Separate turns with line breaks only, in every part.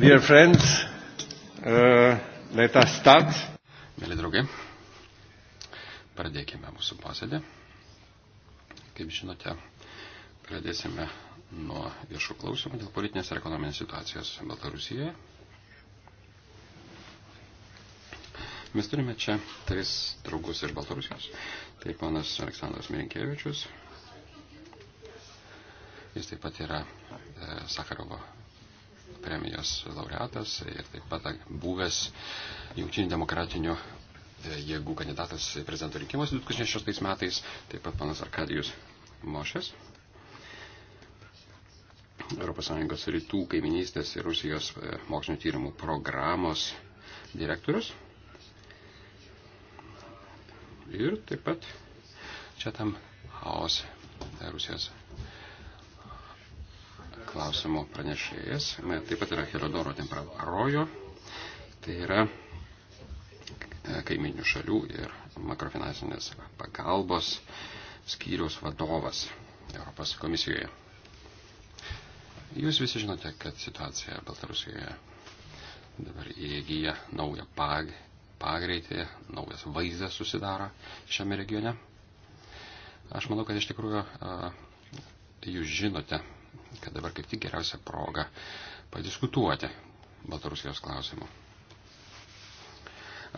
Dear
friends, uh, let us start. Mėly draugai, pradėkime mūsų posėdį. Kaip žinote, pradėsime nuo viešų klausimų dėl politinės ir ekonominės situacijos Baltarusijoje. Mes turime čia tris draugus iš Baltarusijos. Tai panas Aleksandras Mirinkievičius. Jis taip pat yra e, Sakarovo premijos laureatas ir taip pat buvęs jungtinių demokratinių e, jėgų kandidatas prezidento rinkimuose 2006 metais, taip pat panas Arkadijus Mošės. ES rytų kaiminystės ir Rusijos e, mokslinio tyrimų programos direktorius. Ir taip pat čia tam Haos e, Rusijos klausimų pranešėjas. Taip pat yra Helodoro Temprarojo. Tai yra e, kaiminių šalių ir makrofinansinės pagalbos skyriaus vadovas Europos komisijoje. Jūs visi žinote, kad situacija Baltarusijoje dabar įgyja naują pag, pagreitį, naujas vaizdas susidaro šiame regione. Aš manau, kad iš tikrųjų e, jūs žinote, kad dabar kaip tik geriausia proga padiskutuoti Baltarusijos klausimu.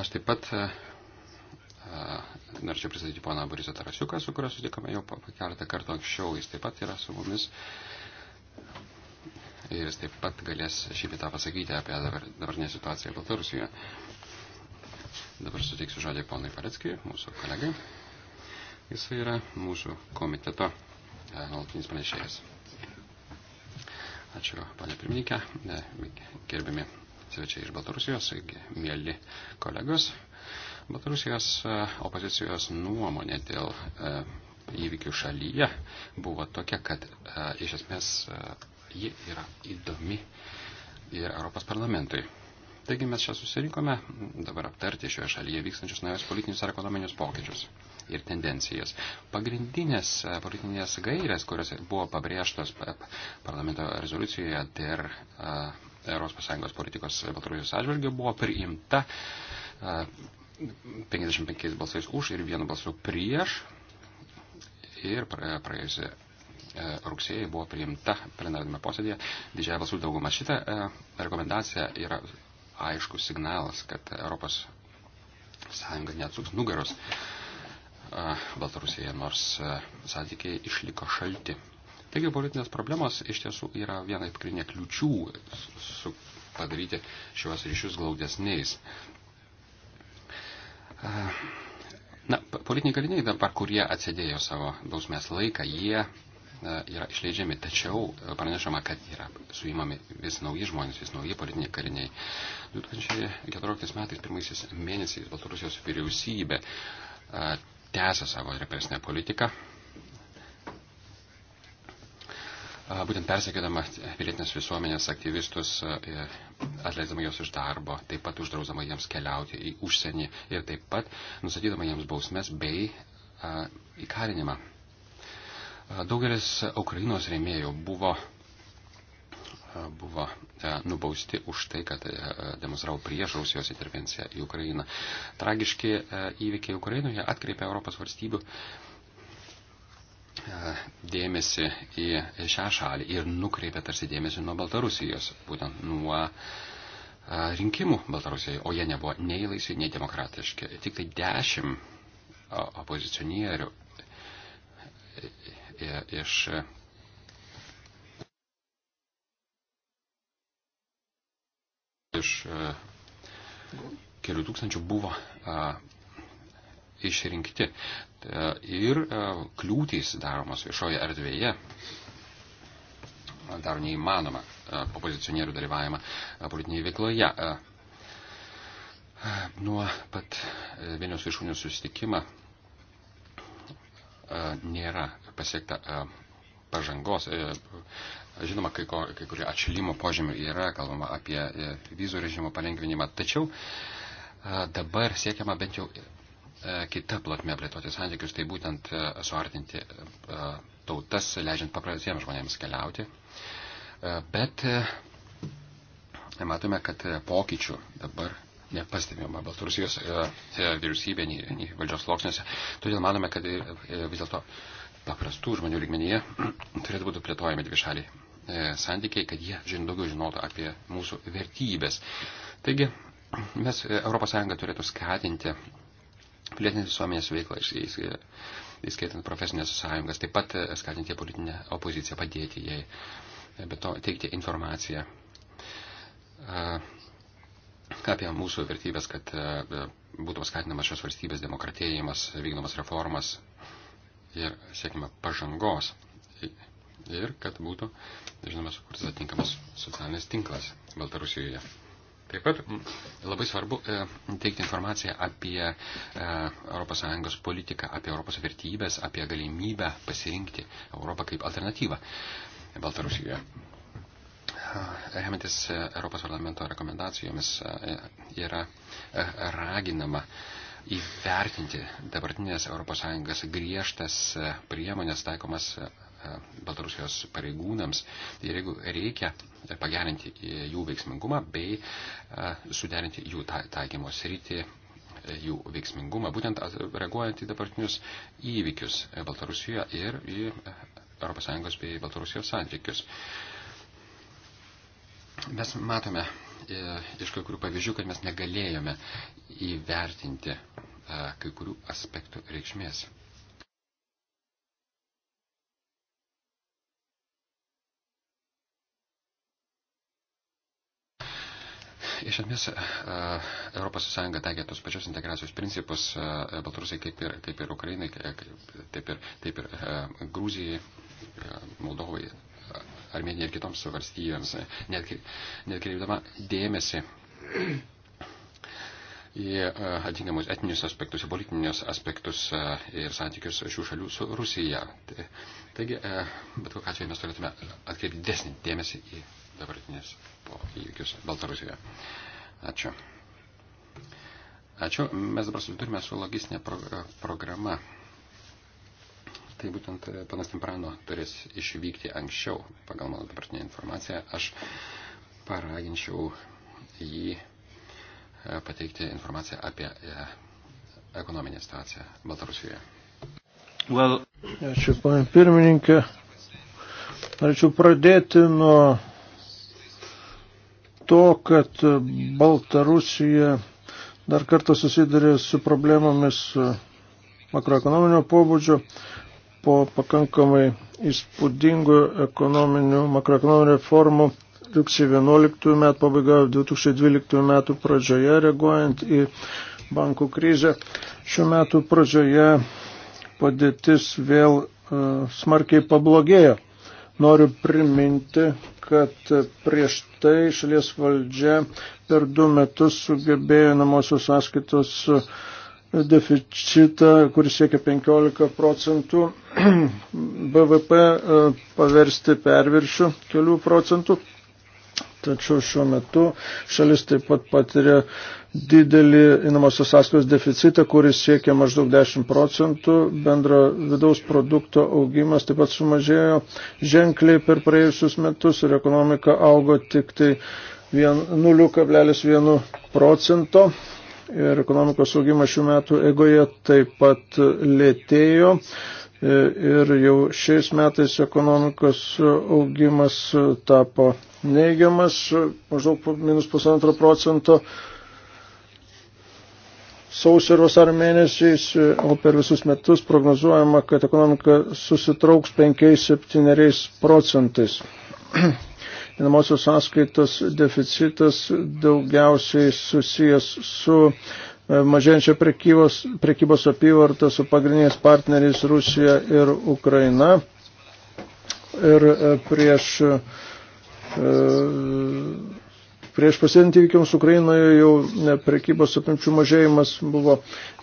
Aš taip pat e, e, norėčiau pristatyti poną Borisą Tarasiuką, su kuriuo sutikome jau keletą kartų anksčiau. Jis taip pat yra su mumis. Ir jis taip pat galės šį bitą pasakyti apie dabar, dabartinę situaciją Baltarusijoje. Dabar suteiksiu žodį ponui Paleckiui, mūsų kolegai. Jis yra mūsų komiteto e, nuolatinis pranešėjas. Ačiū, ponė pirmininkė, e, gerbiami svečiai iš Baltarusijos, e, mėly kolegos. Baltarusijos e, opozicijos nuomonė dėl įvykių šalyje buvo tokia, kad iš esmės ji yra įdomi ir Europos parlamentui. Taigi mes čia susirinkome dabar aptarti šioje šalyje vykstančius naujus politinius ar ekonominius pokyčius ir tendencijas. Pagrindinės e, politinės gairės, kurios buvo pabrėžtos parlamento rezoliucijoje dėl ES politikos Baltarusijos atžvilgių, buvo priimta 55 e, balsais už ir vienu balsu prieš. Ir praėjusią e, rugsėjai buvo priimta plenarinėme posėdėje didžiąją balsų daugumą. Šitą rekomendacija yra aiškus signalas, kad Europos Sąjunga neatsuks nugaros Baltarusijoje, nors santykiai išliko šalti. Taigi politinės problemos iš tiesų yra viena pagrindinė kliučių su padaryti šiuos ryšius glaudesniais. Na, politiniai kaliniai dabar, kurie atsidėjo savo bausmės laiką, jie yra išleidžiami, tačiau pranešama, kad yra suimami vis nauji žmonės, vis nauji politiniai kariniai. 2014 metais pirmaisiais mėnesiais Baltarusijos vyriausybė tęsia savo represinę politiką, būtent persekėdama pilietinės visuomenės aktyvistus, e, atleisdama juos iš darbo, taip pat uždrausdama jiems keliauti į užsienį ir taip pat nusatydama jiems bausmes bei įkalinimą. Daugelis Ukrainos rėmėjų buvo buvo e, nubausti už tai, kad e, demonstravo prieš Rusijos intervenciją į Ukrainą. Tragiški e, įvykiai Ukrainoje atkreipia Europos valstybių dėmesį į šią šalį ir nukreipia tarsi dėmesį nuo Baltarusijos, būtent nuo rinkimų Baltarusijoje, o jie nebuvo nei laisvi, nei demokratiški. Tik tai dešimt opozicionierių iš iš e, kelių tūkstančių buvo e, išrinkti. E, ir kliūtys daromos viešoje erdvėje daro neįmanoma opozicionierių dalyvavimą politinėje veikloje. Nuo pat Vilniaus viršūnių susitikimą nėra pasiekta pažangos. E, žinoma, kai, ko, kai kurie atšilimo požymių yra, kalbama apie e, vizų režimo palengvinimą, tačiau e, dabar siekiama bent jau kita platme plėtoti santykius, tai būtent suartinti tautas, leidžiant paprastiems žmonėms keliauti. Bet matome, kad pokyčių dabar nepastebima Baltarusijos vyriausybė, nei, nei valdžios sluoksniuose. Todėl manome, kad vis dėlto paprastų žmonių lygmenyje turėtų būti plėtojami dvišaliai e, santykiai, kad jie žin, daugiau žinotų apie mūsų vertybės. Taigi, mes ES turėtų skatinti pilietinės visuomenės veiklą, e, įskaitant profesinės sąjungas, taip pat e, skatinti politinę opoziciją, padėti jai, bet to teikti informaciją apie mūsų vertybės, kad būtų paskatinamas šios valstybės demokratėjimas, vykdomas reformas, ir siekime pažangos ir kad būtų, žinoma, sukurtas atinkamas socialinis tinklas Baltarusijoje. Taip pat labai svarbu e, teikti informaciją apie e, ES politiką, apie Europos vertybės, apie galimybę pasirinkti Europą kaip alternatyvą Baltarusijoje. Remiantis e, Europos parlamento rekomendacijomis yra raginama uh, įvertinti dabartinės ES griežtas e, priemonės taikomas e, e, Baltarusijos pareigūnams ir jeigu reikia pagerinti jų veiksmingumą bei suderinti jų taikymo sritį, jų veiksmingumą, būtent reaguojant į dabartinius įvykius Baltarusijoje ir į ES bei Baltarusijos santykius. Mes matome E, iš kai kurių pavyzdžių, kad mes negalėjome įvertinti e, kai kurių aspektų reikšmės. Iš esmės, ES taikė tos pačios integracijos principus e, Baltarusiai kaip ir, kaip ir Ukrainai, kaip, taip ir, taip ir Grūzijai, Moldovai, Armenijai ir kitoms valstybėms, netkreipdama dėmesį į e, atitinkamus etinius aspektus, į politinius aspektus e, ir santykius šių šalių su Rusija. Taigi, e, bet kokiu atveju mes turėtume atkreipti desnį dėmesį į dabartinės po įvykius Baltarusijoje. Ačiū. Ačiū. Mes dabar susidurime su logistinė pro programa. Tai būtent e, panas Timprano turės išvykti anksčiau, pagal mano dabartinę informaciją. Aš paraginčiau jį e, pateikti informaciją apie e, ekonominę situaciją Baltarusijoje.
Well.
Ačiū, panė pirmininkė. Norėčiau pradėti nuo to, kad Baltarusija dar kartą susidarė su problemomis makroekonominio pobūdžio, po pakankamai įspūdingų ekonominių, makroekonominių reformų rugsėjo 11 metų pabaigoje, 2012 metų pradžioje, reaguojant į bankų krizę. Šiuo metu pradžioje padėtis vėl uh, smarkiai pablogėjo. Noriu priminti, kad prieš tai šalies valdžia per du metus sugebėjo namosios sąskaitos uh, deficitą, kuris siekia 15 procentų BVP, e, paversti perviršių kelių procentų. Tačiau šiuo metu šalis taip pat patiria didelį įnamosios sąskaitos deficitą, kuris siekia maždaug 10 procentų. Bendro vidaus produkto augimas taip pat sumažėjo ženkliai per praėjusius metus ir ekonomika augo tik tai 0,1 procento ir ekonomikos augimas šių metų egoje taip pat lėtėjo ir jau šiais metais ekonomikos augimas tapo neigiamas, maždaug minus pusantro procento sausio ir vasario mėnesiais, o per visus metus prognozuojama, kad ekonomika susitrauks 5-7 procentais. Einamosios sąskaitos deficitas daugiausiai susijęs su e, mažėjančia prekybos, prekybos apyvarta su pagrindiniais partneriais Rusija ir Ukraina. Ir e, prieš, e, prieš pasidant įvykiams Ukrainoje jau prekybos apimčių mažėjimas buvo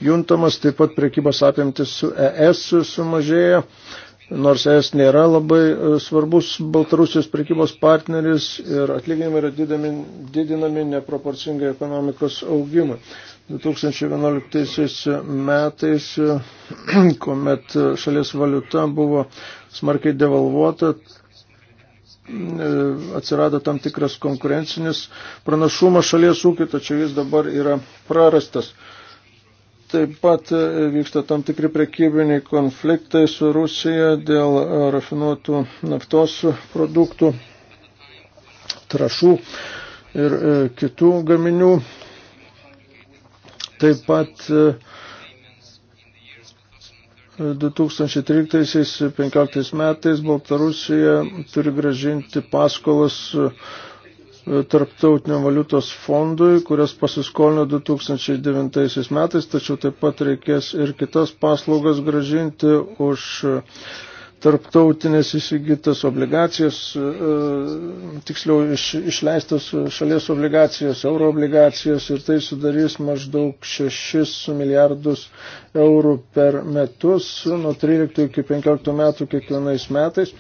juntamas, taip pat prekybos apimtis su ES sumažėjo. Su nors es nėra labai e, svarbus Baltarusijos prekybos partneris ir atlyginimai yra didinami, didinami neproporcingai ekonomikos augimui. 2011 metais, e, kuomet e, šalies valiuta buvo smarkiai devalvuota, atsirado tam tikras konkurencinis pranašumas šalies ūkiai, tačiau jis dabar yra prarastas. Taip pat e, vyksta tam tikri prekybiniai konfliktai su Rusija dėl e, rafinuotų naftos produktų, trašų ir e, kitų gaminių. Taip pat 2013-2015 metais Baltarusija turi gražinti paskolas Tarptautiniam valiutos fondui, kurias pasiskolino 2009 metais, tačiau taip pat reikės ir kitas paslaugas gražinti už tarptautinės įsigytas obligacijas, e, tiksliau iš, išleistas šalies obligacijas, euro obligacijas ir tai sudarys maždaug 6 milijardus eurų per metus nuo 13 iki 15 metų kiekvienais metais.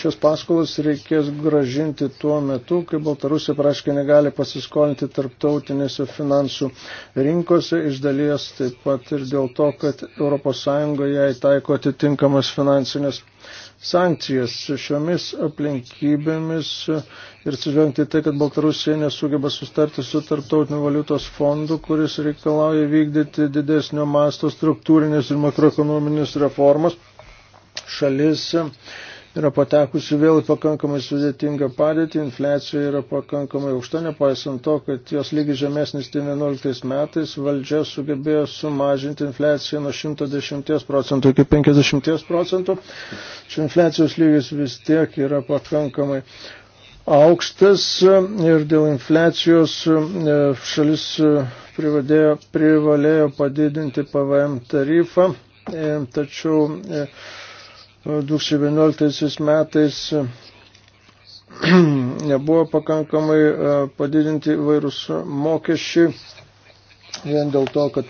šios paskolas reikės gražinti tuo metu, kai Baltarusija praškai negali pasiskolinti tarptautinėse finansų rinkose, iš dalies taip pat ir dėl to, kad ES jai taiko atitinkamas finansinės sankcijas šiomis aplinkybėmis ir atsižvelgti tai, kad Baltarusija nesugeba sustarti su tarptautiniu valiutos fondu, kuris reikalauja vykdyti didesnio masto struktūrinės ir makroekonominės reformas. Šalis yra patekusi vėl į pakankamai sudėtingą padėtį, infliacija yra pakankamai aukšta, nepaisant to, kad jos lygiai žemesnis tai 11 metais valdžia sugebėjo sumažinti infliaciją nuo 110 procentų iki 50 procentų. Čia infliacijos lygis vis tiek yra pakankamai aukštas ir dėl infliacijos e, šalis e, privalėjo padidinti PVM tarifą, e, tačiau 2011 metais nebuvo pakankamai e, padidinti vairūs mokesčiai vien dėl to, kad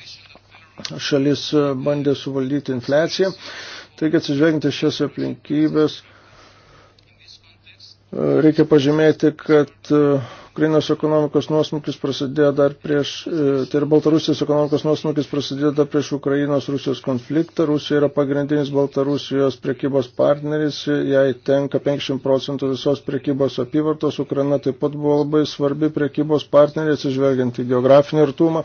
šalis e, bandė suvaldyti infliaciją. Taigi atsižvengti šias aplinkybės e, reikia pažymėti, kad Ukrainos ekonomikos nuosmukis prasidėjo dar prieš, e, tai yra Baltarusijos ekonomikos nuosmukis prasidėjo dar prieš Ukrainos Rusijos konfliktą. Rusija yra pagrindinis Baltarusijos prekybos partneris, jai tenka 50 procentų visos prekybos apyvartos. Ukraina taip pat buvo labai svarbi prekybos partnerė, atsižvelgiant į geografinį artumą.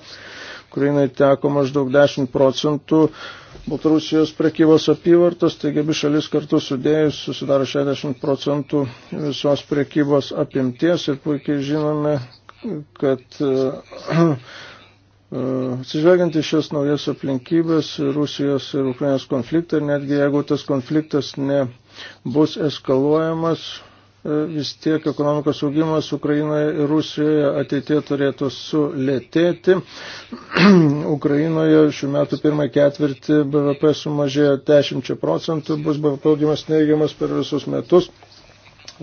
Ukrainai teko maždaug 10 procentų Baltarusijos prekybos apyvartos, taigi abi šalis kartu sudėjus susidaro 60 procentų visos prekybos apimties ir puikiai žinome, kad e, e, atsižvelgiant į šias naujas aplinkybės Rusijos ir Ukrainos konfliktą, netgi jeigu tas konfliktas nebus eskaluojamas, E, vis tiek ekonomikos augimas Ukrainoje ir Rusijoje ateitie turėtų sulėtėti. Ukrainoje šių metų pirmąjį ketvirtį BVP sumažėjo 10 procentų, bus BVP augimas neigiamas per visus metus.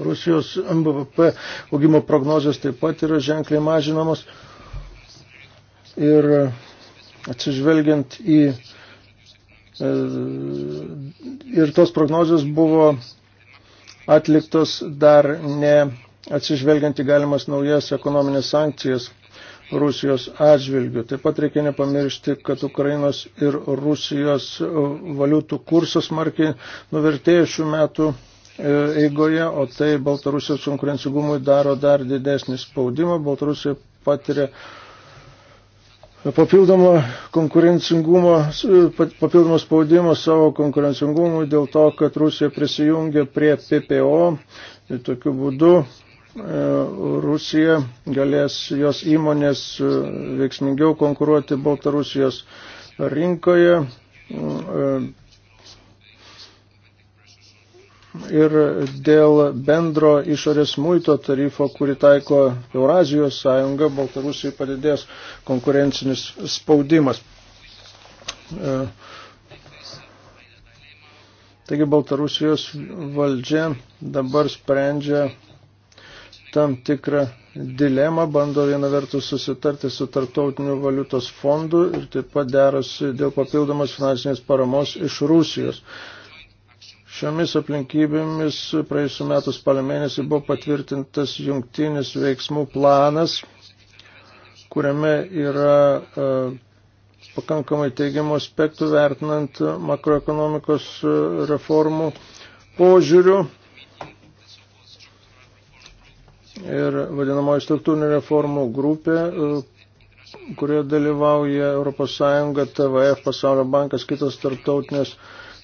Rusijos BVP augimo prognozijos taip pat yra ženkliai mažinamos. Ir atsižvelgiant į e, ir tos prognozijos buvo atliktos dar ne atsižvelgiant į galimas naujas ekonominės sankcijas Rusijos atžvilgių. Taip pat reikia nepamiršti, kad Ukrainos ir Rusijos valiutų kursas markiai nuvertėjo šių metų e, eigoje, o tai Baltarusijos konkurencigumui daro dar didesnį spaudimą. Baltarusija patiria papildomą konkurencingumo, papildomą spaudimą savo konkurencingumui dėl to, kad Rusija prisijungia prie PPO. Ir tokiu būdu e, Rusija galės jos įmonės e, veiksmingiau konkuruoti Baltarusijos rinkoje mm, e, ir dėl bendro išorės muito tarifo, kurį taiko Eurazijos sąjunga, Baltarusijai padidės konkurencinis spaudimas. E, taigi Baltarusijos valdžia dabar sprendžia tam tikrą dilemą, bando viena vertus susitarti su tarptautiniu valiutos fondu ir taip pat derasi dėl papildomos finansinės paramos iš Rusijos. Šiomis aplinkybėmis praėjusiu metu spalio mėnesį buvo patvirtintas jungtinis veiksmų planas, kuriame yra e, pakankamai teigiamų aspektų vertinant makroekonomikos e, reformų požiūrių. Ir vadinamoji struktūrinė reformų grupė, e, kurioje dalyvauja ES, TVF, Pasaulio bankas, kitos tarptautinės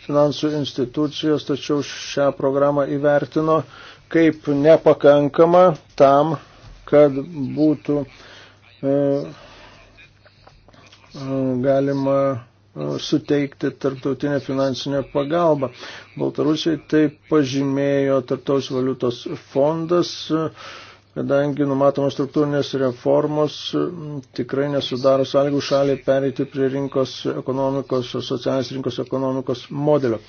finansų institucijos, tačiau šią programą įvertino kaip nepakankama tam, kad būtų e, e galima e, suteikti tarptautinę finansinę pagalbą. Baltarusiai tai pažymėjo Tartaus valiutos fondas. E, kadangi numatomos struktūrinės reformos tikrai nesudaro sąlygų šaliai pereiti prie rinkos ekonomikos, socialinės rinkos ekonomikos modelio.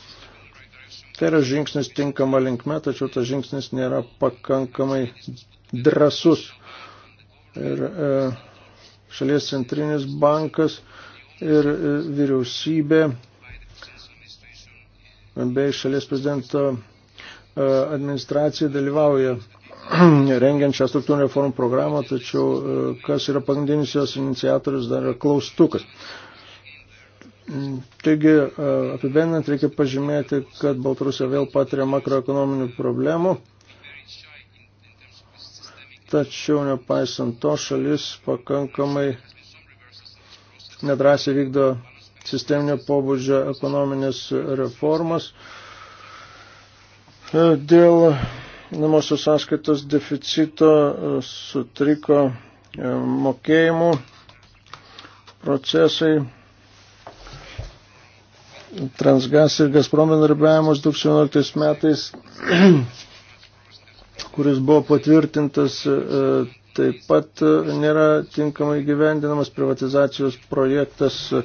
Tai yra žingsnis tinkama linkme, tačiau tas žingsnis nėra pakankamai drasus. Ir e, šalies centrinis bankas ir e, vyriausybė bei šalies prezidento e, administracija dalyvauja rengiant šią struktūrinę reformų programą, tačiau e, kas yra pagrindinis jos iniciatorius dar yra klaustukas. Mm, taigi, e, apibendrinant, reikia pažymėti, kad Baltarusija vėl patiria makroekonominių problemų, tačiau nepaisant to šalis pakankamai nedrasiai vykdo sisteminio pobūdžio ekonominės reformas. E, dėl einamosios sąskaitos deficito e, sutriko e, mokėjimų procesai. Transgas ir Gazprom bendarbiavimas 2011 metais, kuris buvo patvirtintas e, Taip pat e, nėra tinkamai gyvendinamas privatizacijos projektas, e,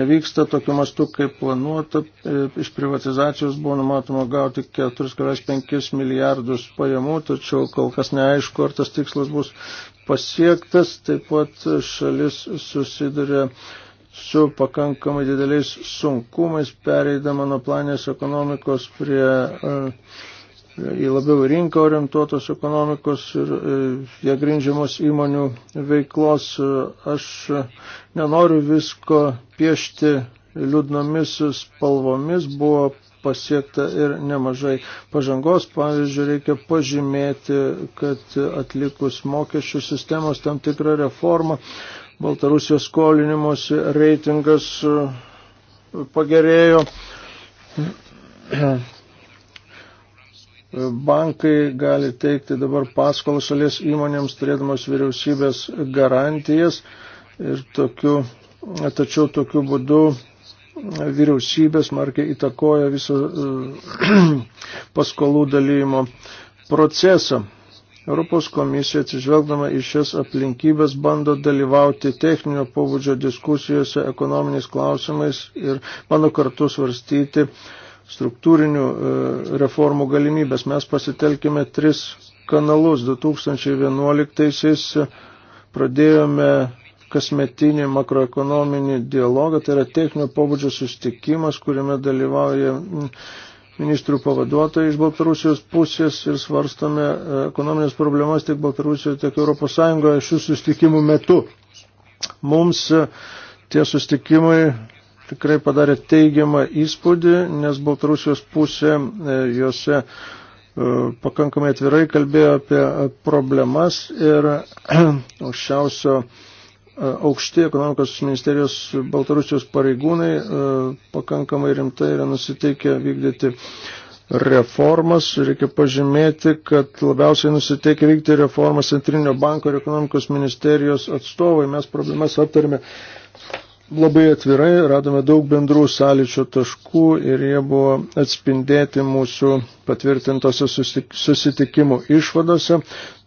nevyksta tokiu mastu, kaip planuota. E, iš privatizacijos buvo numatoma gauti 4,5 milijardus pajamų, tačiau kol kas neaišku, ar tas tikslas bus pasiektas. Taip pat šalis susiduria su pakankamai dideliais sunkumais pereidama nuo planės ekonomikos prie uh, į labiau rinką orientuotos ekonomikos ir jie grindžiamos įmonių veiklos. Aš nenoriu visko piešti liūdnomis spalvomis, buvo pasiekta ir nemažai pažangos. Pavyzdžiui, reikia pažymėti, kad atlikus mokesčių sistemos tam tikrą reformą, Baltarusijos skolinimuose reitingas pagerėjo Bankai gali teikti dabar paskolą šalies įmonėms, turėdamos vyriausybės garantijas ir tokiu, tačiau tokiu būdu vyriausybės markiai įtakoja viso paskolų dalymo procesą. Europos komisija atsižvelgdama į šias aplinkybės bando dalyvauti techninio pobūdžio diskusijose ekonominiais klausimais ir mano kartu svarstyti struktūrinių e, reformų galimybės. Mes pasitelkime tris kanalus. 2011 pradėjome kasmetinį makroekonominį dialogą, tai yra techninio pobūdžio sustikimas, kuriame dalyvauja ministrų pavaduotojai iš Baltarusijos pusės ir svarstome e, ekonominės problemas tiek Baltarusijoje, tiek Europos Sąjungoje šių sustikimų metu. Mums e, tie sustikimai tikrai padarė teigiamą įspūdį, nes Baltarusijos pusė e, juose e, pakankamai atvirai kalbėjo apie e, problemas ir aukščiausio aukšti ekonomikos ministerijos Baltarusijos pareigūnai pakankamai rimtai yra nusiteikę vykdyti reformas. Reikia pažymėti, kad labiausiai nusiteikia vykti reformas Centrinio banko ir ekonomikos ministerijos atstovai. Mes problemas aptarėme labai atvirai, radome daug bendrų sąlyčio taškų ir jie buvo atspindėti mūsų patvirtintose susitikimų išvadose,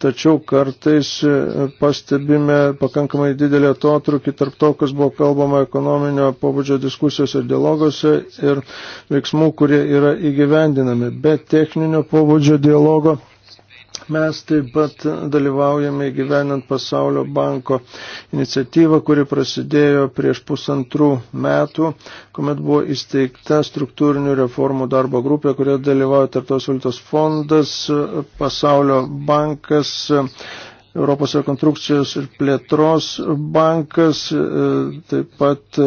tačiau kartais e, pastebime pakankamai didelį atotrukį tarp to, kas buvo kalbama ekonominio pobūdžio diskusijose ir dialogose ir veiksmų, kurie yra įgyvendinami. Be techninio pobūdžio dialogo Mes taip pat dalyvaujame gyvenant Pasaulio banko iniciatyvą, kuri prasidėjo prieš pusantrų metų, kuomet buvo įsteigta struktūrinių reformų darbo grupė, kurioje dalyvauja Tartos valiutos fondas, Pasaulio bankas, Europos rekonstrukcijos ir plėtros bankas, e, taip pat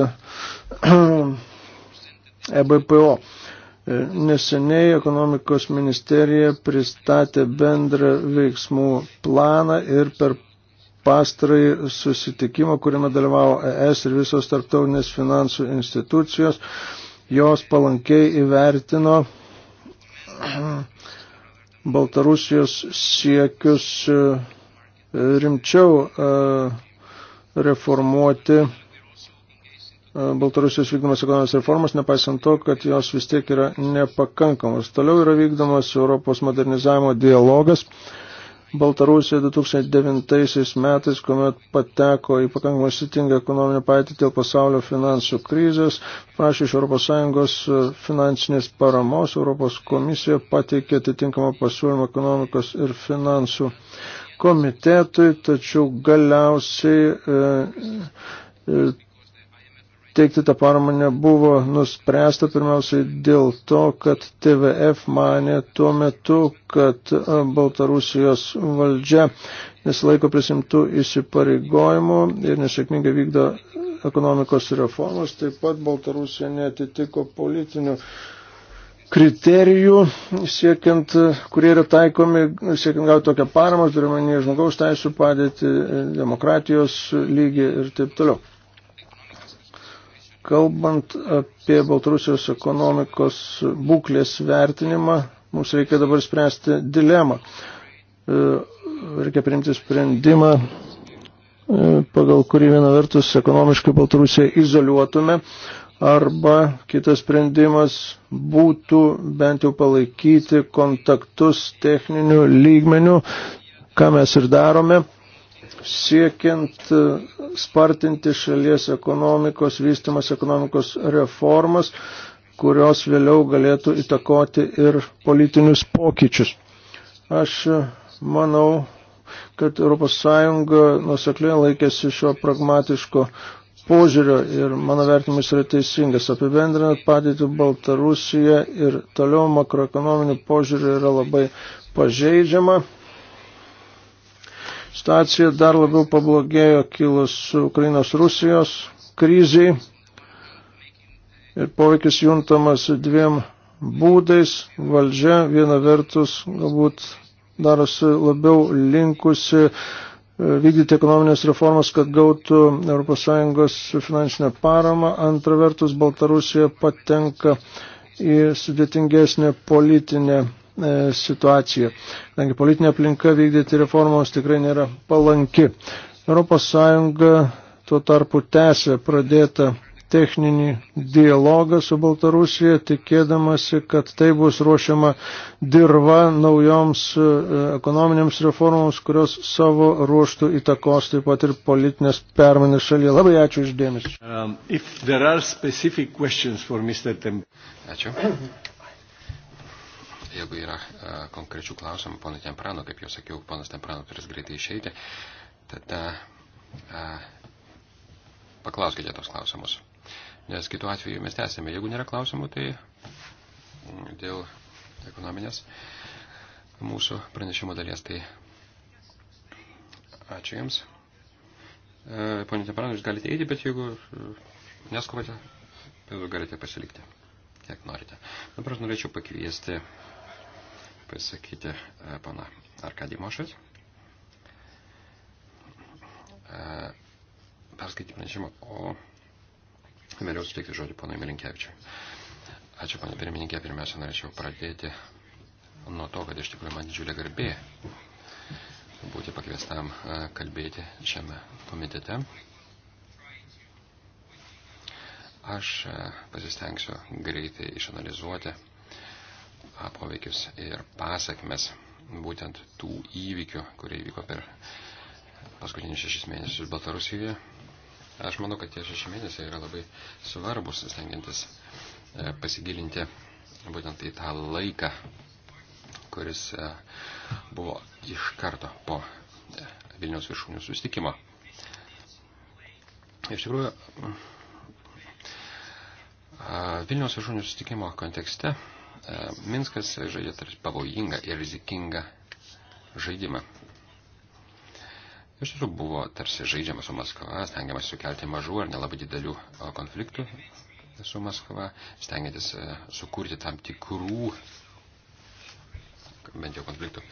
EBPO. E E, neseniai ekonomikos ministerija pristatė bendrą veiksmų planą ir per pastarąjį susitikimą, kuriame dalyvavo ES ir visos tarptautinės finansų institucijos, jos palankiai įvertino Baltarusijos siekius e, rimčiau e, reformuoti Baltarusijos vykdomas ekonomijos reformas, nepaisant to, kad jos vis tiek yra nepakankamos. Toliau yra vykdomas Europos modernizavimo dialogas. Baltarusija 2009 metais, kuomet pateko į pakankamai sitingą ekonominę patį dėl pasaulio finansų krizės, prašė iš ES finansinės paramos, Europos komisija pateikė atitinkamą pasiūlymą ekonomikos ir finansų komitetui, tačiau galiausiai e, e, teikti tą paramą nebuvo nuspręsta pirmiausiai dėl to, kad TVF mane tuo metu, kad e, Baltarusijos valdžia nesilaiko prisimtų įsipareigojimų ir nesėkmingai vykdo ekonomikos reformas. Taip pat Baltarusija netitiko politinių kriterijų, siekiant, kurie yra taikomi, siekiant gauti tokią paramą, turime žmogaus teisų padėti, demokratijos lygį ir taip toliau. Kalbant apie Baltarusijos ekonomikos būklės vertinimą, mums reikia dabar spręsti dilemą. E, reikia priimti sprendimą, e, pagal kurį vieną vertus ekonomiškai Baltarusiją izoliuotume, arba kitas sprendimas būtų bent jau palaikyti kontaktus techninių lygmenių, ką mes ir darome siekiant e, spartinti šalies ekonomikos, vystimas ekonomikos reformas, kurios vėliau galėtų įtakoti ir politinius pokyčius. Aš e, manau, kad ES nusekliai laikėsi šio pragmatiško požiūrio ir mano vertimas yra teisingas. Apibendrinant padėtį Baltarusiją ir toliau makroekonominių požiūrių yra labai pažeidžiama. Stacija dar labiau pablogėjo kilus Ukrainos Rusijos kriziai ir poveikis juntamas dviem būdais. Valdžia viena vertus galbūt darosi labiau linkusi e, vykdyti ekonominės reformas, kad gautų ES finansinę paramą. Antra vertus, Baltarusija patenka į sudėtingesnę politinę E, situacija, kadangi politinė aplinka vykdyti reformos tikrai nėra palanki. Europos Sąjunga tuo tarpu tęsė pradėtą techninį dialogą su Baltarusija, tikėdamasi, kad tai bus ruošiama dirba naujoms e, ekonominiams reformoms, kurios savo ruoštų įtakos taip pat ir politinės permainės šalyje. Labai ačiū išdėmesį.
Um, ačiū
jeigu yra e, konkrečių klausimų, pono Temprano, kaip jau sakiau, ponas Temprano turės greitai išeiti, tada a, e, paklauskite tos klausimus. Nes kitų atveju mes tęsime. Jeigu nėra klausimų, tai mm, dėl ekonominės mūsų pranešimo dalies, tai ačiū Jums. E, Pone Temprano, Jūs galite eiti, bet jeigu neskubate, tai jūs galite pasilikti kiek norite. Dabar aš norėčiau pakviesti pasisakyti e, pana Arkadimošas. E, Perskaityti pranešimą, o vėliau suteikti žodį ponui Milinkievičiui. Ačiū, pana pirmininkė. Pirmiausia, norėčiau pradėti nuo to, kad iš tikrųjų man didžiulė garbė būti pakviestam e, kalbėti šiame komitete. Aš pasistengsiu greitai išanalizuoti poveikius ir pasiekmes būtent tų įvykių, kurie įvyko per paskutinius šešis mėnesius Baltarusijoje. Aš manau, kad tie šeši mėnesiai yra labai svarbus, stengiantis e, pasigilinti būtent į tą laiką, kuris e, buvo iš karto po e, Vilniaus viršūnių sustikimo. Iš tikrųjų, Vilniaus viršūnių sustikimo kontekste E, Minskas žaidžia pavojingą ir rizikingą žaidimą. Iš tiesų buvo tarsi žaidžiama su Maskva, stengiamas sukelti mažų ar nelabai didelių e, konfliktų su Maskva, stengiantis e, sukurti tam tikrų bent jau konfliktų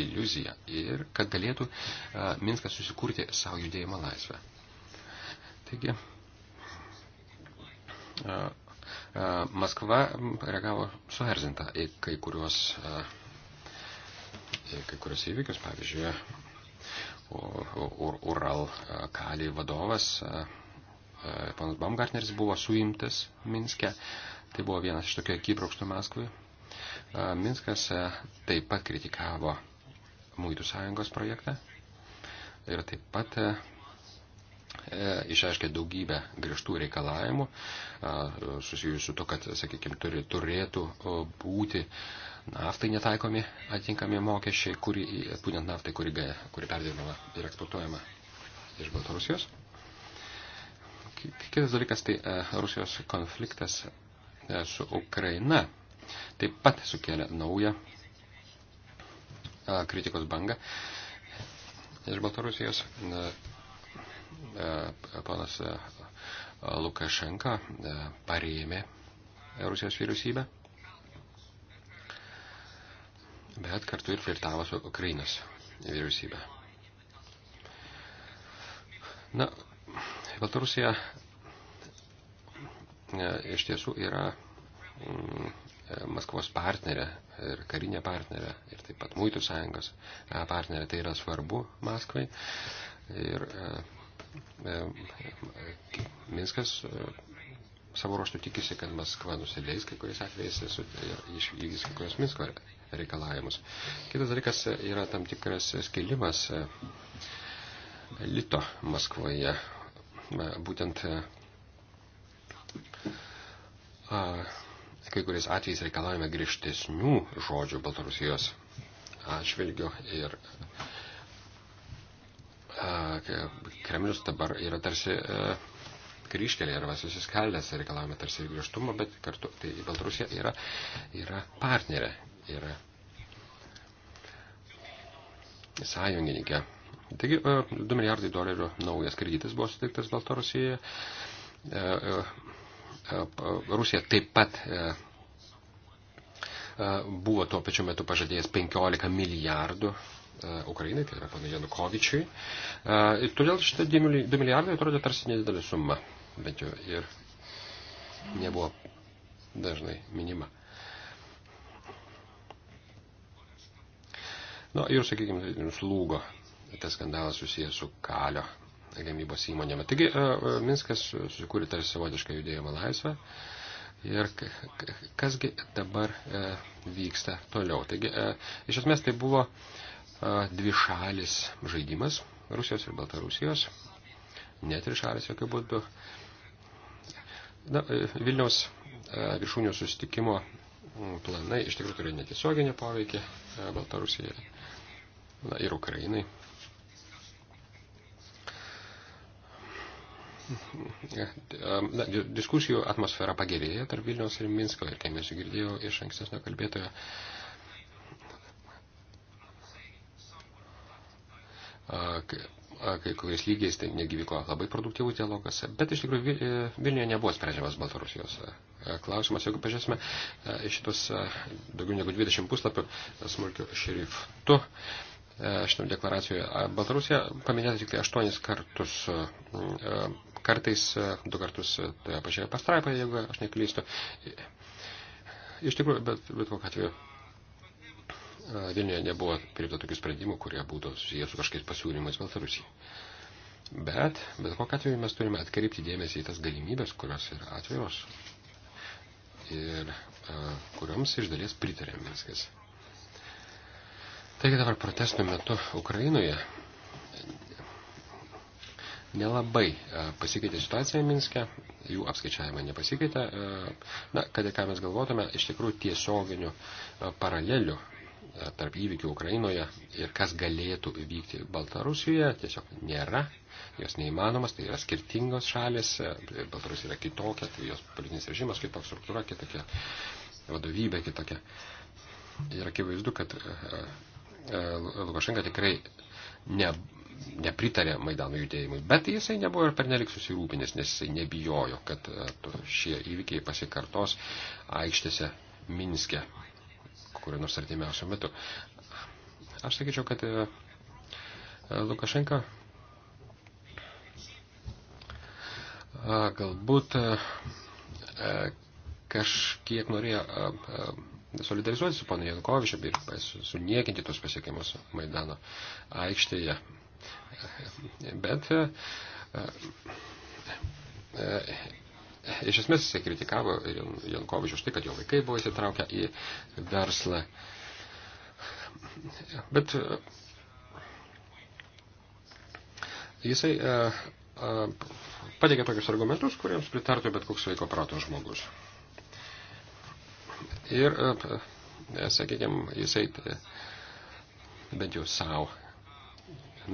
iliuziją ir kad galėtų a, Minskas susikurti savo judėjimo laisvę. Taigi, a, E, Maskva reagavo suerzinta į kai kuriuos, e, į kai kuriuos įvykius, pavyzdžiui, Ur Ural e, Kali vadovas, panas Baumgartneris buvo suimtas Minske, tai buvo vienas iš tokio akibraukštų Maskvai. Minskas taip pat kritikavo Muitų sąjungos projektą ir taip pat E, išaiškė daugybę griežtų reikalavimų susijusių su to, kad, sakykime, turi, turėtų būti naftai netaikomi atinkami mokesčiai, kuri, būtent naftai, kuri, kuri perdirbama ir eksportuojama iš Baltarusijos. Kitas dalykas tai e, Rusijos konfliktas e, su Ukraina taip pat sukėlė naują kritikos bangą iš Baltarusijos. E, panas e, Lukašenka e, parėmė Rusijos vyriausybę, bet kartu ir flirtavo su Ukrainos vyriausybė. Na, Baltarusija iš tiesų yra mm, Maskvos partnerė ir karinė partnerė ir taip pat Mūtų sąjungos partnerė. Tai yra svarbu Maskvai. Ir E, Minskas e, savo ruoštų tikisi, kad Maskva nusileis kai kuriais atvejais ir e, išvykdys kai kurios Minsko reikalavimus. Kitas dalykas yra tam tikras skilimas lito Maskvoje. Būtent kai kuriais atvejais reikalavome griežtesnių žodžių Baltarusijos atžvilgių ir a, Kremlius dabar yra tarsi e, kryškelė arba susiskaldęs, reikalavome tarsi griežtumo, bet kartu tai Baltarusija yra, yra partnerė, yra sąjungininkė. Taigi 2 e, milijardai dolerių naujas kreditas buvo suteiktas Baltarusijoje. E, Rusija taip pat buvo tuo pačiu metu pažadėjęs 15 milijardų E, Ukrainai, tai yra pana Janukovičiui. E, ir todėl šitą 2 milijardai atrodė tarsi nedidelė suma, bet jau ir nebuvo dažnai minima. Na no, ir, sakykime, slūgo tas skandalas susijęs su kalio gamybos įmonėme. Taigi e, Minskas susikūrė tarsi savotišką judėjimo laisvę. Ir kasgi dabar e, vyksta toliau. Taigi, e, iš esmės tai buvo dvi šalis žaidimas Rusijos ir Baltarusijos, net ir šalis jokių būdų. Na, e, Vilniaus e, viršūnių susitikimo planai iš tikrųjų turi netiesioginį poveikį e, Baltarusijai na, ir Ukrainai. Na, diskusijų atmosfera pagerėja tarp Vilniaus ir Minsko ir tai mes girdėjau iš ankstesnio kalbėtojo. kai kuriais lygiais tai negi vyko labai produktyvus dialogas, bet iš tikrųjų Vilniuje nebuvo sprendžiamas Baltarusijos klausimas, jeigu pažiūrėsime šitos daugiau negu 20 puslapių smulkių šriftų. Šitam deklaracijoje Baltarusija paminėta tik tai aštuonis kartus, kartais du kartus toje pačioje pastraipoje, jeigu aš neklystu. Iš tikrųjų, bet, bet kokiu atveju Vilniuje nebuvo priimta tokių sprendimų, kurie būtų susiję su kažkokiais pasiūlymais Baltarusijai. Bet, bet kokiu atveju mes turime atkreipti dėmesį į tas galimybės, kurios yra atviros ir a, kurioms iš dalies pritarė Minskas. Taigi dabar protesto metu Ukrainoje nelabai pasikeitė situacija Minske, jų apskaičiavimai nepasikeitė. Na, kad ir ką mes galvotume, iš tikrųjų tiesioginių paralelių E, tarp įvykių Ukrainoje ir kas galėtų vykti Baltarusijoje tiesiog nėra, jos neįmanomas, tai yra skirtingos šalis, e, tai Baltarusija yra kitokia, tai jos politinis režimas kitoks, struktūra kitokia, vadovybė kitokia. Ir akivaizdu, kad e, Lukašenka tikrai ne, nepritarė Maidano judėjimui, bet jisai nebuvo ir pernelik susirūpinęs, nes jisai nebijojo, kad šie įvykiai pasikartos aikštėse Minske kuriuo nors artimiausiu metu. Aš sakyčiau, kad e, e, Lukašenka e, galbūt kažkiek norėjo solidarizuoti su panu Jankovičiu ir suniekinti tos pasiekimus Maidano aikštėje. Bet Iš esmės jisai kritikavo Jankovičius už tai, kad jo vaikai buvo įsitraukę į verslą. Bet e, jisai e, e, pateikė tokius argumentus, kuriems pritartų bet koks sveiko proto žmogus. Ir, sakykime, jisai bent jau savo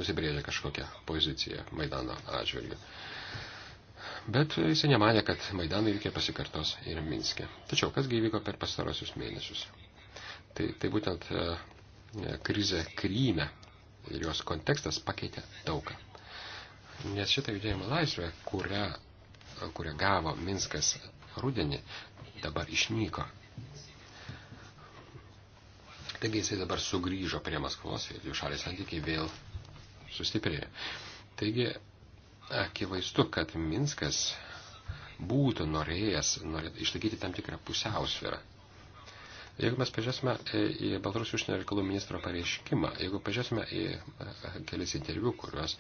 nusibrėžė kažkokią poziciją Maidano atžvilgiu. Bet jisai nemanė, kad Maidano įvykiai pasikartos ir Minske. Tačiau kasgi įvyko per pastarosius mėnesius? Tai, tai būtent e, krizė Kryme ir jos kontekstas pakeitė daugą. Nes šitą judėjimo laisvę, kurią, kurią gavo Minskas rudenį, dabar išnyko. Taigi jisai dabar sugrįžo prie Maskvos ir jų šaliai santykiai vėl sustiprėjo. Taigi akivaizdu, kad Minskas būtų norėjęs norėt, išlaikyti tam tikrą pusiausvyrą. Jeigu mes pažiūrėsime į Baltarusijos užsienio reikalų ministro pareiškimą, jeigu pažiūrėsime į e, kelias interviu, kuriuos,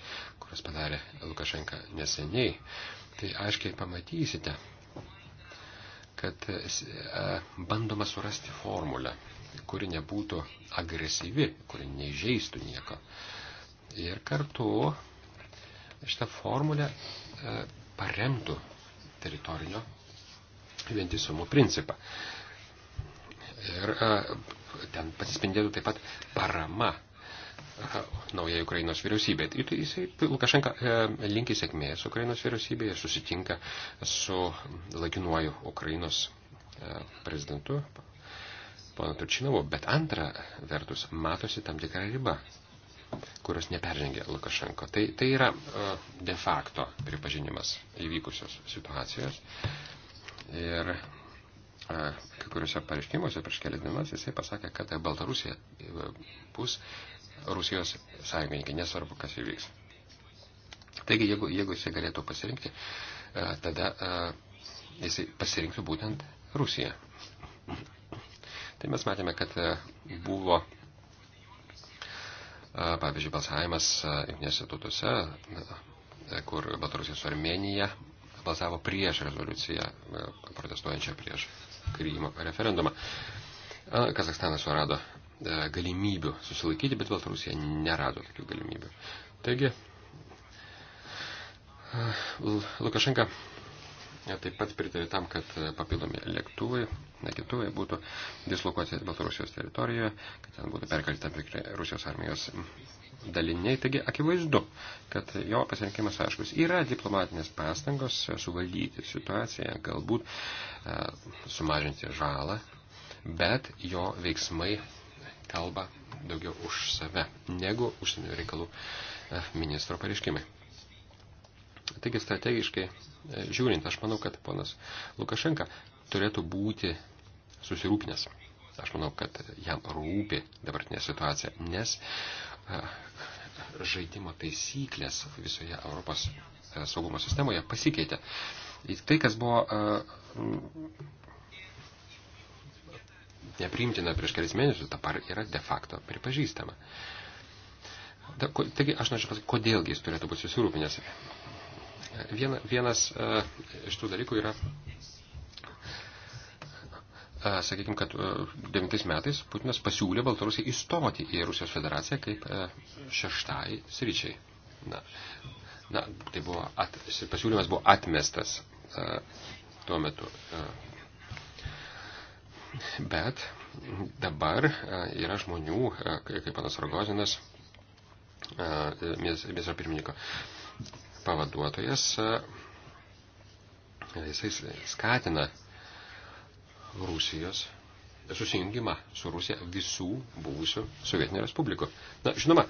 kuriuos padarė Lukašenka neseniai, tai aiškiai pamatysite, kad e, e, bandoma surasti formulę, kuri nebūtų agresyvi, kuri neižeistų nieko. Ir kartu šitą formulę e, paremtų teritorinio vientisumo principą. Ir e, ten pasispindėtų taip pat parama e, naujai Ukrainos vyriausybė. Tai jisai, Lukašenka linki sėkmės Ukrainos vyriausybėje, susitinka su laikinuoju Ukrainos prezidentu, ponu Turčinovu, bet antra vertus matosi tam tikra riba kurios neperžengė Lukašenko. Tai, tai yra e, de facto pripažinimas įvykusios situacijos. Ir e, kai kuriuose pareiškimuose prieš kelias dienas jisai pasakė, kad Baltarusija e, bus Rusijos sąjungininkai, nesvarbu, kas įvyks. Taigi, jeigu, jeigu jisai galėtų pasirinkti, tada jisai pasirinktų būtent Rusiją. Tai mes matėme, kad buvo Pavyzdžiui, balsavimas jungtinėse tautose, kur Baltarusija su Armenija balsavo prieš rezoliuciją, protestuojančią prieš Krymo referendumą. Kazakstanas surado galimybių susilaikyti, bet Baltarusija nerado tokių galimybių. Taigi, Lukašenka taip pat pritarė tam, kad papildomi lėktuvai, naikintuvai būtų dislokuoti Baltarusijos teritorijoje, kad ten būtų perkelti tam tikri Rusijos armijos daliniai. Taigi akivaizdu, kad jo pasirinkimas aiškus. Yra diplomatinės pastangos suvaldyti situaciją, galbūt e, sumažinti žalą, bet jo veiksmai kalba daugiau už save negu užsienio reikalų e, ministro pareiškimai. Taigi strategiškai e, žiūrint, aš manau, kad ponas Lukašenka turėtų būti susirūpinęs. Aš manau, kad jam rūpi dabartinė situacija, nes e, žaidimo taisyklės visoje Europos e, saugumo sistemoje pasikeitė. Tai, kas buvo nepriimtina prieš kelis mėnesius, dabar yra de facto pripažįstama. Taigi aš norėčiau pasakyti, kodėlgi jis turėtų būti susirūpinęs. Vien, vienas e, iš tų dalykų yra, e, sakykime, kad 9 e, metais Putinas pasiūlė Baltarusiai įstoti į Rusijos federaciją kaip šeštai sričiai. Na, na tai buvo at, pasiūlymas buvo atmestas tuo metu. Bet dabar yra žmonių, kaip panas Rogozinas, ministro pirmininko, pavaduotojas, e, jisai skatina Rusijos susijungimą su Rusija visų buvusių sovietinių respublikų. Na, žinoma,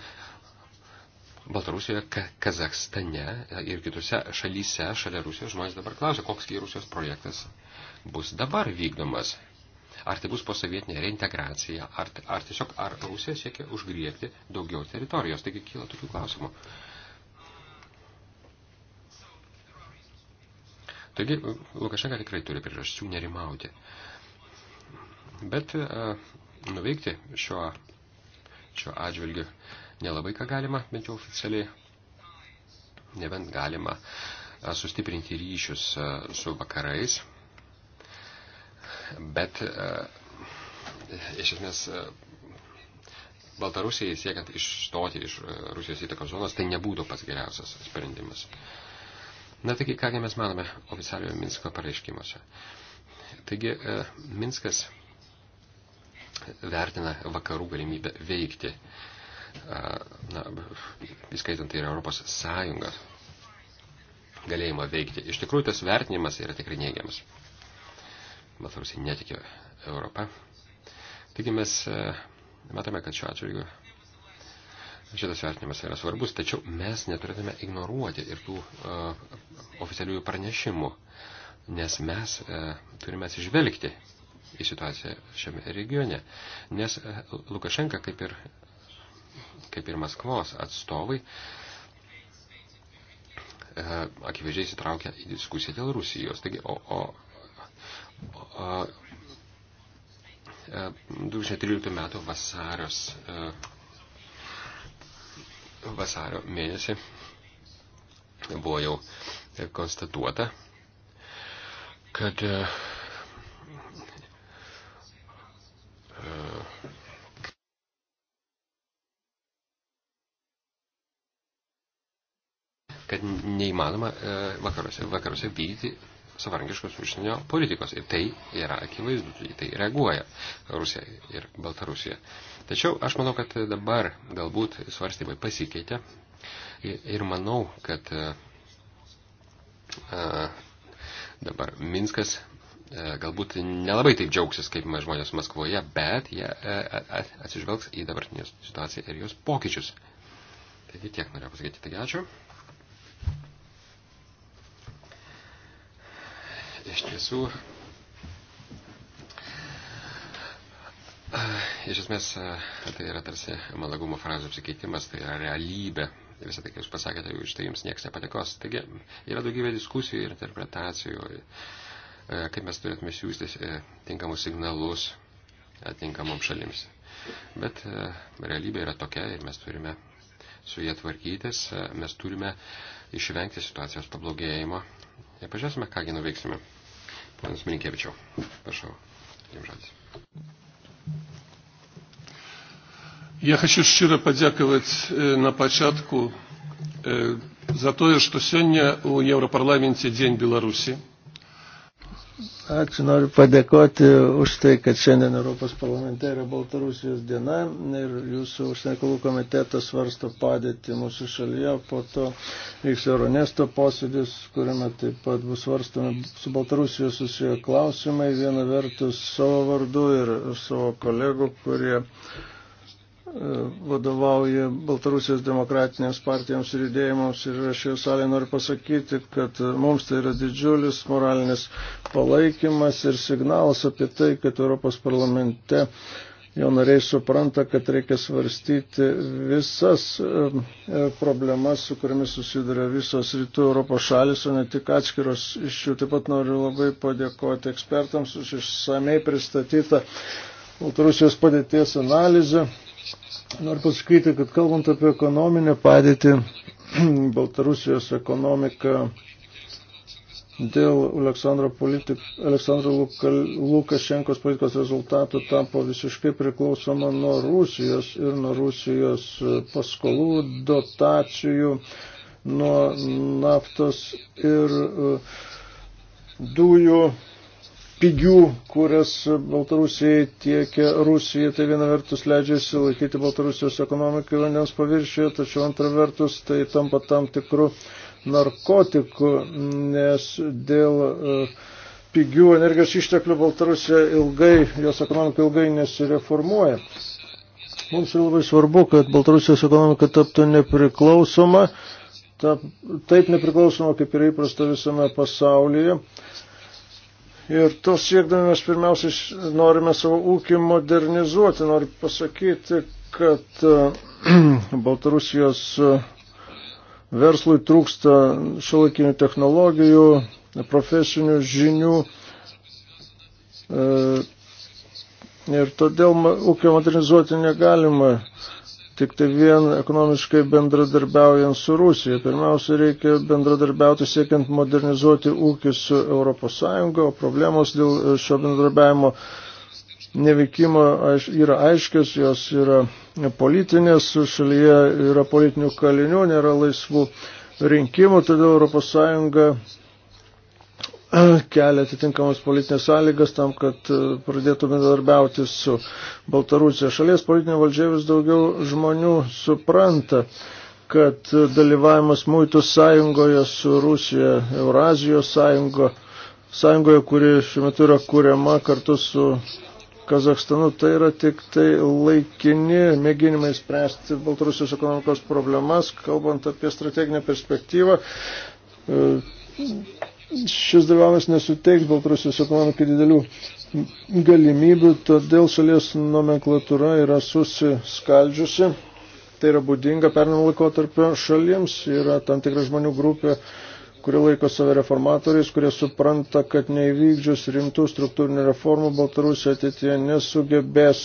Baltarusijoje, Kazakstane ir kitose šalyse šalia Rusijos žmonės dabar klausia, koks Rusijos projektas bus dabar vykdomas. Ar tai bus posovietinė reintegracija, ar, ar tiesiog ar Rusija siekia užgriebti daugiau teritorijos. Taigi kyla tokių klausimų. Uh, Taigi Lukašenka tikrai turi priežasčių nerimauti. Bet a, e, nuveikti šiuo, šiuo atžvilgiu nelabai ką galima, bent jau oficialiai. Nebent galima a, e, sustiprinti ryšius a, e, su vakarais. Bet a, iš esmės. A, Baltarusijai siekiant išstoti iš Rusijos įtakos zonos, tai nebūtų pats geriausias sprendimas. Na taigi, kągi mes manome oficialiojo Minsko pareiškimuose. Taigi, e, Minskas vertina vakarų galimybę veikti, e, na, įskaitant ir Europos Sąjungą galėjimą veikti. Iš tikrųjų, tas vertinimas yra tikrai neigiamas. Baltarusiai netikė Europą. Taigi mes e, matome, kad šiuo atžvilgiu Šitas vertinimas yra svarbus, tačiau mes neturėtume ignoruoti ir tų uh, oficialiųjų pranešimų, nes mes uh, turime atsižvelgti į situaciją šiame regione, nes uh, Lukašenka, kaip ir, kaip ir Maskvos atstovai, uh, akivaizdžiai įsitraukia į diskusiją dėl Rusijos. Taigi, o, o, o, 2013 metų vasarios uh, vasario mėnesį buvo jau konstatuota, kad e, kad neįmanoma e, vakaruose, vakaruose vykdyti savarankiškos užsienio politikos. Ir tai yra akivaizdu, į tai reaguoja Rusija ir Baltarusija. Tačiau aš manau, kad dabar galbūt svarstymai pasikeitė ir manau, kad e, a, dabar Minskas a, e, galbūt nelabai taip džiaugsis, kaip žmonės Maskvoje, bet jie e, atsižvelgs į dabartinę situaciją ir jos pokyčius. Taigi tiek norėjau pasakyti. Taigi ačiū. iš tiesų Iš esmės, tai yra tarsi malagumo frazų apsikeitimas, tai yra realybė. Visą tai, ką jūs pasakėte, už tai jums niekas nepatikos. Taigi, yra daugybė diskusijų ir interpretacijų, kaip mes turėtume siūsti e, tinkamus signalus atinkamom e, šalims. Bet e, realybė yra tokia ir mes turime su jie tvarkytis, mes turime išvengti situacijos pablogėjimo Tai pažiūrėsime, kągi nuveiksime. Ponas Minkievičiau, prašau, jums žodis.
Я хочу щиро подякувати э, на початку э, за те, що сьогодні у Європарламенті День Білорусі. Ačiū, noriu padėkoti už tai, kad šiandien Europos parlamente yra Baltarusijos diena ir jūsų užsienkalų komitetas svarsto padėti mūsų šalyje, po to vyks Euronesto posėdis, kuriame taip pat bus svarstomi su Baltarusijos susiję klausimai, viena vertus savo vardu ir savo kolegų, kurie vadovauja Baltarusijos demokratinėms partijoms ir judėjimams ir aš jau salėje noriu pasakyti, kad mums tai yra didžiulis moralinis palaikymas ir signalas apie tai, kad Europos parlamente jo nariai supranta, kad reikia svarstyti visas e, problemas, su kuriamis susiduria visos rytų Europos šalis, o ne tik atskiros iš jų. Taip pat noriu labai padėkoti ekspertams už išsamei pristatytą Baltarusijos padėties analizę. Noriu pasakyti, kad kalbant apie ekonominę padėtį, Baltarusijos ekonomika dėl Aleksandro, politik, Aleksandro Lukašenkos politikos rezultatų tapo visiškai priklausoma nuo Rusijos ir nuo Rusijos e, paskolų, dotacijų, nuo naftos ir e, dujų pigių, kurias Baltarusijai tiekia Rusija, tai viena vertus leidžiasi laikyti Baltarusijos ekonomikai vandens paviršyje, tačiau antra vertus tai tampa tam tikrų narkotikų, nes dėl uh, pigių energijos išteklių Baltarusija ilgai, jos ekonomika ilgai nesireformuoja. Mums yra labai svarbu, kad Baltarusijos ekonomika taptų nepriklausoma, ta, taip nepriklausoma, kaip yra įprasta visame pasaulyje. Uh, Ir to siekdami mes pirmiausiai norime savo ūkį modernizuoti. Noriu pasakyti, kad e, Baltarusijos e, verslui trūksta šiuolaikinių technologijų, profesinių žinių. E, ir todėl ūkio modernizuoti negalima tik tai vien ekonomiškai bendradarbiaujant su Rusija. Pirmiausia, reikia bendradarbiauti siekiant modernizuoti ūkį su ES, o problemos dėl e, šio bendradarbiavimo neveikimo yra aiškios, jos yra politinės, šalyje yra politinių kalinių, nėra laisvų rinkimų, todėl ES kelia atitinkamas politinės sąlygas tam, kad e, pradėtų bendradarbiauti su Baltarusija. Šalies politinė valdžia vis daugiau žmonių supranta, kad dalyvavimas muitų sąjungoje su Rusija, Eurazijos sąjungo, sąjungoje, kuri šiuo metu yra kuriama kartu su Kazakstanu, tai yra tik tai laikini mėginimai spręsti Baltarusijos ekonomikos problemas, kalbant apie strateginę perspektyvą e, šis dalyvavimas nesuteiks Baltarusijos ekonomikai didelių galimybių, todėl šalies nomenklatūra yra susiskaldžiusi. Tai yra būdinga pernam laikotarpio šalims, yra tam tikra žmonių grupė, kurie laiko save reformatoriais, kurie supranta, kad neįvykdžius rimtų struktūrinių reformų Baltarusija ateityje nesugebės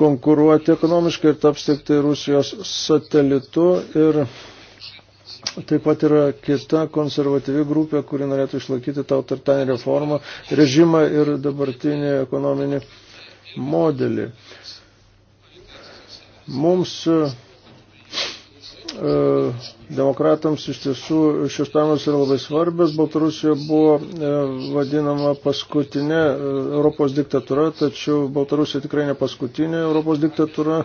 konkuruoti ekonomiškai ir taps tik tai Rusijos satelitu. Ir Taip pat yra kita konservatyvi grupė, kuri norėtų išlaikyti tą autoritarnį reformą, režimą ir dabartinį ekonominį modelį. Mums e, demokratams iš tiesų šios temos yra labai svarbios. Baltarusija buvo e, vadinama paskutinė e, Europos diktatūra, tačiau Baltarusija tikrai ne paskutinė Europos diktatūra.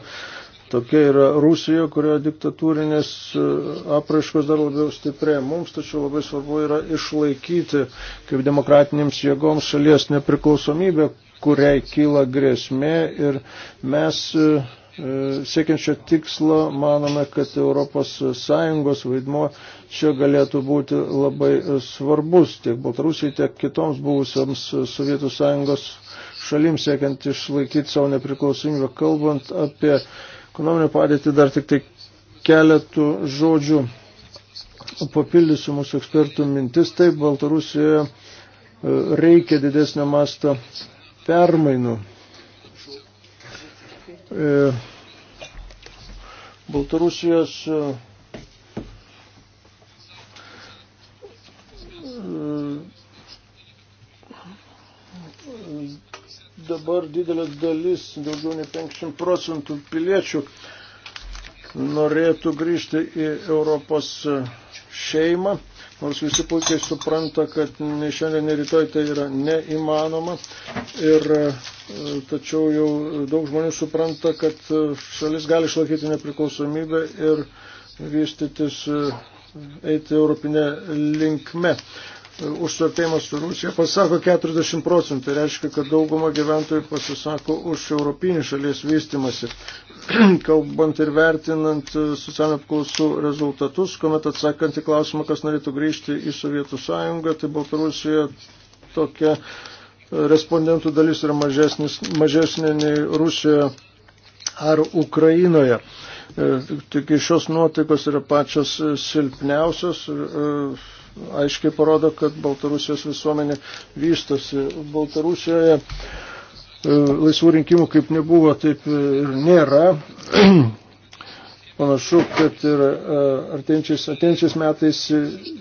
Tokia yra Rusija, kurio diktatūrinės e, apraiškos dar labiau stiprėja. Mums tačiau labai svarbu yra išlaikyti kaip demokratinėms jėgoms šalies nepriklausomybę, kuriai kyla grėsmė ir mes e, e, siekiančio tikslo manome, kad ES vaidmo čia galėtų būti labai svarbus tiek Baltarusijai, tiek kitoms buvusiams Sovietų sąjungos šalims siekiant išlaikyti savo nepriklausomybę. Kalbant apie ekonominę padėtį dar tik tai keletų žodžių papildysiu mūsų ekspertų mintis. Taip, Baltarusijoje e, reikia didesnio masto permainų. E, Baltarusijos e, dabar didelė dalis, daugiau nei 50 procentų piliečių norėtų grįžti į Europos šeimą, nors visi puikiai supranta, kad nei šiandien, nei rytoj tai yra neįmanoma. Ir e, tačiau jau daug žmonių supranta, kad šalis gali išlaikyti nepriklausomybę ir vystytis e, eiti europinė linkme užsartėjimas su Rusija pasako 40 procentų, tai reiškia, kad dauguma gyventojų pasisako už europinį šalies vystimasi. Kalbant ir vertinant socialinio apklausų rezultatus, kuomet atsakant į klausimą, kas norėtų grįžti į Sovietų sąjungą, tai Baltarusija tokia e, respondentų dalis yra mažesnis, mažesnė nei Rusijoje ar Ukrainoje. E, Tik šios nuotaikos yra pačios silpniausios. E, aiškiai parodo, kad Baltarusijos visuomenė vystosi. Baltarusijoje e, laisvų rinkimų kaip nebuvo, taip ir nėra. Panašu, kad ir e, artenčiais, artenčiais metais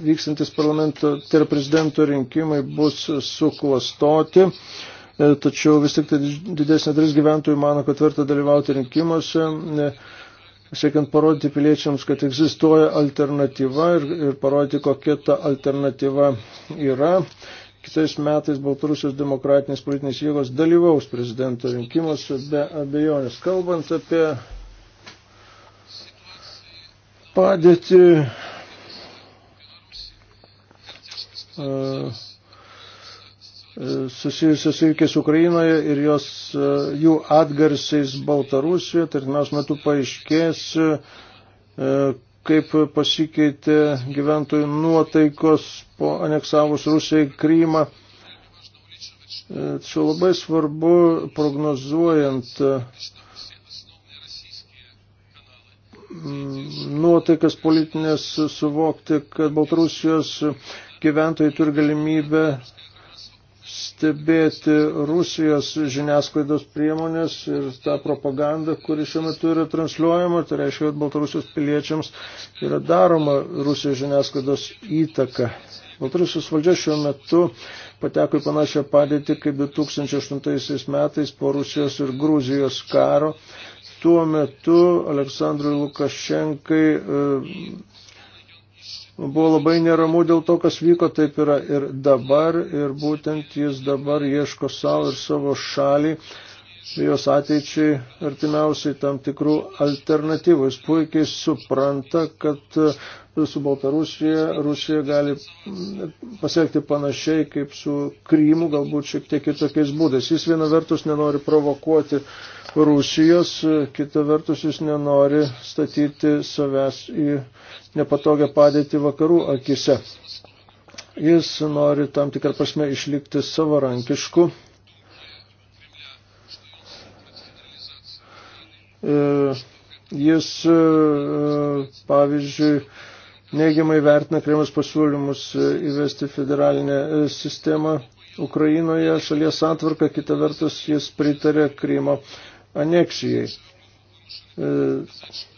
vykstantis parlamento, tai yra prezidento rinkimai bus suklastoti, e, tačiau vis tik tai didesnė dalis gyventojų mano, kad verta dalyvauti rinkimuose. Ne, siekiant parodyti piliečiams, kad egzistuoja alternatyva ir, ir parodyti, kokia ta alternatyva yra. Kitais metais Baltarusijos demokratinės politinės jėgos dalyvaus prezidento rinkimuose be abejonės. Kalbant apie padėtį. Uh, susijusios įvykis Ukrainoje ir jos, e, jų atgarsiais Baltarusijoje, tarkimiausiu metu paaiškės, e, kaip pasikeitė gyventojų nuotaikos po aneksavus Rusijai Krymą. E, Čia labai svarbu prognozuojant nuotaikas politinės suvokti, kad Baltarusijos gyventojai turi galimybę stebėti Rusijos žiniasklaidos priemonės ir tą propagandą, kuri šiuo metu yra transliuojama, tai reiškia, kad Baltarusijos piliečiams yra daroma Rusijos žiniasklaidos įtaka. Baltarusijos valdžia šiuo metu pateko į panašią padėtį kaip 2008 metais po Rusijos ir Gruzijos karo. Tuo metu Aleksandrui Lukašenkai e, buvo labai neramu dėl to, kas vyko, taip yra ir dabar, ir būtent jis dabar ieško savo ir savo šalį, jos ateičiai artimiausiai tam tikrų alternatyvų. Jis puikiai supranta, kad e, su Baltarusija Rusija gali pasiekti panašiai kaip su Krymu, galbūt šiek tiek kitokiais būdais. Jis viena vertus nenori provokuoti uh, Rusijos, kita vertus jis nenori statyti savęs į nepatogią padėtį vakarų akise. Jis nori tam tikrą prasme išlikti savarankišku. Jis, pavyzdžiui, neigiamai vertina Kremliaus pasiūlymus įvesti federalinę sistemą Ukrainoje, šalies atvarką, kita vertus jis pritarė Krymo aneksijai. E,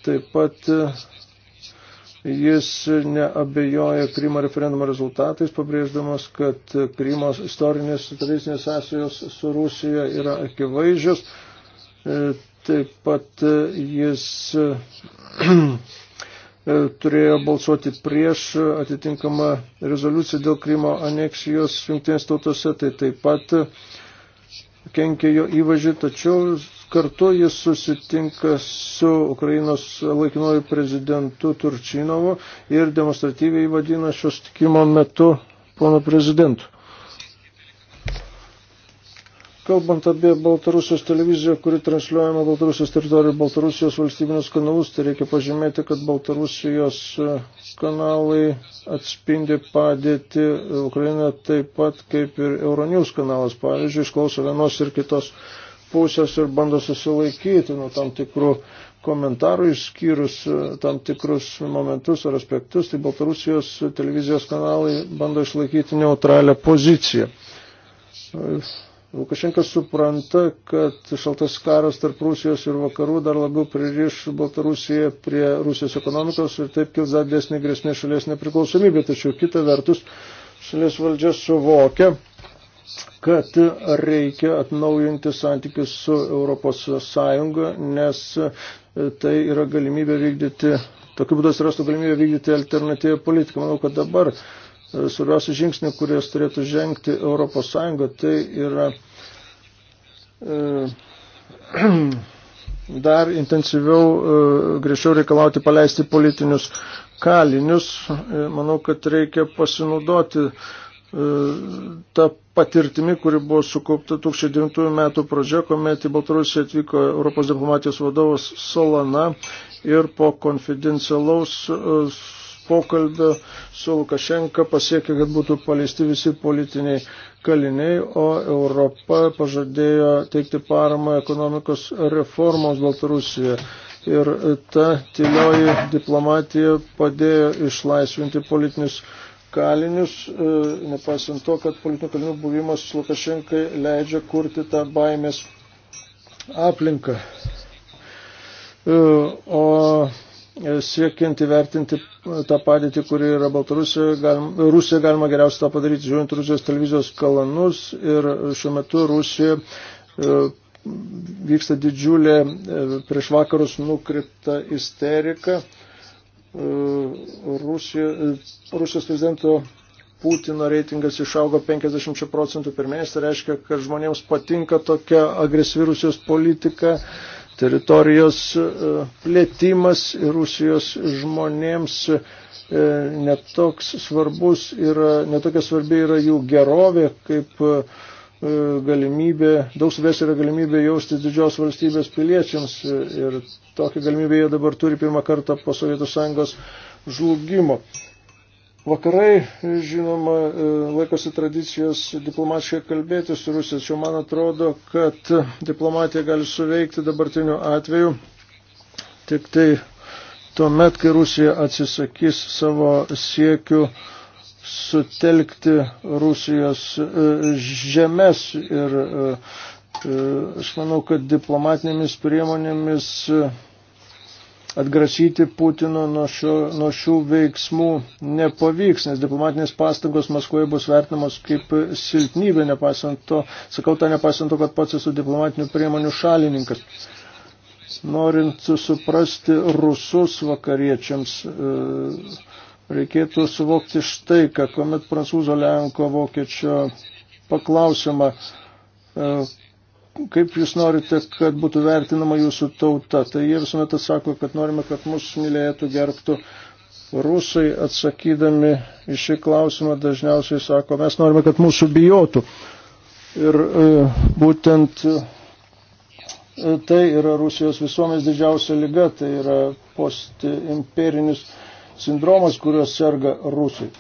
taip pat e, jis neabejoja Krymo referendumo rezultatais, pabrėždamas, kad Krymo istorinės tradicinės sąsajos su Rusija yra akivaizdžios. E, taip pat jis turėjo balsuoti prieš atitinkamą rezoliuciją dėl Krymo aneksijos jungtinės tautose, tai taip pat kenkė jo įvažiui, tačiau Kartu jis susitinka su Ukrainos laikinuoju prezidentu Turčinovu ir demonstratyviai vadina šio sutikimo metu pono prezidentu. Kalbant apie Baltarusijos televiziją, kuri transliuojama Baltarusijos teritorijoje Baltarusijos valstybinius kanalus, tai reikia pažymėti, kad Baltarusijos e, kanalai atspindi padėti Ukrainoje taip pat kaip ir Euronews kanalas. Pavyzdžiui, išklauso vienos ir kitos pusės ir bando susilaikyti nuo tam tikrų komentarų, išskyrus e, tam tikrus momentus ar aspektus, tai Baltarusijos televizijos kanalai bando išlaikyti neutralią poziciją. Lukašenka supranta, kad šaltas karas tarp Rusijos ir vakarų dar labiau pririš Baltarusiją prie Rusijos ekonomikos ir taip kils dar dėsnė grėsmė šalies nepriklausomybė. Tačiau kita vertus, šalies valdžia suvokia, kad reikia atnaujinti santykius su Europos Sąjunga, nes tai yra galimybė vykdyti, tokiu būdu atsirastų galimybė vykdyti alternatyvę politiką. Manau, kad dabar svarbiausia žingsnė, kurias turėtų žengti Europos Sąjunga, tai yra e, dar intensyviau, e, griežčiau reikalauti paleisti politinius kalinius. E, manau, kad reikia pasinaudoti e, tą patirtimi, kuri buvo sukaupta 2009 metų pradžioje, kuomet į Baltarusiją atvyko Europos diplomatijos vadovas Solana ir po konfidencialaus e, pokalbio su Lukašenka pasiekė, kad būtų paleisti visi politiniai kaliniai, o Europa pažadėjo teikti paramą ekonomikos reformoms Baltarusijoje. Ir ta tylioji diplomatija padėjo išlaisvinti politinius kalinius kalinius, e, nepaisant to, kad politinių kalinių buvimas Lukašenkai leidžia kurti tą baimės aplinką. E, o e, siekiant įvertinti tą padėtį, kuri yra Baltarusijoje, galima, Rusija galima geriausiai tą padaryti, žiūrint Rusijos televizijos kalanus ir šiuo metu Rusija vyksta didžiulė prieš vakarus nukreipta isterika E, Rusijos, e, Rusijos prezidento Putino reitingas išaugo 50 procentų per mėnesį, tai reiškia, kad žmonėms patinka tokia agresyvi Rusijos politika, teritorijos e, plėtimas Rusijos žmonėms netoks svarbus yra, netokia svarbi yra jų gerovė, kaip E, galimybė, daug svarbesnė yra galimybė jaustis didžios valstybės piliečiams e, ir tokią galimybę jie dabar turi pirmą kartą po Sovietų Sąjungos žlugimo. Vakarai, žinoma, e, laikosi tradicijos diplomatiškai kalbėti su Rusija, tačiau man atrodo, kad diplomatija gali suveikti dabartiniu atveju tik tai tuomet, kai Rusija atsisakys savo siekių uh, sutelkti Rusijos e, žemės ir e, e, aš manau, kad diplomatinėmis priemonėmis atgrasyti Putino nuo, šio, nuo šių veiksmų nepavyks, nes diplomatinės pastangos Maskvoje bus vertinamos kaip silpnybė, nepaisant to, sakau tą nepaisant to, kad pats esu diplomatinių priemonių šalininkas. Norint suprasti rusus vakariečiams, e, reikėtų suvokti štai, kad kuomet prancūzo, lenko, vokiečio paklausima, e, kaip jūs norite, kad būtų vertinama jūsų tauta, tai jie visuomet atsako, kad norime, kad mūsų mylėtų, gerbtų. Rusai atsakydami į šį klausimą dažniausiai sako, mes norime, kad mūsų bijotų. Ir e, būtent e, tai yra Rusijos visuomenės didžiausia lyga, tai yra postimperinis imperinis sindromas, kurios serga rusai.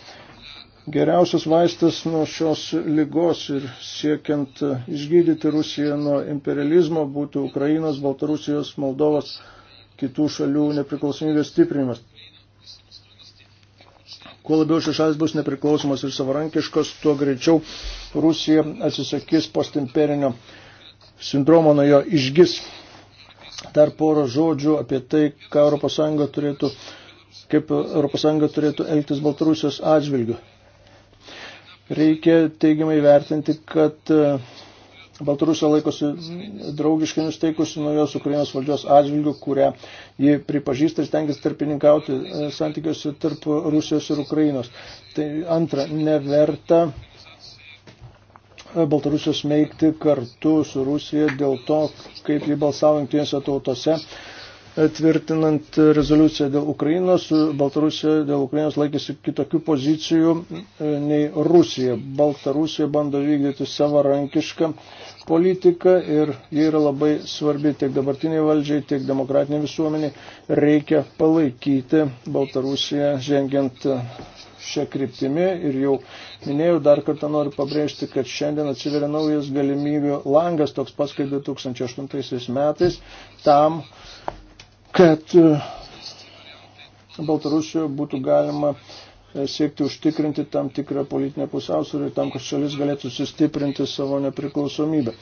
Geriausias vaistas nuo šios lygos ir siekiant išgydyti Rusiją nuo imperializmo būtų Ukrainos, Baltarusijos, Moldovos, kitų šalių nepriklausomybės stiprinimas. Kuo labiau šis šalis bus nepriklausomas ir savarankiškos, tuo greičiau Rusija atsisakys postimperinio sindromo nuo jo išgis. Dar porą žodžių apie tai, ką ES turėtų kaip ES turėtų elgtis Baltarusijos atžvilgiu. Reikia teigiamai vertinti, kad e, Baltarusija laikosi draugiškai nusteikusi naujos Ukrainos valdžios atžvilgių, kurią ji pripažįsta ir stengiasi tarpininkauti e, santykiuose tarp Rusijos ir Ukrainos. Tai antra, neverta e, Baltarusijos meikti kartu su Rusija dėl to, kaip jį balsavo jungtinėse tautose tvirtinant rezoliuciją dėl Ukrainos, Baltarusija dėl Ukrainos laikėsi kitokių pozicijų e, nei Rusija. Baltarusija bando vykdyti savarankišką politiką ir ji yra labai svarbi tiek dabartiniai valdžiai, tiek demokratiniai visuomeniai. Reikia palaikyti Baltarusiją žengiant šią kryptimį ir jau minėjau, dar kartą noriu pabrėžti, kad šiandien atsiveria naujas galimybių langas, toks pats kaip 2008 metais, tam, kad e, Baltarusijoje būtų galima e, siekti užtikrinti tam tikrą politinę pusiausvyrą ir tam, kad šalis galėtų sustiprinti savo nepriklausomybę.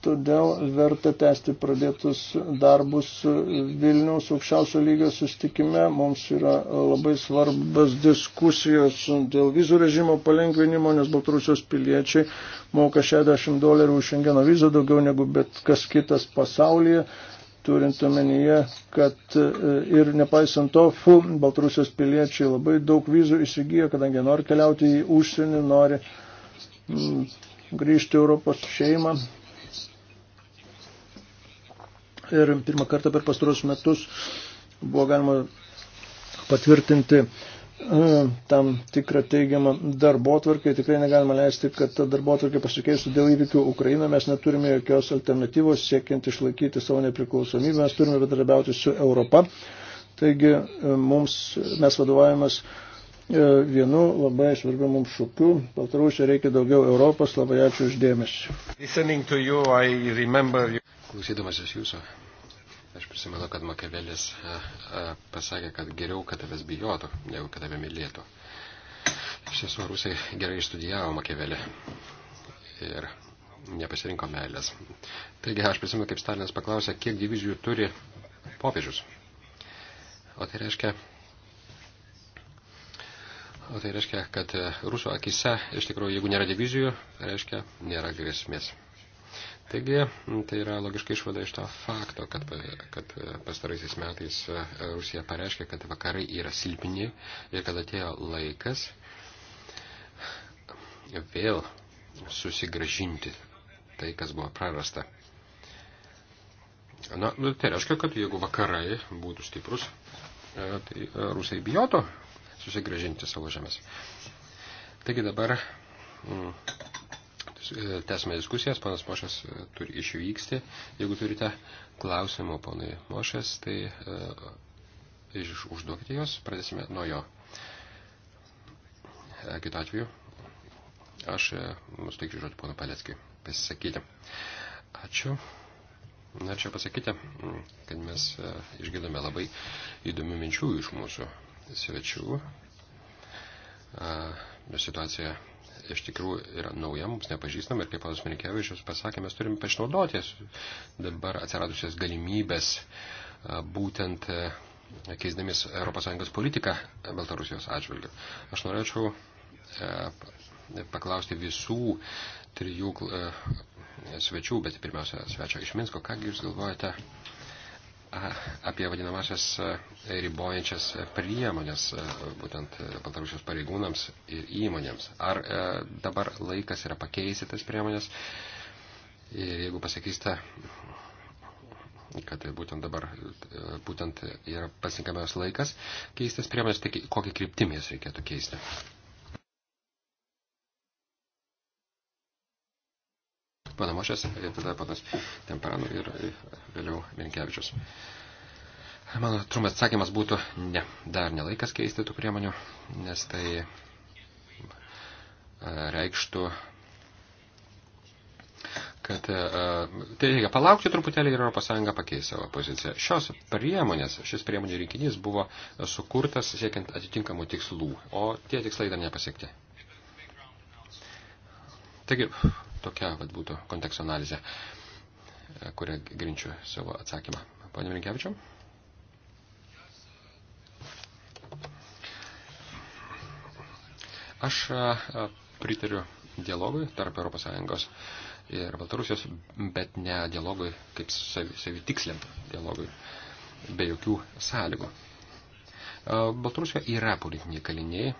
Todėl verta tęsti pradėtus darbus Vilniaus aukščiausio lygio sustikime. Mums yra labai svarbas diskusijos dėl vizų režimo palengvinimo, nes Baltarusijos piliečiai moka 60 dolerių už šengeno vizą daugiau negu bet kas kitas pasaulyje turint omenyje, kad e, ir nepaisant to, fu, Baltarusijos piliečiai labai daug vizų įsigijo, kadangi nori keliauti į užsienį, nori m, mm, grįžti Europos šeimą. Ir pirmą kartą per pastarus metus buvo galima patvirtinti uh, tam tikrą teigiamą darbotvarkę. Tikrai negalima leisti, kad ta darbotvarkė pasikeistų dėl įvykių Ukrainoje. Mes neturime jokios alternatyvos siekiant išlaikyti savo nepriklausomybę. Mes turime bendradarbiauti su Europa. Taigi e, mums, mes vadovavimas e, vienu labai svarbiu mums šūkiu. Baltarusija reikia daugiau Europos. Labai ačiū uždėmesi.
Klausydamasis jūsų, prisimenu, kad Makiavelis e, e, pasakė, kad geriau, kad tavęs bijotų, negu kad tave mylėtų. Iš tiesų, rusai gerai studijavo Makiavelį ir nepasirinko meilės. Taigi, aš prisimenu, kaip Stalinas paklausė, kiek divizijų turi popiežius. O tai reiškia, o tai reiškia kad e, rusų akise, iš tikrųjų, jeigu nėra divizijų, reiškia, nėra grėsmės. Taigi, tai yra logiškai išvada iš to fakto, kad, kad pastaraisiais metais Rusija pareiškė, kad vakarai yra silpni ir kad atėjo laikas vėl susigražinti tai, kas buvo prarasta. Na, nu, tai reiškia, kad jeigu vakarai būtų stiprus, e, tai e, rusai bijotų susigražinti savo žemės. Taigi dabar mm, Tęsime diskusijas, panas Mošas e, turi išvykti. Jeigu turite klausimų, ponai Mošas, tai uh, užduokite juos, pradėsime nuo jo. E, kitu atveju, aš nusteikiu žodį pono Paleckiai pasisakyti. Ačiū. Norėčiau pasakyti, kad mes išgirdome labai įdomių minčių iš mūsų svečių. Situacija iš tikrųjų yra nauja, mums nepažįstama ir kaip Panas Minikevičius pasakė, mes turime pasinaudoti dabar atsiradusias galimybės būtent keisdamis ES politiką Baltarusijos atžvilgiu. Aš norėčiau paklausti visų trijų svečių, bet pirmiausia svečio iš Minsko, ką jūs galvojate apie vadinamasias e, ribojančias e, priemonės e, būtent Baltarusijos pareigūnams ir įmonėms. Ar dabar laikas yra pakeisti tas priemonės? Ir jeigu pasakysite, kad būtent dabar būtent yra pasinkamiausias laikas keistas priemonės, tai kokią kryptimį jas reikėtų keisti? panamošęs ir tada panas Temperano ir vėliau Minkevičius. Mano trumpas atsakymas būtų ne, dar nelaikas keisti tų priemonių, nes tai e, reikštų, kad e, tai reikia palaukti truputėlį ir ES pakeis savo poziciją. Šios priemonės, šis priemonių rinkinys buvo sukurtas siekiant atitinkamų tikslų, o tie tikslai dar nepasiekti. Taigi, Tokia vat, būtų konteksto analizė, e, kurią grinčiu savo atsakymą. Pane Minkevičiam. Aš e, pritariu dialogui tarp ES ir Baltarusijos, bet ne dialogui kaip savitiksliam dialogui, be jokių sąlygų. E, Baltarusijoje yra politiniai kaliniai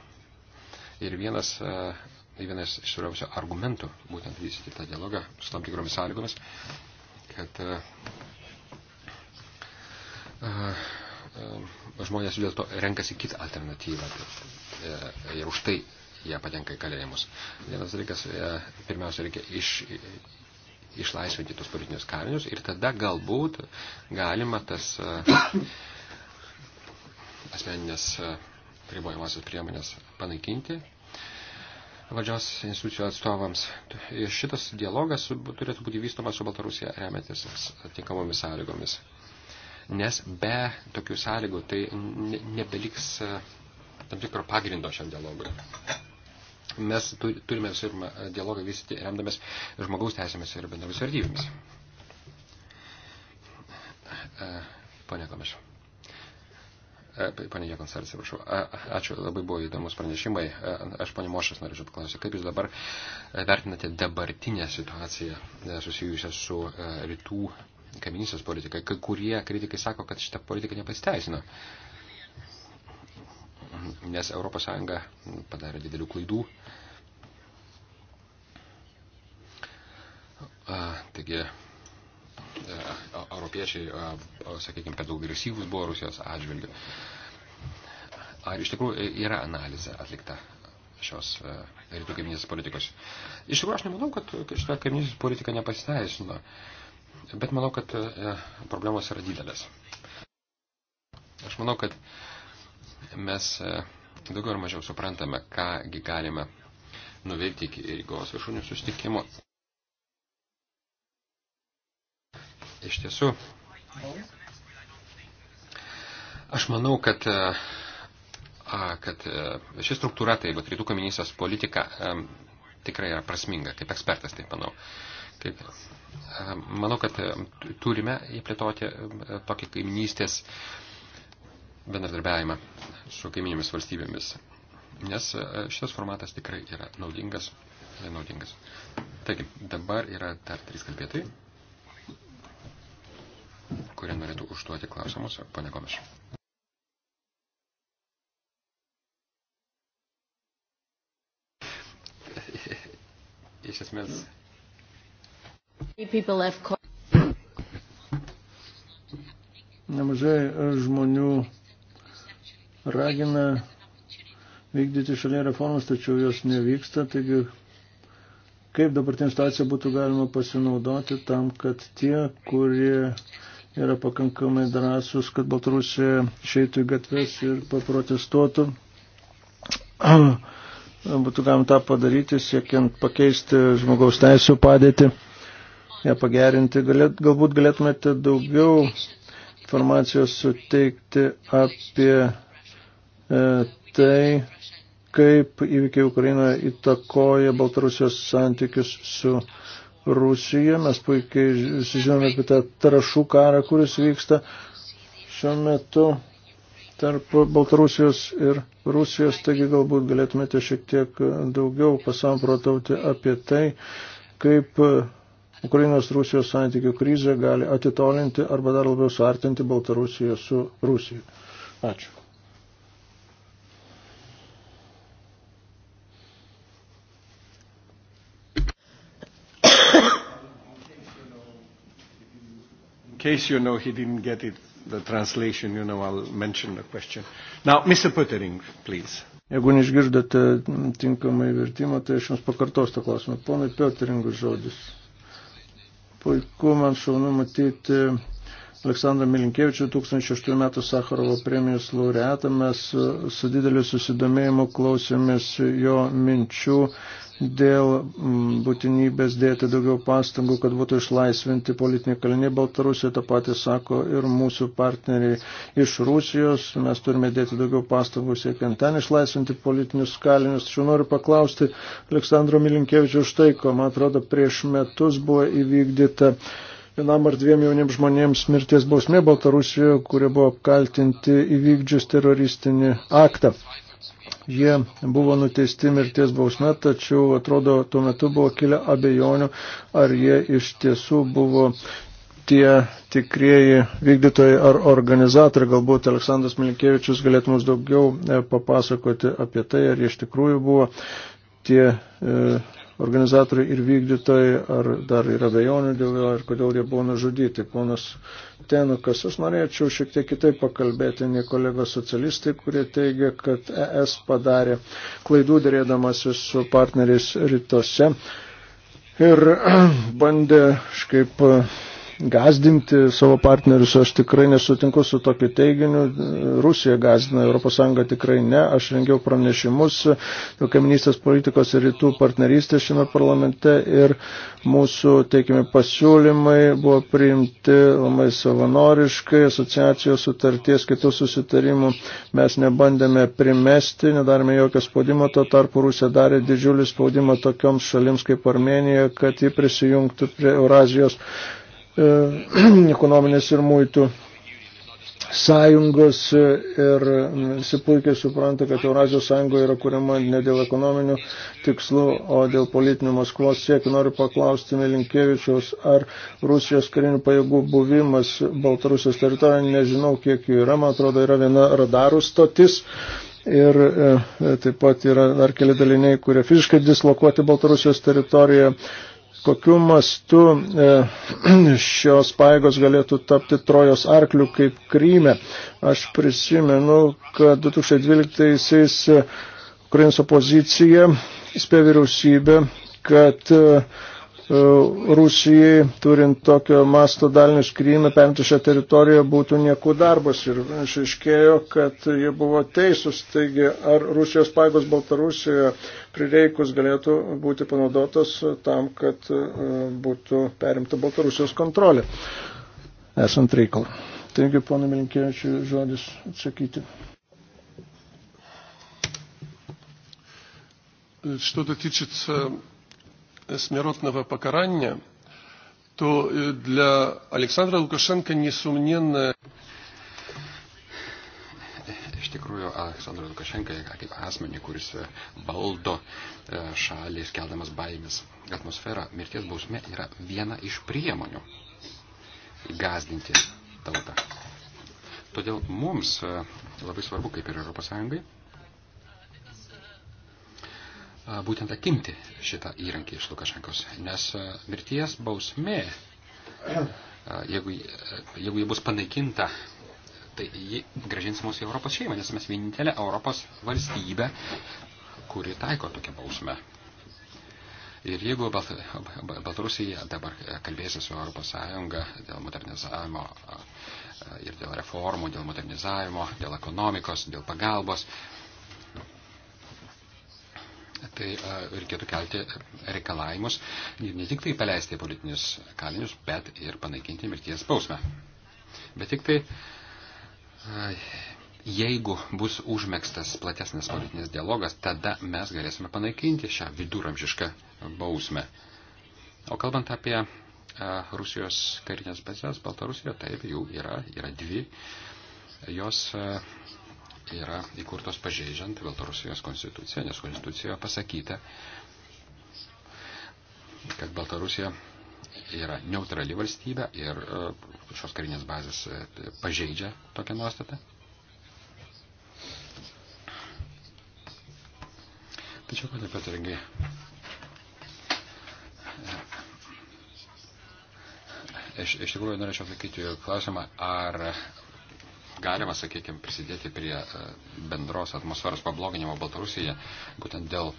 ir vienas tai vienas iš svarbiausių argumentų, būtent vystyti tą dialogą su tam tikromis sąlygomis, kad a, a, a, žmonės vis dėlto renkasi kitą alternatyvą bet, ir už tai jie patenka į kalėjimus. Vienas dalykas, e, pirmiausia, reikia iš, išlaisvinti tos politinius kalinius ir tada galbūt galima tas e, asmeninės e, ribojamasios priemonės panaikinti valdžios institucijų atstovams. Šitas dialogas turėtų būti vystomas su Baltarusija remiantis tinkamomis sąlygomis. Nes be tokių sąlygų tai nebeliks e, tam tikro pagrindo šiam dialogui. Mes turime visur e, dialogą vystyti remdamės žmogaus teisėmis ir bendromis vertybėmis. E, Pane Komišau. E, Pane Jekonsarė, atsiprašau. Ačiū, labai buvo įdomus pranešimai. E, aš, ponė Mošas, norėčiau paklausyti, kaip jūs dabar e, vertinate dabartinę situaciją susijusią su rytų kaiminysės politika, kai kurie kritikai sako, kad šita politika nepasiteisino. Nes ES padarė didelių klaidų. Taigi, E, europiečiai, e, sakykime, per daug agresyvus buvo Rusijos atžvilgiu. Ar iš tikrųjų yra analizė atlikta šios e, rytų kaiminės politikos? Iš tikrųjų, aš nemanau, kad šitą kaiminės politiką nepasiteisino, bet manau, kad problemos yra didelės. Aš manau, kad mes daugiau ar mažiau suprantame, kągi galime nuveikti iki Rygos viršūnių sustikimo. Iš tiesų, aš manau, kad, e, kad e, ši struktūra, tai vat, rytų kaminysės politika, e, tikrai yra prasminga, kaip ekspertas, taip manau. Kaip, manau, kad turime įplėtoti tokį kaiminystės bendradarbiavimą su kaiminėmis valstybėmis, nes šitas formatas tikrai yra naudingas. naudingas. Taigi, dabar yra dar trys kalbėtojai kurie norėtų užduoti klausimus. Pane Gomes. Iš esmės.
Nemažai e, žmonių ragina vykdyti šalia reformas, tačiau jos nevyksta. Taigi, kaip dabartinė situacija būtų galima pasinaudoti tam, kad tie, kurie yra pakankamai drąsus, kad Baltarusija išeitų į gatves ir paprotestuotų. Būtų galima tą padaryti, siekiant pakeisti žmogaus teisų padėtį, ją pagerinti. Galėt, galbūt galėtumėte daugiau informacijos suteikti apie e, tai, kaip įvykiai Ukrainoje įtakoja Baltarusijos santykius su Rusiją, mes puikiai visi žinome apie tą trašų karą, kuris vyksta šiuo metu tarp Baltarusijos ir Rusijos, taigi galbūt galėtumėte šiek tiek daugiau pasamprotauti apie tai, kaip Ukrainos-Rusijos santykių krizė gali atitolinti arba dar labiau suartinti Baltarusiją su Rusija. Ačiū. case you know he didn't get it, the translation, you know, I'll mention the question. Now, Mr. Puttering, please. Jeigu neišgirdote tinkamai vertimą, tai aš jums pakartos tą klausimą. Ponai Piotringus žodis. Puiku, man šaunu matyti Aleksandrą Milinkievičių 2008 metų Sakarovo premijos laureatą. Mes su dideliu susidomėjimu klausėmės jo minčių dėl mm, būtinybės dėti daugiau pastangų, kad būtų išlaisvinti politiniai kaliniai Baltarusijoje, tą patį sako ir mūsų partneriai iš Rusijos. Mes turime dėti daugiau pastangų siekiant ten išlaisvinti politinius kalinius. Tačiau noriu paklausti Aleksandro Milinkievičio štai, ko man atrodo prieš metus buvo įvykdyta. Vienam ar dviem jauniems žmonėms mirties bausmė Baltarusijoje, kurie buvo kaltinti įvykdžius teroristinį aktą. Jie buvo nuteisti mirties bausme, tačiau atrodo tuo metu buvo kilę abejonių, ar jie iš tiesų buvo tie tikrieji vykdytojai ar organizatoriai. Galbūt Aleksandras Milikievičius galėtų mums daugiau e, papasakoti apie tai, ar jie iš tikrųjų buvo tie e, organizatoriai ir vykdytojai, ar dar yra bejonių dėl jo ir kodėl jie buvo nužudyti. Ponas Tenukas, aš norėčiau šiek tiek kitaip pakalbėti nei kolegos socialistai, kurie teigia, kad ES padarė klaidų dėrėdamasi su partneriais rytuose ir bandė, kaip gazdinti savo partnerius, aš tikrai nesutinku su tokiu teiginiu. Rusija gazdina, ES tikrai ne. Aš rengiau pranešimus dėl kaiminystės politikos ir rytų partnerystės šiame parlamente ir mūsų teikiami pasiūlymai buvo priimti labai savanoriškai, asociacijos sutarties, kitų susitarimų mes nebandėme primesti, nedarėme jokio spaudimo, to tarpu Rusija darė didžiulį spaudimą tokioms šalims kaip Armenija, kad ji prisijungtų prie Eurazijos E, ekonominės ir muitų sąjungos e, ir visi puikiai supranta, kad Eurazijos sąjunga yra kuriama ne dėl ekonominių tikslų, o dėl politinių Maskvos siekių. Noriu paklausti Milinkievičiaus, ar Rusijos karinių pajėgų buvimas Baltarusijos teritorijoje, nežinau kiek jų yra, man atrodo, yra viena radarų stotis. Ir e, taip pat yra dar keli daliniai, kurie fiziškai dislokuoti Baltarusijos teritorijoje kokiu mastu e, šios paėgos galėtų tapti Trojos arklių kaip Kryme. Aš prisimenu, kad 2012-aisiais e, Ukrainos opozicija įspėjo vyriausybę, kad e, E, Rusijai, turint tokio masto dalinius Krymą, perimti šią teritoriją būtų niekų darbas. Ir išaiškėjo, kad jie buvo teisūs. Taigi, ar Rusijos paėgos Baltarusijoje prireikus galėtų būti panaudotos tam, kad e, būtų perimta Baltarusijos kontrolė. Esant reikalą. Taigi, ponai Milinkievičiui, žodis atsakyti. Što dotiče смиротного покарания,
то э, для Александра Лукашенко несомненно... Iš tikrųjų, Aleksandras Lukašenka, kaip asmenį, kuris э, valdo э, šalį, skeldamas baimės atmosferą, mirties bausmė yra viena iš priemonių gazdinti tautą. Todėl mums labai svarbu, kaip ir Europos Sąjungai, būtent atimti šitą įrankį iš Lukašenkos, nes mirties bausmė, jeigu, jeigu ji bus panaikinta, tai ji gražins mūsų į Europos šeimą, nes mes vienintelė Europos valstybė, kuri taiko tokią bausmę. Ir jeigu Balt, Baltarusija dabar kalbėsi su Europos Sąjunga dėl modernizavimo ir dėl reformų, dėl modernizavimo, dėl ekonomikos, dėl pagalbos, tai e, reikėtų kelti reikalavimus ir ne tik tai paleisti politinius kalinius, bet ir panaikinti mirties bausmę. Bet tik tai, e, jeigu bus užmėgstas platesnis politinis dialogas, tada mes galėsime panaikinti šią viduramžišką bausmę. O kalbant apie e, Rusijos karinės bazės Baltarusijoje, taip jau yra, yra dvi. Jos yra įkurtos pažeidžiant Baltarusijos konstituciją, nes konstitucijoje pasakyta, kad Baltarusija yra neutrali valstybė ir šios karinės bazės pažeidžia tokią nuostatą. Tačiau, kad nepatiringai Iš, iš tikrųjų norėčiau atsakyti klausimą, ar galima, sakykime, prisidėti prie e, bendros atmosferos pabloginimo Baltarusijoje, būtent dėl,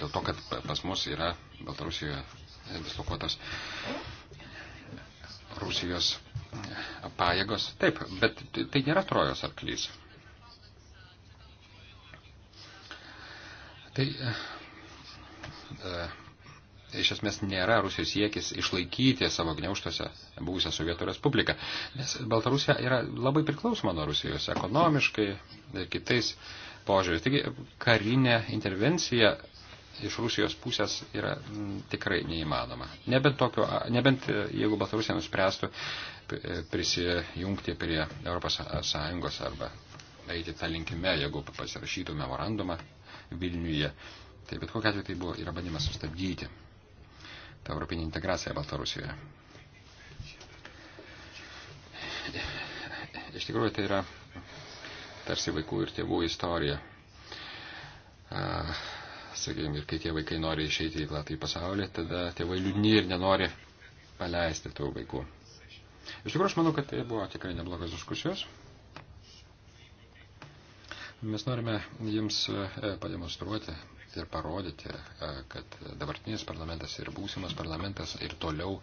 dėl to, kad pas mus yra Baltarusijoje dislokuotas Rusijos pajėgos. Taip, bet tai nėra trojos arklys. Tai e, e, iš esmės nėra Rusijos siekis išlaikyti savo gniauštose buvusią Sovietų Respubliką, nes Baltarusija yra labai priklausoma nuo Rusijos ekonomiškai ir kitais požiūriais. Taigi karinė intervencija iš Rusijos pusės yra m, mm, tikrai neįmanoma. Nebent, tokio, nebent e, jeigu Baltarusija nuspręstų e, prisijungti prie ES arba eiti tą linkime, jeigu pasirašytų memorandumą Vilniuje. Tai bet kokia atveju tai buvo, yra bandymas sustabdyti tą europinę integraciją Baltarusijoje. Iš tikrųjų, tai yra tarsi vaikų ir tėvų istorija. Sakykime, ir kai tie vaikai nori išeiti į platį pasaulį, tada tėvai liūdni ir nenori paleisti tų vaikų. Iš tikrųjų, aš manau, kad tai buvo tikrai neblogas diskusijos. Mes norime jums e, pademonstruoti ir parodyti, e, kad dabartinis parlamentas ir būsimas parlamentas ir toliau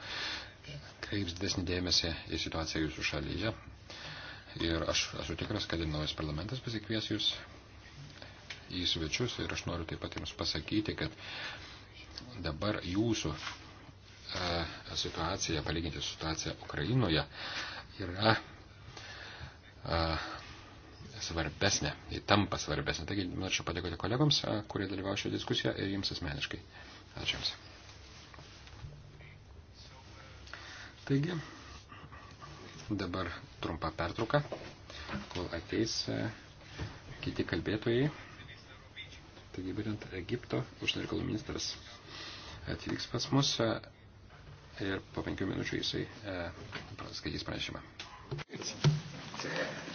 kreips didesnį dėmesį į situaciją jūsų šalyje. Ir aš esu tikras, kad ir naujas parlamentas pasikvies jūs į svečius ir aš noriu taip pat jums pasakyti, kad dabar jūsų e, situacija, palyginti su situacija Ukrainoje, yra e, svarbesnė, ji tampa svarbesnė. Taigi norėčiau padėkoti kolegoms, kurie dalyvavo šioje diskusijoje ir jums asmeniškai. Ačiū Jums. Taigi, dabar trumpa pertrauka, kol ateis kiti kalbėtojai. Taigi, būtent Egipto užsienio reikalų ministras atvyks pas mus ir po penkių minučių jisai e, skaitys pranešimą.
It's, it's,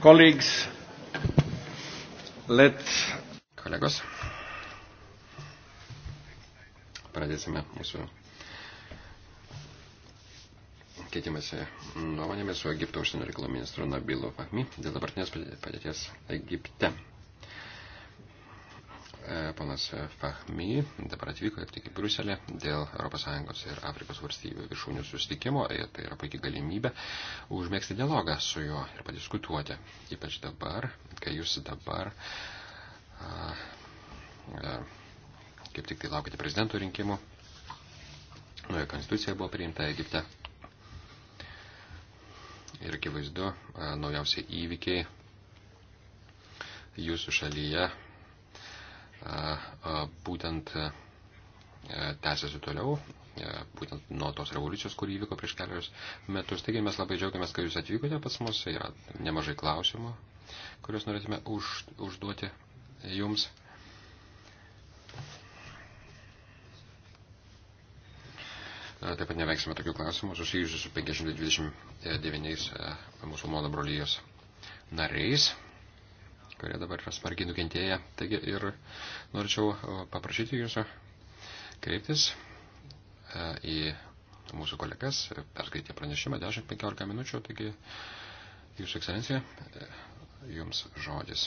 Colleagues, let... Kolegos, pradėsime mūsų keitimąsi nuomonėmis su Egipto užsienio reikalų ministru Nabilu Fahmi dėl dabartinės padėties Egipte ponas Fahmy dabar atvyko ir tik į Bruselį dėl ES ir Afrikos valstybių viršūnių susitikimo ir tai yra puikia galimybė užmėgsti dialogą su juo ir padiskutuoti. Ypač dabar, kai jūs dabar a, a, kaip tik tai laukite prezidentų rinkimų, nauja konstitucija buvo priimta Egipte. Ir akivaizdu, naujausiai įvykiai jūsų šalyje būtent tęsiasi toliau, e, būtent nuo tos revoliucijos, kurį įvyko prieš keliarius metus. Taigi mes labai džiaugiamės, kad jūs atvykote pas mus, yra nemažai klausimų, kuriuos norėtume už, užduoti jums. E, taip pat neveiksime tokių klausimų susijusių su 529 musulmonų brolyjos nariais kurie dabar yra smarkiai nukentėję. Taigi ir norėčiau paprašyti jūsų kreiptis e, į mūsų kolegas, perskaitė pranešimą 10-15 minučių, taigi jūsų ekscelencija, e, jums žodis.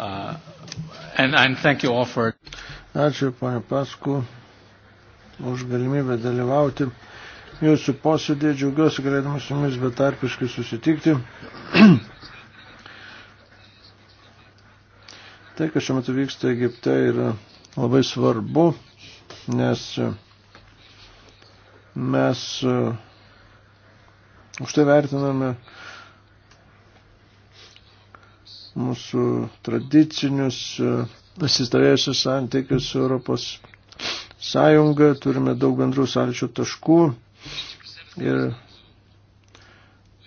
Uh, and, and thank you all for...
Ačiū, pane Pasku, už galimybę dalyvauti jūsų posėdėje. Džiaugiuosi galėdamas su jumis betarpiškai susitikti. tai, kas šiuo metu vyksta Egipte, yra labai svarbu, nes e, mes e, už tai vertiname mūsų tradicinius e, pasistarėjusius santykius su Europos Sąjunga, turime daug bendrų sąlyčio taškų ir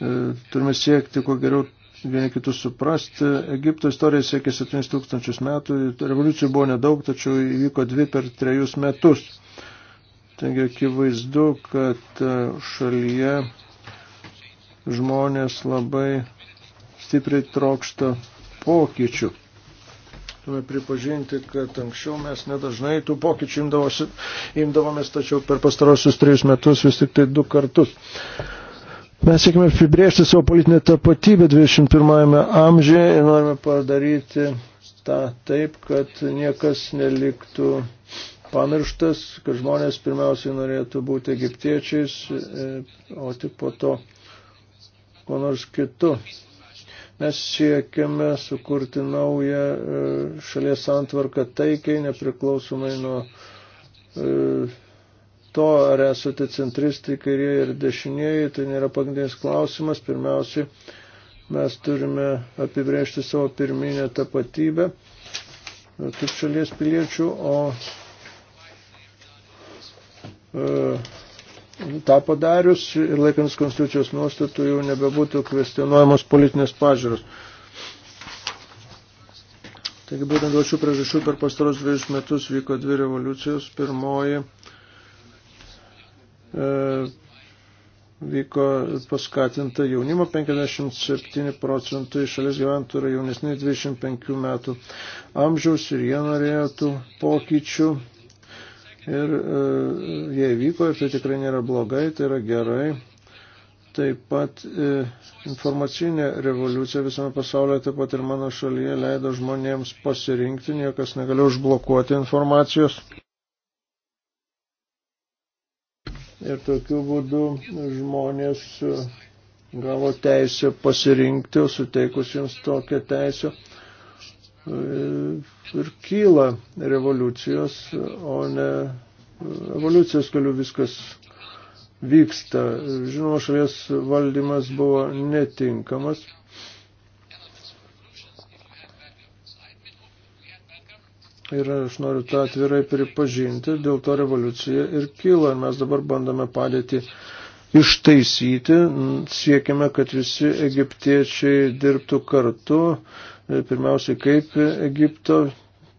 E, turime siekti, kuo geriau vieni kitus suprasti. Egipto istorija siekia 7 tūkstančius metų, revoliucijų buvo nedaug, tačiau įvyko dvi per trejus metus. Taigi akivaizdu, kad e, šalyje žmonės labai stipriai trokšta pokyčių. Turime pripažinti, kad anksčiau mes nedažnai tų pokyčių imdavomės, tačiau per pastarosius trejus metus vis tik tai du kartus. Mes siekime apibriežti savo politinę tapatybę 21 amžiuje ir norime padaryti tą taip, kad niekas neliktų pamirštas, kad žmonės pirmiausiai norėtų būti egiptiečiais, e, o tik po to ko nors kitu. Mes siekiame sukurti naują e, šalies santvarką taikiai, nepriklausomai nuo e, to, ar esate centristai, kairieji ir dešinieji, tai nėra pagrindinis klausimas. Pirmiausiai, mes turime apibrėžti savo pirminę tapatybę kaip šalies piliečių, o e, tą padarius ir laikantis konstitucijos nuostatų jau nebebūtų kvestionuojamos politinės pažiūros. Taigi būtent dėl šių priežasčių per pastaros dviejus metus vyko dvi revoliucijos. Pirmoji E, vyko paskatinta jaunimo 57 procentų iš šalies gyventojų yra jaunesni 25 metų amžiaus ir jie norėjo tų pokyčių ir e, jie vyko ir tai tikrai nėra blogai, tai yra gerai. Taip pat e, informacinė revoliucija visame pasaulyje, taip pat ir mano šalyje leido žmonėms pasirinkti, niekas negalėjo užblokuoti informacijos. ir tokiu būdu žmonės e, gavo teisę pasirinkti, suteikus jiems tokią teisę. E, ir kyla revoliucijos, o ne e, evoliucijos keliu viskas vyksta. Žinoma, šalies valdymas buvo netinkamas. ir aš noriu tą atvirai pripažinti, dėl to revoliucija ir kilo. Ir mes dabar bandome padėti ištaisyti, siekime, kad visi egiptiečiai dirbtų kartu, pirmiausiai kaip Egipto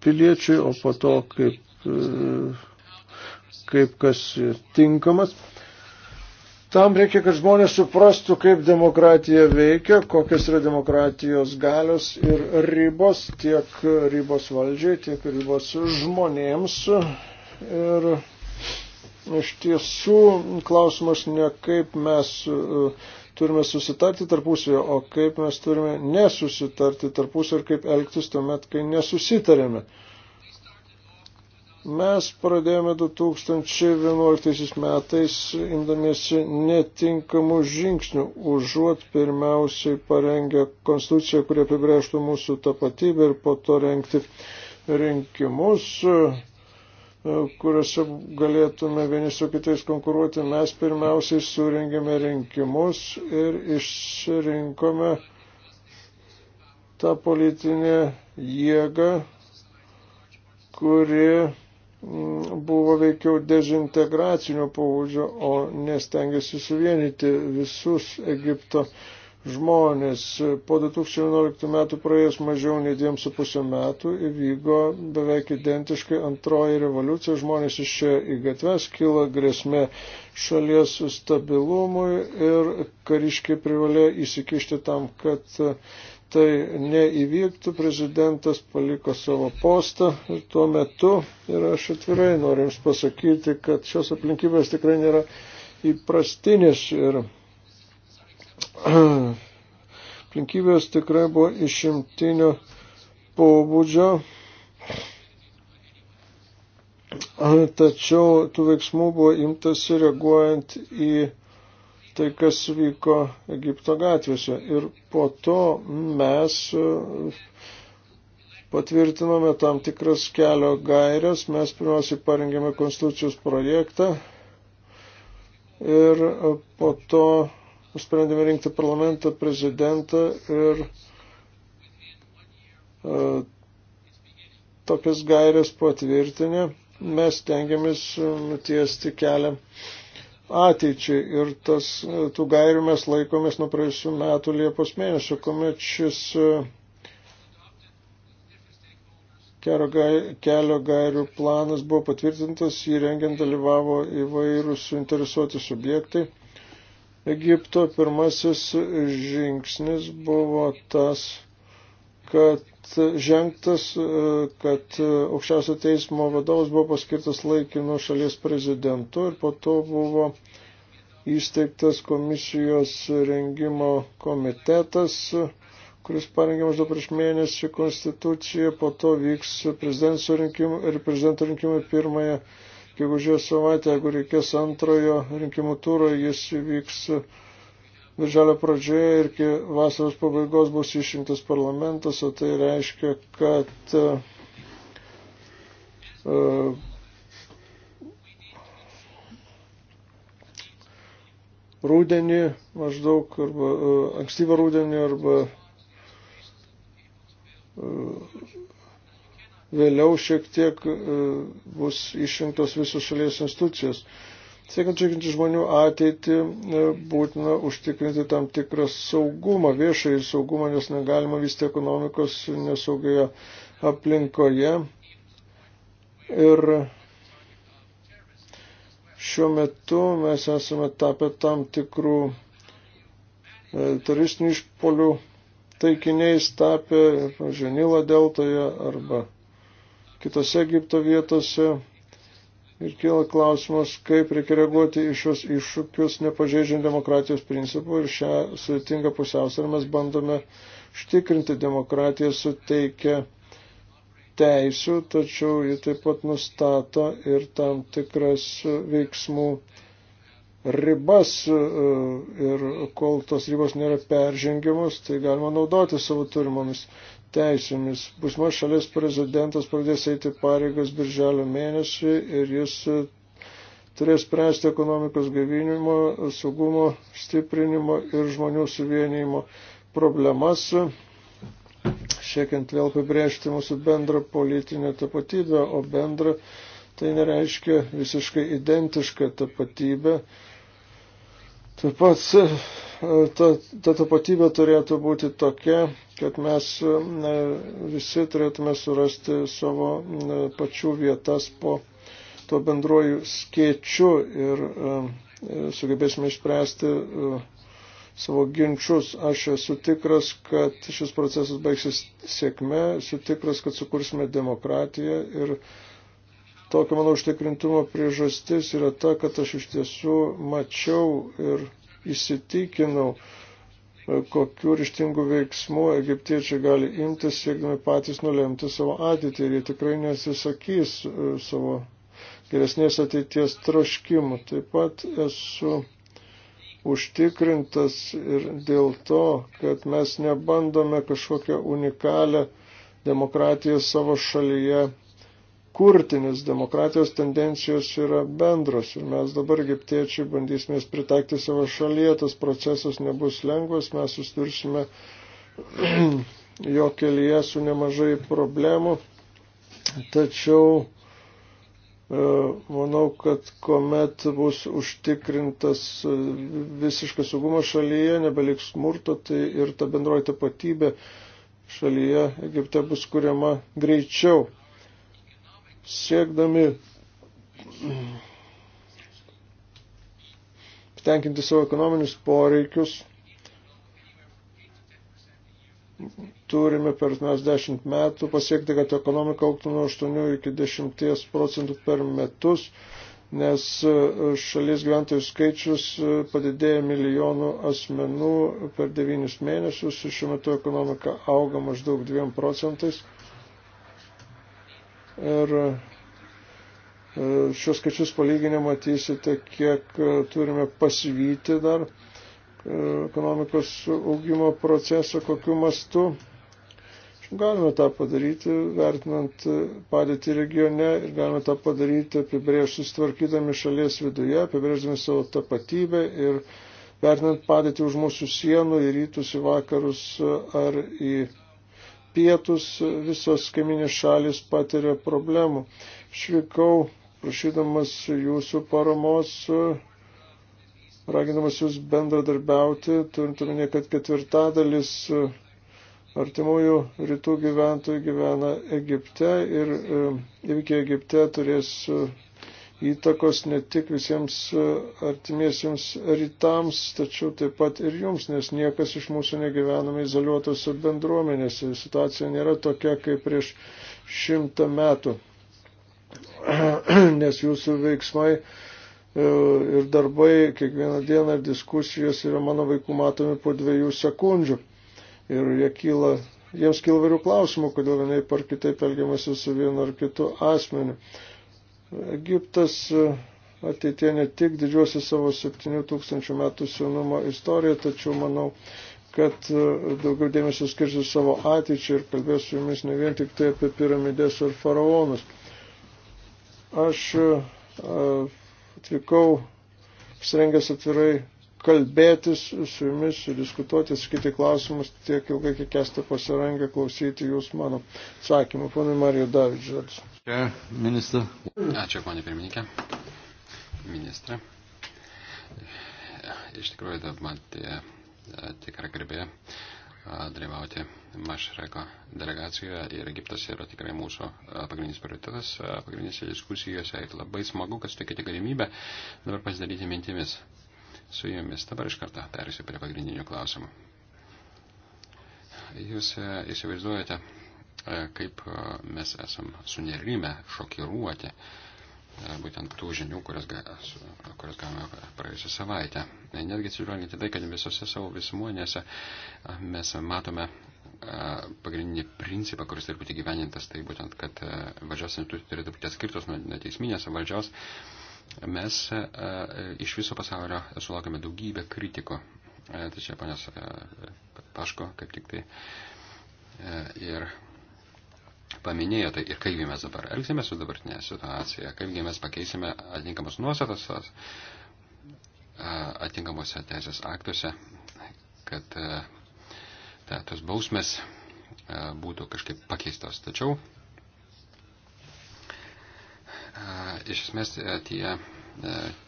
piliečiai, o po to kaip, kaip kas tinkamas. Tam reikia, kad žmonės suprastų, kaip demokratija veikia, kokios yra demokratijos galios ir ribos, tiek ribos valdžiai, tiek ribos žmonėms. Ir iš tiesų klausimas ne kaip mes uh, turime susitarti tarpusvėje, o kaip mes turime nesusitarti tarpusvėje ir kaip elgtis tuomet, kai nesusitarėme. Uh, Mes pradėjome 2011 metais imdamiesi netinkamų žingsnių, užuot pirmiausiai parengę konstituciją, kurie apibrėžtų mūsų tapatybę ir po to rengti rinkimus, kuriuose galėtume vieni su kitais konkuruoti. Mes pirmiausiai surengėme rinkimus ir išsirinkome tą politinę jėgą, kuri Mm, buvo veikiau dezintegracinio pobūdžio, o nestengiasi suvienyti visus Egipto žmonės. Po 2011 metų praėjus mažiau nei 2,5 metų įvyko beveik identiškai antroji revoliucija, žmonės išėjo į gatves, kilo grėsmė šalies stabilumui ir kariškiai privalėjo įsikišti tam, kad uh, tai neįvyktų, prezidentas paliko savo postą ir tuo metu ir aš atvirai noriu Jums pasakyti, kad šios aplinkybės tikrai nėra įprastinis ir aplinkybės tikrai buvo išimtinio pobūdžio. Tačiau tų veiksmų buvo imtas reaguojant į tai, kas vyko Egipto gatvėse. Ir po to mes e, patvirtinome tam tikras kelio gairias, mes pirmiausiai parengėme konstitucijos projektą ir e, po to nusprendėme rinkti parlamentą, prezidentą ir e, tokias gairias patvirtinę. Mes tengiamės nutiesti kelią ateičiai. Ir tas, e, tų gairių mes laikomės nuo praėjusių metų Liepos mėnesio, kuomet šis e, kelio gairių planas buvo patvirtintas, jį rengiant dalyvavo įvairūs suinteresuoti subjektai. Egipto pirmasis žingsnis buvo tas, kad žengtas, e, kad e, aukščiausio teismo vadovas buvo paskirtas laikinu šalies prezidentu ir po to buvo įsteigtas komisijos rengimo komitetas, kuris parengė maždaug prieš mėnesį konstituciją, po to vyks prezidento rinkimų ir prezidento rinkimai pirmąją gegužės savaitę, jeigu reikės antrojo rinkimų turo, jis vyks birželio pradžioje ir iki vasaros pabaigos bus išrinktas parlamentas, o tai reiškia, kad uh, rūdienį maždaug arba uh, ankstyvą rūdienį arba uh, vėliau šiek tiek uh, bus išrinktos visos šalies institucijos. Uh, Siekiant žekinti žmonių ateitį, e, būtina užtikrinti tam tikrą saugumą, viešąjį saugumą, nes negalima vysti ekonomikos nesaugioje aplinkoje. Ir šiuo metu mes esame tapę tam tikrų e, teroristinių išpolių taikiniais tapę, pavyzdžiui, Nilo deltoje arba kitose Egipto vietose. Ir kyla klausimas, kaip reikia reaguoti į šios iššūkius, nepažeidžiant demokratijos principų ir šią sudėtingą pusiausvyrą mes bandome štikrinti. Demokratija suteikia teisių, tačiau ji taip pat nustato ir tam tikras veiksmų ribas e, ir kol tos ribos nėra peržengiamos, tai galima naudoti savo turimomis teisėmis. Būsimas šalies prezidentas pradės eiti pareigas birželio mėnesį ir jis e, turės spręsti ekonomikos gavinimo, saugumo stiprinimo ir žmonių suvienijimo problemas, siekiant vėl apibrėžti mūsų bendrą politinę tapatybę, o bendrą tai nereiškia visiškai identišką tapatybę. Taip pat e, ta, ta tapatybė turėtų būti tokia, kad mes e, visi turėtume surasti savo e, pačių vietas po to bendruoju skėčiu ir sugebėsime išspręsti savo ginčius. Aš esu tikras, kad šis procesas baigsis sėkme, esu tikras, kad sukursime demokratiją ir Tokio mano užtikrintumo priežastis yra ta, kad aš iš tiesų mačiau ir įsitikinau, e, kokiu ryštingu veiksmu egiptiečiai gali imtis, siekdami patys nulemti savo ateitį ir jie tikrai nesisakys e, savo geresnės ateities troškimų. Taip pat esu užtikrintas ir dėl to, kad mes nebandome kažkokią unikalią demokratiją savo šalyje kurti, nes demokratijos tendencijos yra bendros ir mes dabar egiptiečiai bandysime pritaikti savo šalyje, tas procesas nebus lengvas, mes susidursime jo kelyje su nemažai problemų, tačiau e, manau, kad kuomet bus užtikrintas visiškas saugumas šalyje, nebeliks smurto, tai ir ta bendroji tapatybė šalyje Egipte bus kuriama greičiau siekdami tenkinti savo ekonominius poreikius, turime per mes 10 metų pasiekti, kad ekonomika auktų nuo 8 iki 10 procentų per metus, nes šalies gyventojų skaičius padidėja milijonų asmenų per 9 mėnesius ir šiuo metu ekonomika auga maždaug 2 procentais. Ir e, šios skaičius palyginę matysite, kiek e, turime pasivyti dar e, ekonomikos augimo procesą, kokiu mastu. Galime tą padaryti, vertinant padėtį regione ir galime tą padaryti, apibrėžus tvarkydami šalies viduje, apibrėždami savo tapatybę ir vertinant padėtį už mūsų sienų į rytus, į vakarus ar į pietus visos kaiminės šalis patiria problemų. Švykau prašydamas jūsų paramos, raginamas jūs bendradarbiauti, turint omenyje, kad ketvirtadalis artimųjų rytų gyventojų gyvena Egipte ir e, įvykiai Egipte turės įtakos ne tik visiems e, artimiesiems rytams, tačiau taip pat ir jums, nes niekas iš mūsų negyvename izoliuotose bendruomenėse. Situacija nėra tokia kaip prieš šimtą metų, nes jūsų veiksmai e, ir darbai kiekvieną dieną ir diskusijos yra mano vaikų matomi po dviejų sekundžių. Ir jie kyla, jiems kyla vairių klausimų, kodėl vienai par kitaip elgiamasi su vienu ar kitu asmeniu. Egiptas e, ateitie ne tik didžiuosi savo 7000 metų senumo istoriją, tačiau manau, kad e, daugiau dėmesio skirsiu savo ateičiai ir kalbėsiu su jumis ne vien tik tai apie piramidės ir faraonus. Aš e, atvykau apsirengęs atvirai kalbėtis su jumis, diskutuoti, sakyti klausimus tiek ilgai, kiek esate
pasirengę
klausyti jūs mano atsakymą. Pana Marija Davidžas.
Ministra. Ačiū, ponė pirmininkė. Ministra. Iš tikrųjų, dabar man tie e, tikra garbė e, dalyvauti Mašreko delegacijoje ir Egiptas yra tikrai mūsų e, pagrindinis prioritetas, pagrindinėse diskusijose ir labai smagu, kad sutikėte galimybę dabar pasidalyti mintimis su jumis. Dabar iš karto perėsiu prie pagrindinių klausimų. Jūs e, įsivaizduojate, e, kaip e, mes esam sunerimę, šokiruoti būtent tų žinių, kurias, kurias gavome praėjusią savaitę. Netgi atsižvelgiant į tai, kad visose savo visuomenėse mes matome pagrindinį principą, kuris turi būti gyvenintas, tai būtent, kad valdžios institucijos turėtų būti atskirtos nuo teisminės valdžios. valdžios Mes e, e, iš viso pasaulio sulaukime daugybę kritiko. E, tai čia ponios Paško kaip tik tai ir paminėjo, tai ir kaipgi mes dabar elgsime su dabartinė situacija, kaipgi mes pakeisime atitinkamas nuostatas atitinkamuose teisės aktuose, kad ta, tos bausmės būtų kažkaip pakeistos. Tačiau Iš esmės tie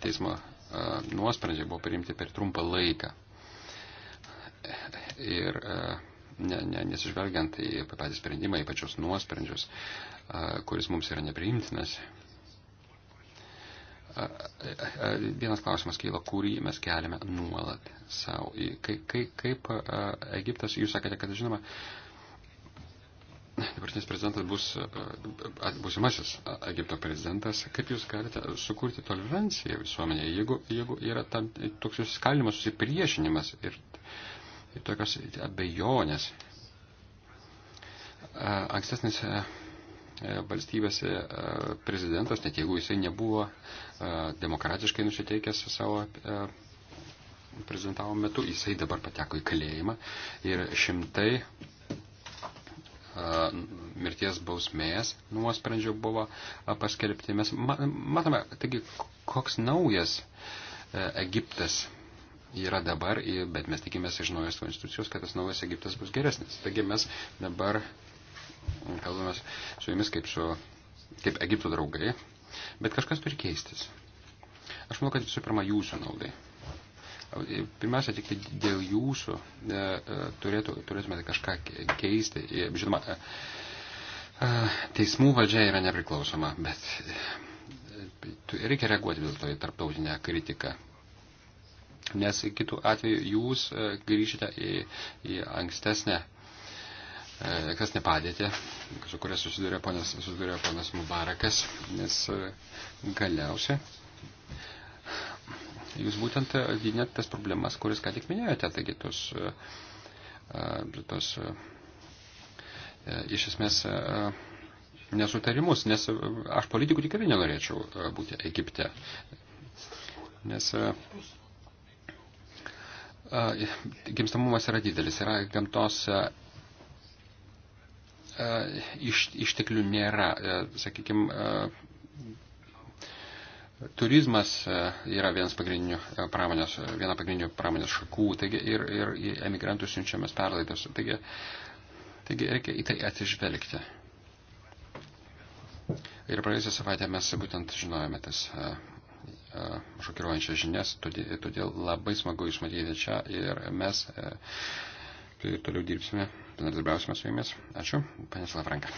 teismo nuosprendžiai buvo priimti per trumpą laiką. Ir ne, ne, nesižvelgiant į patį sprendimą, į pačius nuosprendžius, kuris mums yra nepriimtinas. Vienas klausimas kyla, kurį mes keliame nuolat savo. Kaip, kaip Egiptas, jūs sakėte, kad žinoma, dabartinis prezidentas bus būsimasis Egipto prezidentas, kaip jūs galite sukurti toleranciją visuomenėje, jeigu, jeigu yra tam, toks susiskalimas, susipriešinimas ir, ir tokios abejonės. Ankstesnis valstybės prezidentas, net jeigu jisai nebuvo demokratiškai nusiteikęs savo prezidentavimo metu, jisai dabar pateko į kalėjimą ir šimtai mirties bausmės nuosprendžio buvo paskelbti. Mes matome, taigi, koks naujas e, Egiptas yra dabar, bet mes tikimės iš naujos konstitucijos, kad tas naujas Egiptas bus geresnis. Taigi mes dabar kalbame su jumis kaip, su, kaip Egipto draugai, bet kažkas turi keistis. Aš manau, kad visų pirma jūsų naudai. Pirmiausia, tik tai dėl jūsų e, e, turėtų, turėtumėte kažką keisti. E, žinoma, teismų valdžia yra nepriklausoma, bet reikia reaguoti vis dėlto į tarptautinę kritiką. Nes kitų atveju jūs grįžite į, į ankstesnę kas nepadėtė, su kuria susidūrė ponas, susidūrė ponas Mubarakas, nes galiausiai jūs būtent gynėt e, tas problemas, kuris ką tik minėjote, taigi tos, e, e, tos iš esmės nesutarimus, nes aš politikų tikrai nenorėčiau būti Egipte. Nes gimstamumas yra didelis, yra gamtos iš, išteklių nėra, sakykime, Turizmas e, yra vienas pagrindinių e, pramonės, e, viena pagrindinių pramonės šakų, taigi ir, ir į emigrantus siunčiamas perlaidas, taigi, taigi reikia į tai atsižvelgti. Ir praėjusią savaitę mes būtent žinojame tas šokiruojančias žinias, todėl, todėl labai smagu jūs matyti čia ir mes ir tai toliau dirbsime, bendradarbiausime su jumis. Ačiū, panė Slavranka.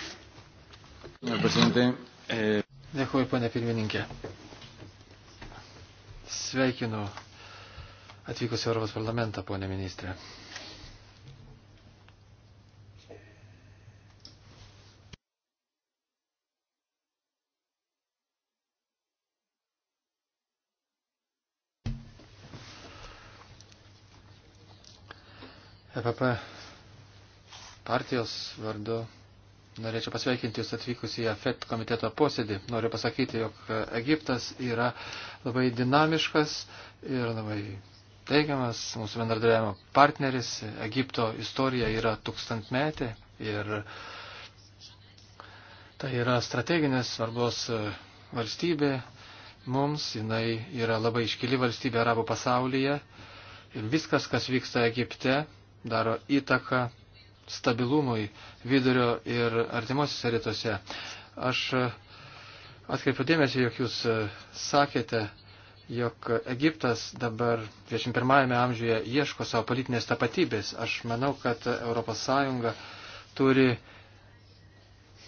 Dėkui, panė pirmininkė. Sveikinu atvykus į Europos parlamentą, ponė ministrė. EPP partijos vardu Norėčiau pasveikinti Jūs atvykus į AFET komiteto posėdį. Noriu pasakyti, jog Egiptas yra labai dinamiškas ir labai teigiamas mūsų bendradarbiavimo partneris. Egipto istorija yra tūkstantmetė ir tai yra strateginės svarbos e, valstybė mums. Jinai yra labai iškili valstybė arabų pasaulyje ir viskas, kas vyksta Egipte, daro įtaką stabilumui vidurio ir artimuosiuose rytuose. Aš e, atkreipiu dėmesį, jog jūs e, sakėte, jog Egiptas dabar 21 amžiuje ieško savo politinės tapatybės. Aš manau, kad ES turi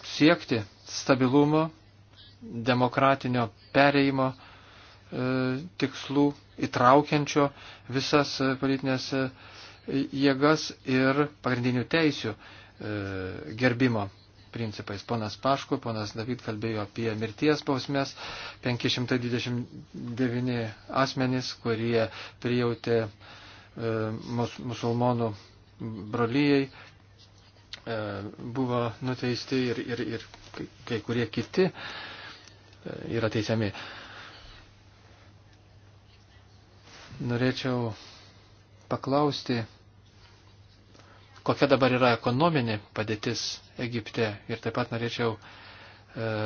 siekti stabilumo, demokratinio pereimo e, tikslų, įtraukiančio visas e, politinės e, jėgas ir pagrindinių teisių e, gerbimo principais. Ponas Pašku, ponas David kalbėjo apie mirties bausmės, 529 asmenys, kurie prijautė e, mus, musulmonų brolyjei, e, buvo nuteisti ir, ir, ir kai kurie kiti yra teisiami. Norėčiau paklausti kokia dabar yra ekonominė padėtis Egipte. Ir taip pat norėčiau e,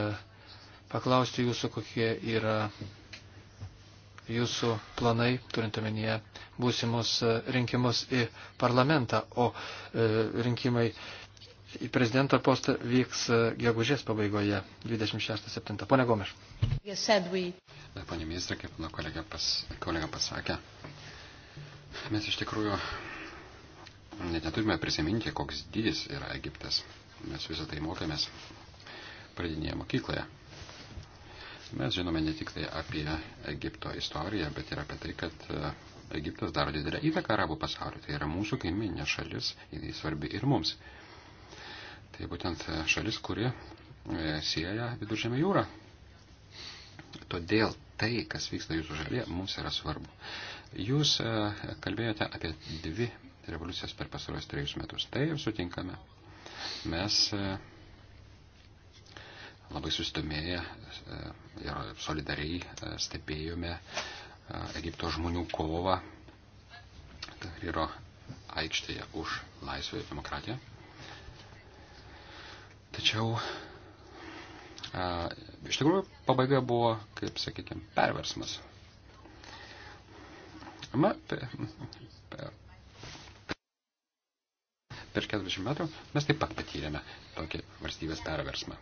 paklausti jūsų, kokie yra jūsų planai, turint omenyje būsimus e, rinkimus į parlamentą, o e, rinkimai į prezidento postą vyks e, gegužės pabaigoje 26-7. Pone Gomeš. Pane ministrė, kaip mano kolega, pas, kolega pasakė,
mes iš tikrųjų net neturime prisiminti, koks dydis yra Egiptas. Mes visą tai mokėmės pradinėje mokykloje. Mes žinome ne tik tai apie Egipto istoriją, bet ir apie tai, kad e, Egiptas daro didelę įtaką arabų pasauliu. Tai yra mūsų kaiminė šalis, jis svarbi ir mums. Tai būtent e, šalis, kuri e, sieja viduržėmio jūrą. Todėl tai, kas vyksta jūsų šalyje, mums yra svarbu. Jūs kalbėjote apie dvi revoliucijas per pasarojus trejus metus. Tai jau sutinkame. Mes e, labai susidomėję e, ir solidariai e, stebėjome Egipto žmonių kovą Tahryro aikštėje už laisvę ir demokratiją. Tačiau a, iš tikrųjų pabaiga buvo, kaip sakykime, perversmas. Na, prieš 40 metų mes taip pat patyrėme tokį valstybės perversmą.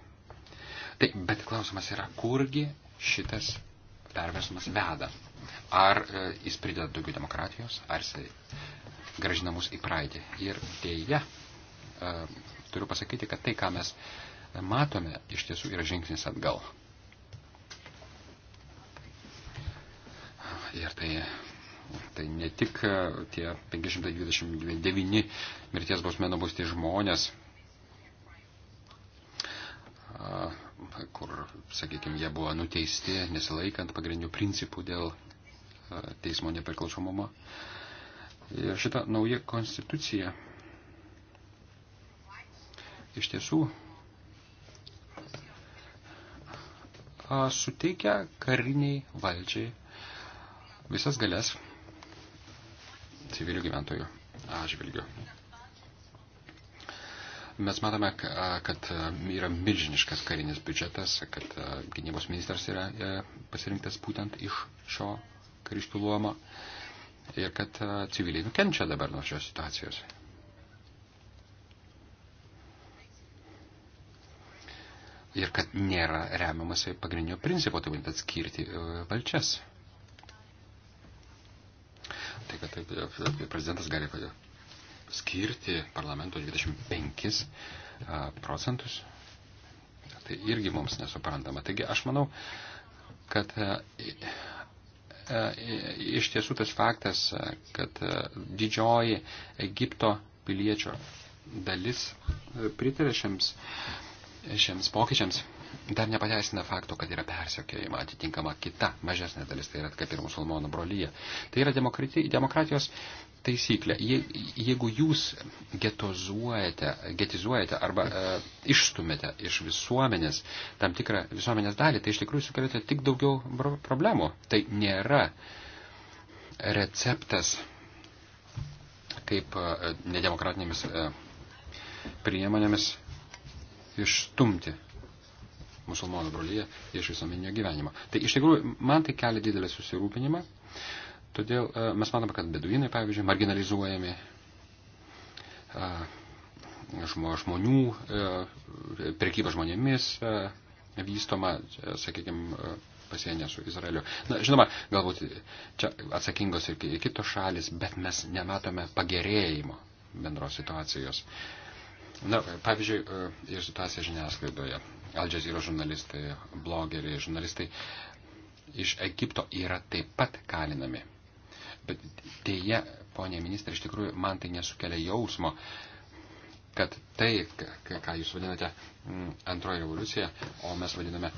Tai, bet klausimas yra, kurgi šitas perversmas veda? Ar e, jis prideda daugiau demokratijos, ar jis gražina mus į praeitį? Ir dėja, e, turiu pasakyti, kad tai, ką mes matome, iš tiesų yra žingsnis atgal. Ir tai Tai ne tik e, tie 529 mirties bausmė nubausti žmonės, kur, sakykime, jie buvo nuteisti nesilaikant pagrindinių principų dėl e, teismo nepriklausomumo. Ir šita nauja konstitucija iš tiesų suteikia kariniai valdžiai visas galės civilių gyventojų atžvilgių. Mes matome, kad e, yra milžiniškas karinis biudžetas, kad e, gynybos ministras yra e, pasirinktas būtent iš šio kariškių luomo ir kad civiliai nukenčia dabar nuo šios situacijos. Ir kad nėra remiamasi pagrindinio principo, tai būtent atskirti valdžias. Tai kad taip, e, e, prezidentas gali e, skirti parlamento 25 procentus. Tai irgi mums nesuprantama. Taigi aš manau, kad iš tiesų tas faktas, kad didžioji Egipto piliečio dalis pritarė šiems, šiems pokyčiams, dar nepateisina fakto, kad yra persiekėjama atitinkama kita mažesnė dalis, tai yra kaip ir musulmonų brolyje. Tai yra demokratijos taisyklė. Je, jeigu jūs getozuojate, getizuojate arba e, išstumėte iš visuomenės tam tikrą visuomenės dalį, tai iš tikrųjų sukeliate tik daugiau problemų. Tai nėra receptas kaip e, nedemokratinėmis e, priemonėmis išstumti musulmonų brolyje iš visuomeninio gyvenimo. Tai iš tikrųjų man tai kelia didelį susirūpinimą, todėl e, mes matome, kad beduinai, pavyzdžiui, marginalizuojami e, žmonių, e, prekyba žmonėmis vystoma, sakykime, pasienė su Izraeliu. Na, žinoma, galbūt čia atsakingos ir kitos šalis, bet mes nematome pagerėjimo bendros situacijos. Na, pavyzdžiui, ir situacija žiniasklaidoje. Al Jazeera žurnalistai, blogeriai, žurnalistai iš Egipto yra taip pat kalinami. Bet dėje, ponė ministrė, iš tikrųjų man tai nesukelia jausmo, kad tai, ką jūs vadinate antroji revoliucija, o mes vadiname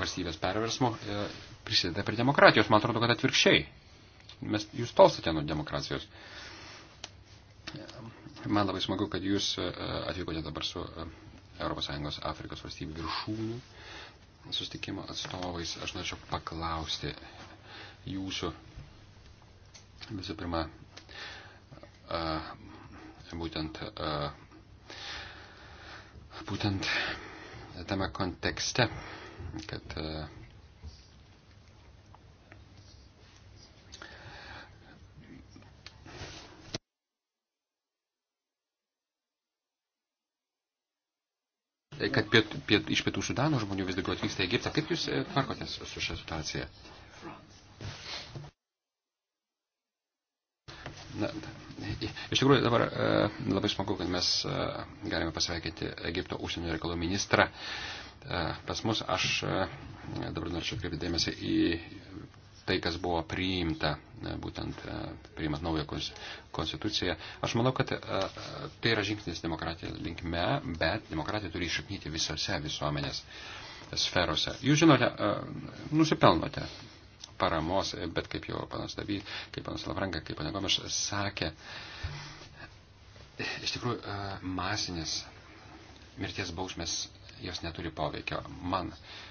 valstybės perversmu, e, prisideda prie demokratijos. Man atrodo, kad atvirkščiai. Mes, jūs tolstate nuo demokratijos. Man labai smagu, kad jūs e, atvykote dabar su e, ES Afrikos valstybių viršūnių sustikimo atstovais, aš norėčiau paklausti jūsų visų pirma būtent, būtent tame kontekste, kad E, kad piet, piet, iš pietų Sudano žmonių vis daugiau atvyksta į Egiptą. Kaip jūs e, tvarkotės su šią situaciją? Na, iš tikrųjų dabar e, labai smagu, kad mes e, galime pasveikinti Egipto užsienio reikalų ministrą. E, pas mus aš e, dabar norėčiau kreipti dėmesį į tai, kas buvo priimta, e, būtent e, priimas naują konstituciją. Aš manau, kad e, tai yra žingsnis demokratijos linkme, bet demokratija turi išaknyti visose visuomenės sferose. Jūs žinote, nusipelnote paramos, bet kaip jau panas Davy, kaip panas Lavranka, kaip panas Gomiš sakė, iš tikrųjų masinės mirties bausmės jos neturi poveikio man. Uh,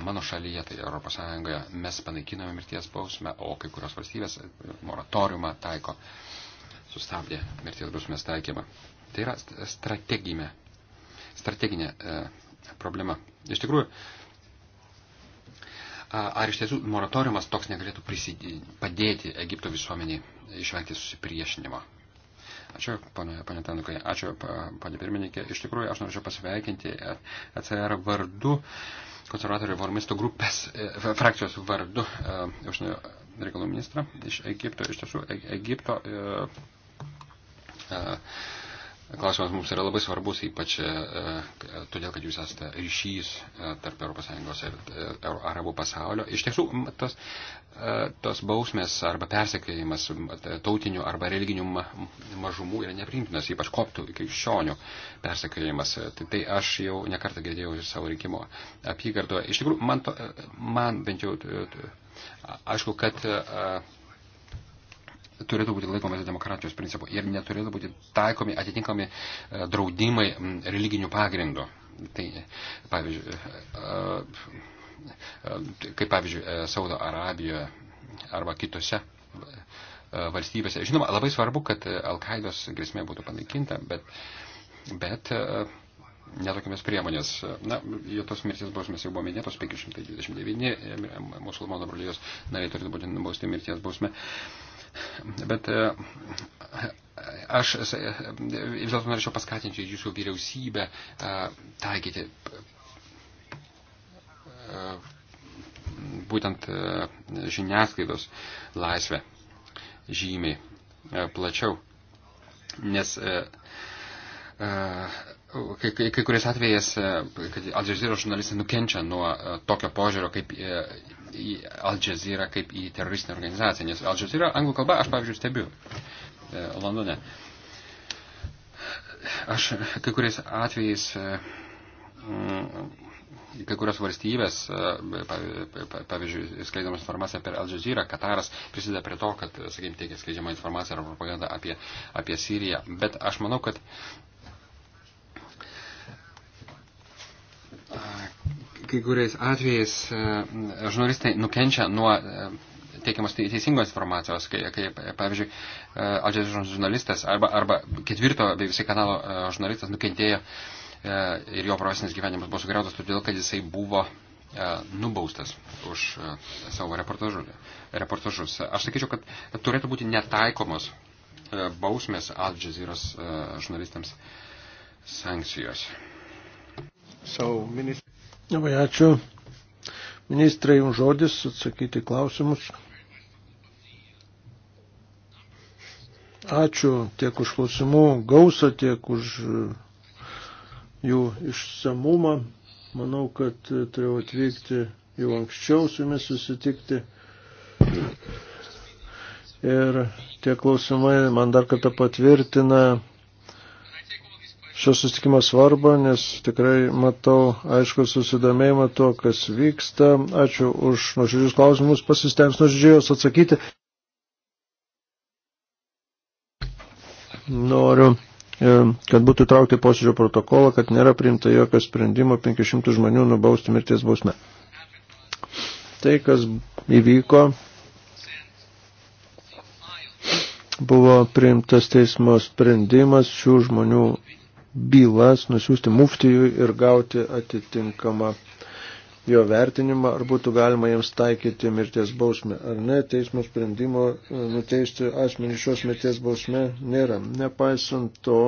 mano šalyje, tai ES, mes panaikinome mirties bausmę, o kai kurios valstybės e, moratoriumą taiko, sustabdė mirties bausmės taikymą. Tai yra strateginė, strateginė e, problema. Iš tikrųjų, ar iš tiesų moratoriumas toks negalėtų prisidė, padėti Egipto visuomeniai išvengti susipriešinimo? Ačiū, ponė, ponė Tanukai. Ačiū, ponė pirmininkė. Iš tikrųjų, aš norėčiau pasveikinti ECR vardu, konservatorių formistų grupės, e, frakcijos vardu, e, užsienio reikalų ministrą iš Egipto. Iš tiesų, e, Egipto. E, e, Klausimas mums yra labai svarbus, ypač e, e, todėl, kad jūs esate ryšys e, tarp ES ir arabų pasaulio. Iš tiesų, tos, tos bausmės arba persekėjimas tautinių arba religinių mažumų yra nepriimtinas, ypač koptų krikščionių persekėjimas. Tai, tai aš jau nekartą girdėjau savo rinkimo apygardoje. Iš tikrųjų, man, to, man bent jau, aišku, kad. A, turėtų būti laikomasi demokratijos principų ir neturėtų būti taikomi atitinkami e, draudimai religinių pagrindų. Tai, pavyzdžiui, e, e, kaip pavyzdžiui, Saudo Arabijoje arba kitose valstybėse. Žinoma, labai svarbu, kad Al-Qaidos grėsmė būtų panaikinta, bet, bet netokiamis priemonės. Na, tos mirties bausmės jau buvo minėtos, 529 musulmonų brolyjos nariai turėtų būti nubausti mirties bausmė. Uh, Bet e, aš e, vis dėlto norėčiau paskatinti jūsų vyriausybę e, taikyti būtent žiniasklaidos laisvę žymiai plačiau. Nes kai, kai, kai kuriais atvejais, kad Al Jazeera žurnalistai nukenčia nuo tokio požiūrio, kaip į Al Jazeera kaip į teroristinę organizaciją, nes Al Jazeera anglų kalba aš, pavyzdžiui, stebiu e, Londone. Aš kai kuriais atvejais, e, kai kurios valstybės, e, pavyzdžiui, skleidama informacija per Al Jazeera, Kataras prisideda prie to, kad, sakykime, teikia skleidžiama informacija ar propaganda apie, apie Siriją. Bet aš manau, kad kai kuriais atvejais e, žurnalistai nukenčia nuo e, teikiamos teisingos informacijos, kai, kai pavyzdžiui, e, Al Jazeera žurnalistas arba, arba ketvirto BBC kanalo žurnalistas nukentėjo ir jo profesinis gyvenimas buvo sugriautas todėl, kad jisai buvo nubaustas už savo reportažus. Aš sakyčiau, kad turėtų būti netaikomos bausmės Al Jazeera žurnalistams sankcijos.
So, minister...
Labai ačiū. Ministrai, jums žodis atsakyti klausimus. Ačiū tiek už klausimų gausą, tiek už e, jų išsamumą. Manau, kad e, turėjau atvykti jau anksčiau su jumis susitikti. Ir tie klausimai man dar kartą patvirtina šio susitikimo svarbą, nes tikrai matau aišku susidomėjimą tuo, kas vyksta. Ačiū už nuoširdžius klausimus, pasistengs nuoširdžiai juos atsakyti. Noriu, e, kad būtų traukti posėdžio protokolą, kad nėra priimta jokio sprendimo 500 žmonių nubausti mirties bausme. Tai, kas įvyko, buvo priimtas teismo sprendimas šių žmonių bylas nusiųsti muftijui ir gauti atitinkamą jo vertinimą, ar būtų galima jiems taikyti mirties bausmę, ar ne, teismo sprendimo e, nuteisti asmenį šios mirties bausmė nėra. Nepaisant to,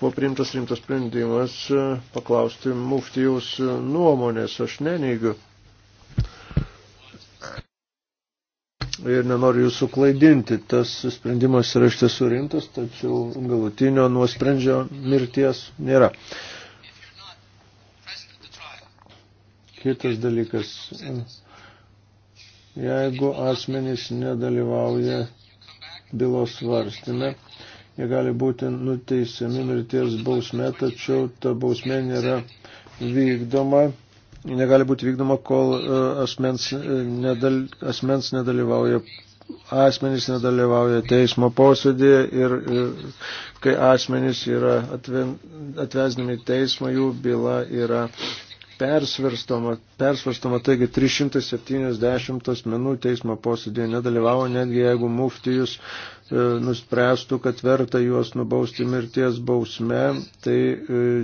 buvo priimtas rimtas sprendimas e, paklausti muftijaus e, nuomonės, aš neneigiu ir nenoriu jūsų klaidinti. Tas sprendimas yra iš tiesų rimtas, tačiau galutinio nuosprendžio mirties nėra. Kitas dalykas. Jeigu asmenys nedalyvauja bylos svarstime, jie gali būti nuteisiami mirties bausme, tačiau ta bausmė nėra vykdoma negali būti vykdoma, kol e, asmens, e, nedal, asmens nedalyvauja, asmenys nedalyvauja teismo posėdėje ir, ir e, kai asmenys yra atven, atvesdami teismo, jų byla yra persvarstoma, persvarstoma, taigi 370 asmenų teismo posėdėje nedalyvavo, netgi jeigu muftijus e, nuspręstų, kad verta juos nubausti mirties bausme, tai e,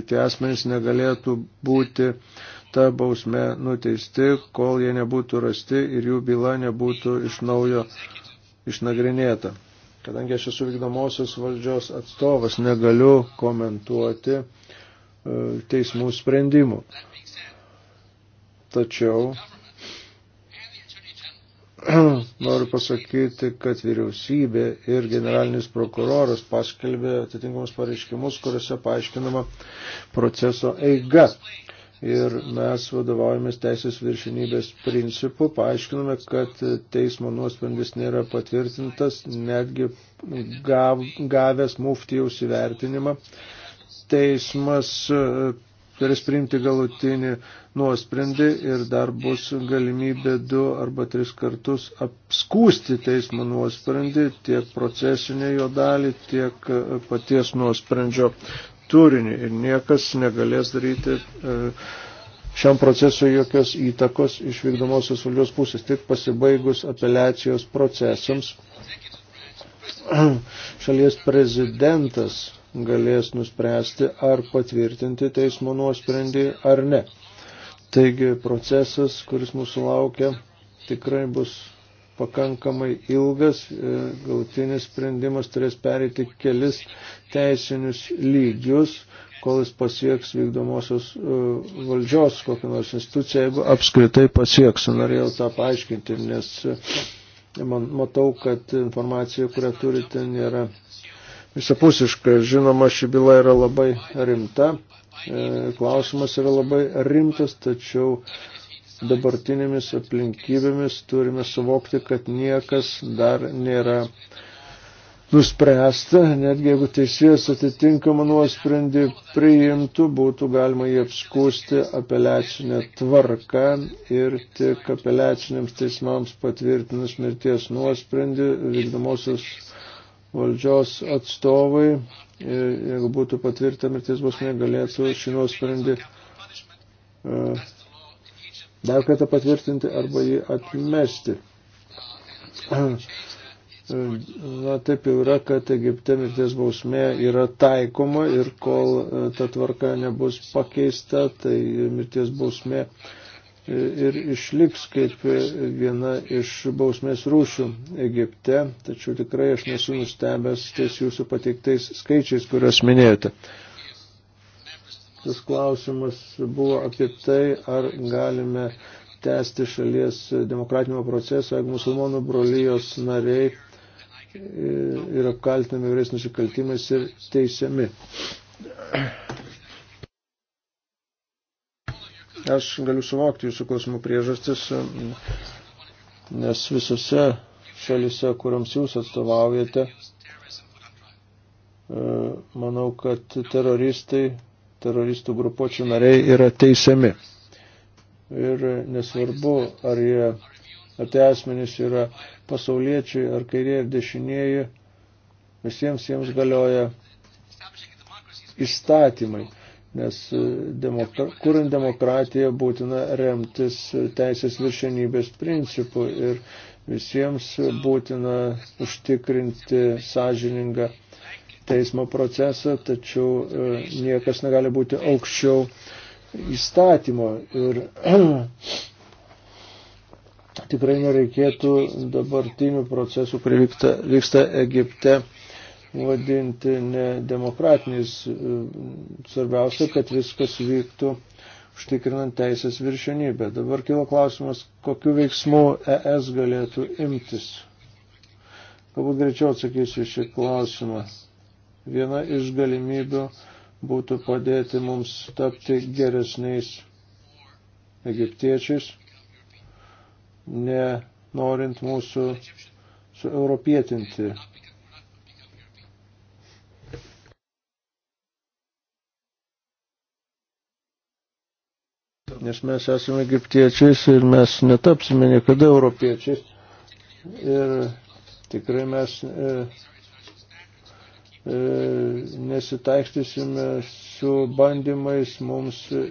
tie asmenys negalėtų būti ta bausme nuteisti, kol jie nebūtų rasti ir jų byla nebūtų iš naujo išnagrinėta. Kadangi aš esu vykdomosios valdžios atstovas, negaliu komentuoti e, teismų sprendimų. Tačiau noriu pasakyti, kad vyriausybė ir generalinis prokuroras paskelbė atitinkamus pareiškimus, kuriuose paaiškinama proceso eiga ir mes vadovaujamės teisės viršinybės principu, paaiškinome, kad teismo nuosprendis nėra patvirtintas, netgi gav, gavęs muftijaus įvertinimą. Teismas e, turės priimti galutinį nuosprendį ir dar bus galimybė du arba tris kartus apskūsti teismo nuosprendį, tiek procesinę jo dalį, tiek e, paties nuosprendžio turinį ir niekas negalės daryti e, šiam procesui jokios įtakos iš vykdomosios valdžios pusės. Tik pasibaigus apeliacijos procesams šalies prezidentas galės nuspręsti ar patvirtinti teismo nuosprendį ar ne. Taigi procesas, kuris mūsų laukia, tikrai bus pakankamai ilgas, e, galutinis sprendimas turės pereiti kelis teisinius lygius, kol jis pasieks vykdomosios e, valdžios kokią nors instituciją, jeigu apskritai pasieks. Norėjau tą paaiškinti, nes e, man, matau, kad informacija, kurią turite, nėra visapusiška. Žinoma, ši byla yra labai rimta, klausimas yra labai rimtas, tačiau dabartinėmis aplinkybėmis turime suvokti, kad niekas dar nėra nuspręsta, netgi jeigu teisėjas atitinkamą nuosprendį priimtų, būtų galima jį apskūsti apeliacinę tvarką ir tik apeliaciniams teismams patvirtinus mirties nuosprendį vykdomosios valdžios atstovai, e, jeigu būtų patvirtinta mirties bausmė, galėtų šį nuosprendį uh, dar kartą patvirtinti arba jį atmesti. Na taip jau yra, kad Egipte mirties bausmė yra taikoma ir kol e, ta tvarka nebus pakeista, tai mirties bausmė e, ir išliks kaip e, viena iš bausmės rūšių Egipte, tačiau tikrai aš nesu nustebęs ties jūsų pateiktais skaičiais, kuriuos minėjote. Tas klausimas buvo apie tai, ar galime tęsti šalies demokratinimo procesą, jeigu musulmonų brolyjos nariai yra kaltinami vyres nusikaltimais ir teisiami. Aš galiu suvokti jūsų klausimų priežastis, nes visose šalise, kuriams jūs atstovaujate, manau, kad teroristai teroristų grupuočių nariai yra teisiami. Ir nesvarbu, ar jie atė asmenys yra pasauliečiai, ar kairieji, ar dešinieji, visiems jiems galioja įstatymai. Nes e, demokra kuriant demokratiją būtina remtis teisės viršenybės principų ir visiems būtina užtikrinti sąžiningą teismo procesą, tačiau e, niekas negali būti aukščiau įstatymo ir tikrai nereikėtų dabartinių procesų, kurie vyksta, vyksta Egipte, vadinti nedemokratiniais. E, svarbiausia, kad viskas vyktų užtikrinant teisės viršenybę. Dabar kilo klausimas, kokiu veiksmu ES galėtų imtis. Galbūt greičiau atsakysiu šį klausimą viena iš galimybių būtų padėti mums tapti geresniais egiptiečiais, nenorint mūsų sueuropietinti. Nes mes esame egiptiečiais ir mes netapsime niekada europiečiais. Ir tikrai mes e, E, nesitaikstysime su bandymais mums e,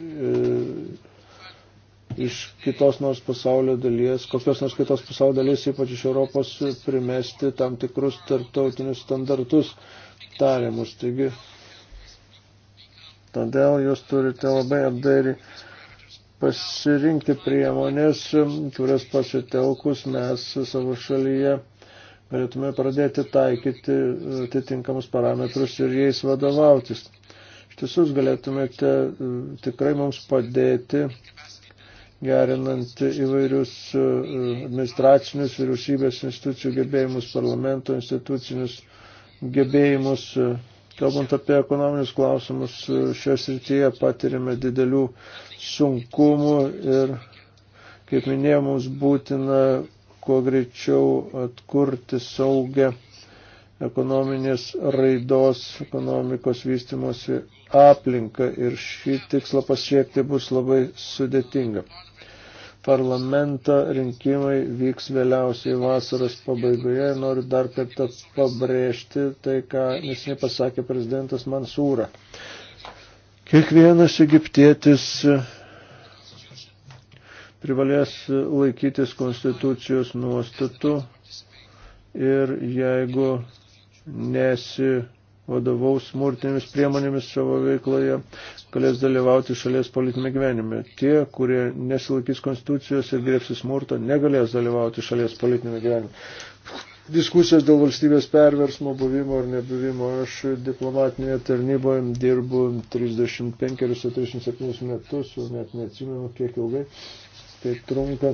iš kitos nors pasaulio dalies, kokios nors kitos pasaulio dalies, ypač iš Europos, primesti tam tikrus tarptautinius standartus tariamus. Taigi, todėl jūs turite labai apdairi pasirinkti priemonės, kurias pasitelkus mes savo šalyje galėtume pradėti taikyti e, atitinkamus parametrus ir jais vadovautis. Iš tiesų galėtumėte e, tikrai mums padėti gerinant įvairius e, administracinius vyriausybės institucijų gebėjimus, parlamento institucinius gebėjimus. Kalbant apie ekonominius klausimus, šios rytyje patirime didelių sunkumų ir, kaip minėjau, mums būtina kuo greičiau atkurti saugę ekonominės raidos, ekonomikos vystimosi aplinką ir šį tikslą pasiekti bus labai sudėtinga. Parlamento rinkimai vyks vėliausiai vasaros pabaigoje ir noriu dar kartą pabrėžti tai, ką nesiniai pasakė prezidentas Mansūra. Kiekvienas egiptietis privalės laikytis konstitucijos nuostatų ir jeigu nesivadovaus smurtinėmis priemonėmis savo veikloje, galės dalyvauti šalies politinėme gyvenime. Tie, kurie nesilaikys konstitucijos ir griepsis smurto, negalės dalyvauti šalies politinėme gyvenime diskusijos dėl valstybės perversmo buvimo ar nebuvimo. Aš diplomatinėje tarnyboje dirbu 35-37 metus, jau net neatsimenu kiek ilgai tai trunka.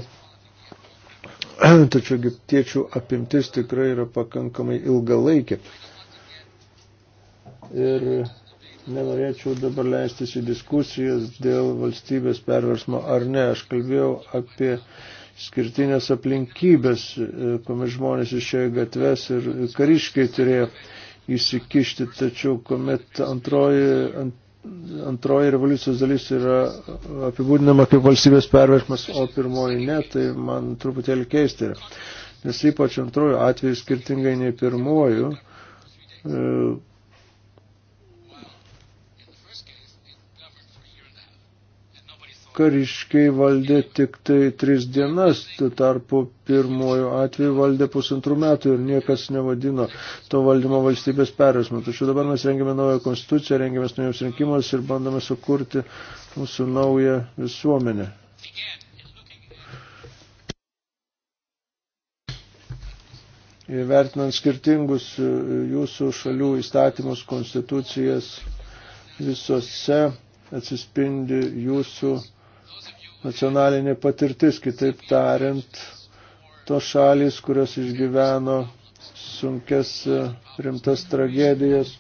Tačiau egiptiečių apimtis tikrai yra pakankamai ilgalaikė. Ir nenorėčiau dabar leistis į diskusijas dėl valstybės perversmo ar ne. Aš kalbėjau apie skirtinės aplinkybės, kuomet žmonės išėjo gatves ir kariškiai turėjo įsikišti, tačiau kuomet antroji, ant, antroji revoliucijos dalis yra apibūdinama kaip valstybės pervešimas, o pirmoji ne, tai man truputėlį keista yra. Nes ypač antroji atveju skirtingai nei pirmoju, e, kariškiai valdė tik tai tris dienas, tuo tarpu pirmojų atveju valdė pusantrų metų ir niekas nevadino to valdymo valstybės perėsmą. Tačiau dabar mes rengiame naują konstituciją, rengiame naujus rinkimus ir bandome sukurti mūsų naują visuomenę. Įvertinant skirtingus jūsų šalių įstatymus, konstitucijas, visose atsispindi jūsų nacionalinė patirtis, kitaip tariant, tos šalis, kurios išgyveno sunkes rimtas tragedijas,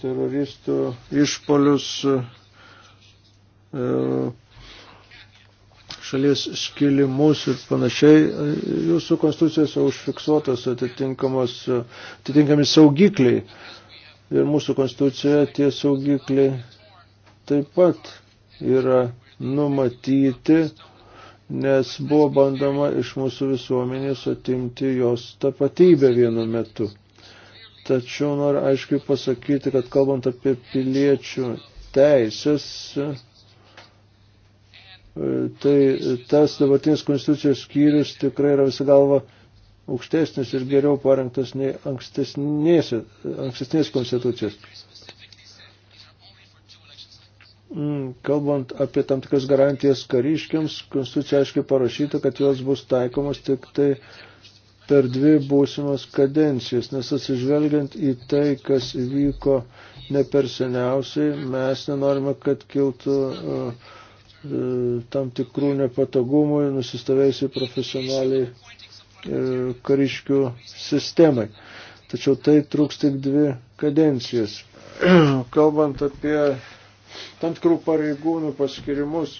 teroristų išpolius, e, šalies skilimus ir panašiai. Jūsų konstitucijose užfiksuotas atitinkami saugikliai. Ir mūsų konstitucijoje tie saugikliai taip pat yra numatyti, nes buvo bandoma iš mūsų visuomenės atimti jos tapatybę vienu metu. Tačiau noriu aiškiai pasakyti, kad kalbant apie piliečių teisės, tai tas dabartinis konstitucijos skyrius tikrai yra visą galvą aukštesnis ir geriau parengtas nei ankstesnės, ankstesnės konstitucijos. Mm, kalbant apie tam tikras garantijas kariškiams, konstitucija aiškiai parašyta, kad jos bus taikomos tik tai per dvi būsimas kadencijas, nes atsižvelgiant į tai, kas įvyko ne per seniausiai, mes nenorime, kad kiltų uh, uh, tam tikrų nepatogumų nusistovėjusiai profesionaliai uh, kariškių sistemai. Tačiau tai truks tik dvi kadencijas. Kalbant apie tam tikrų pareigūnų paskirimus.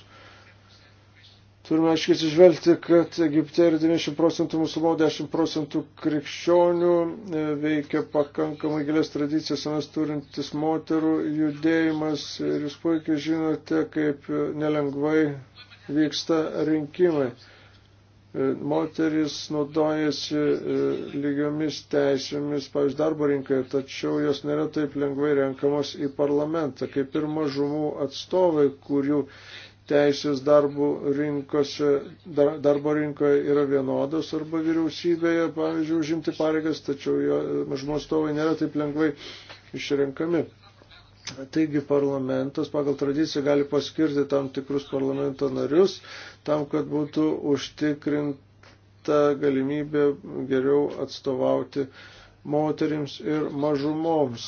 Turime aiškiai atsižvelgti, kad Egipte yra 90 procentų musulmonų, 10 procentų krikščionių, e, veikia pakankamai gilės tradicijas, mes turintis moterų judėjimas ir jūs puikiai žinote, kaip nelengvai vyksta rinkimai. E, moteris naudojasi e, lygiomis teisėmis, pavyzdžiui, darbo rinkai, tačiau jos nėra taip lengvai renkamos į parlamentą, kaip ir mažumų atstovai, kurių teisės darbo, rinkose, dar, darbo rinkoje yra vienodos arba vyriausybėje, pavyzdžiui, užimti pareigas, tačiau jo mažumos atstovai nėra taip lengvai išrenkami. Taigi parlamentas pagal tradiciją gali paskirti tam tikrus parlamento narius, tam, kad būtų užtikrinta galimybė geriau atstovauti moterims ir mažumoms.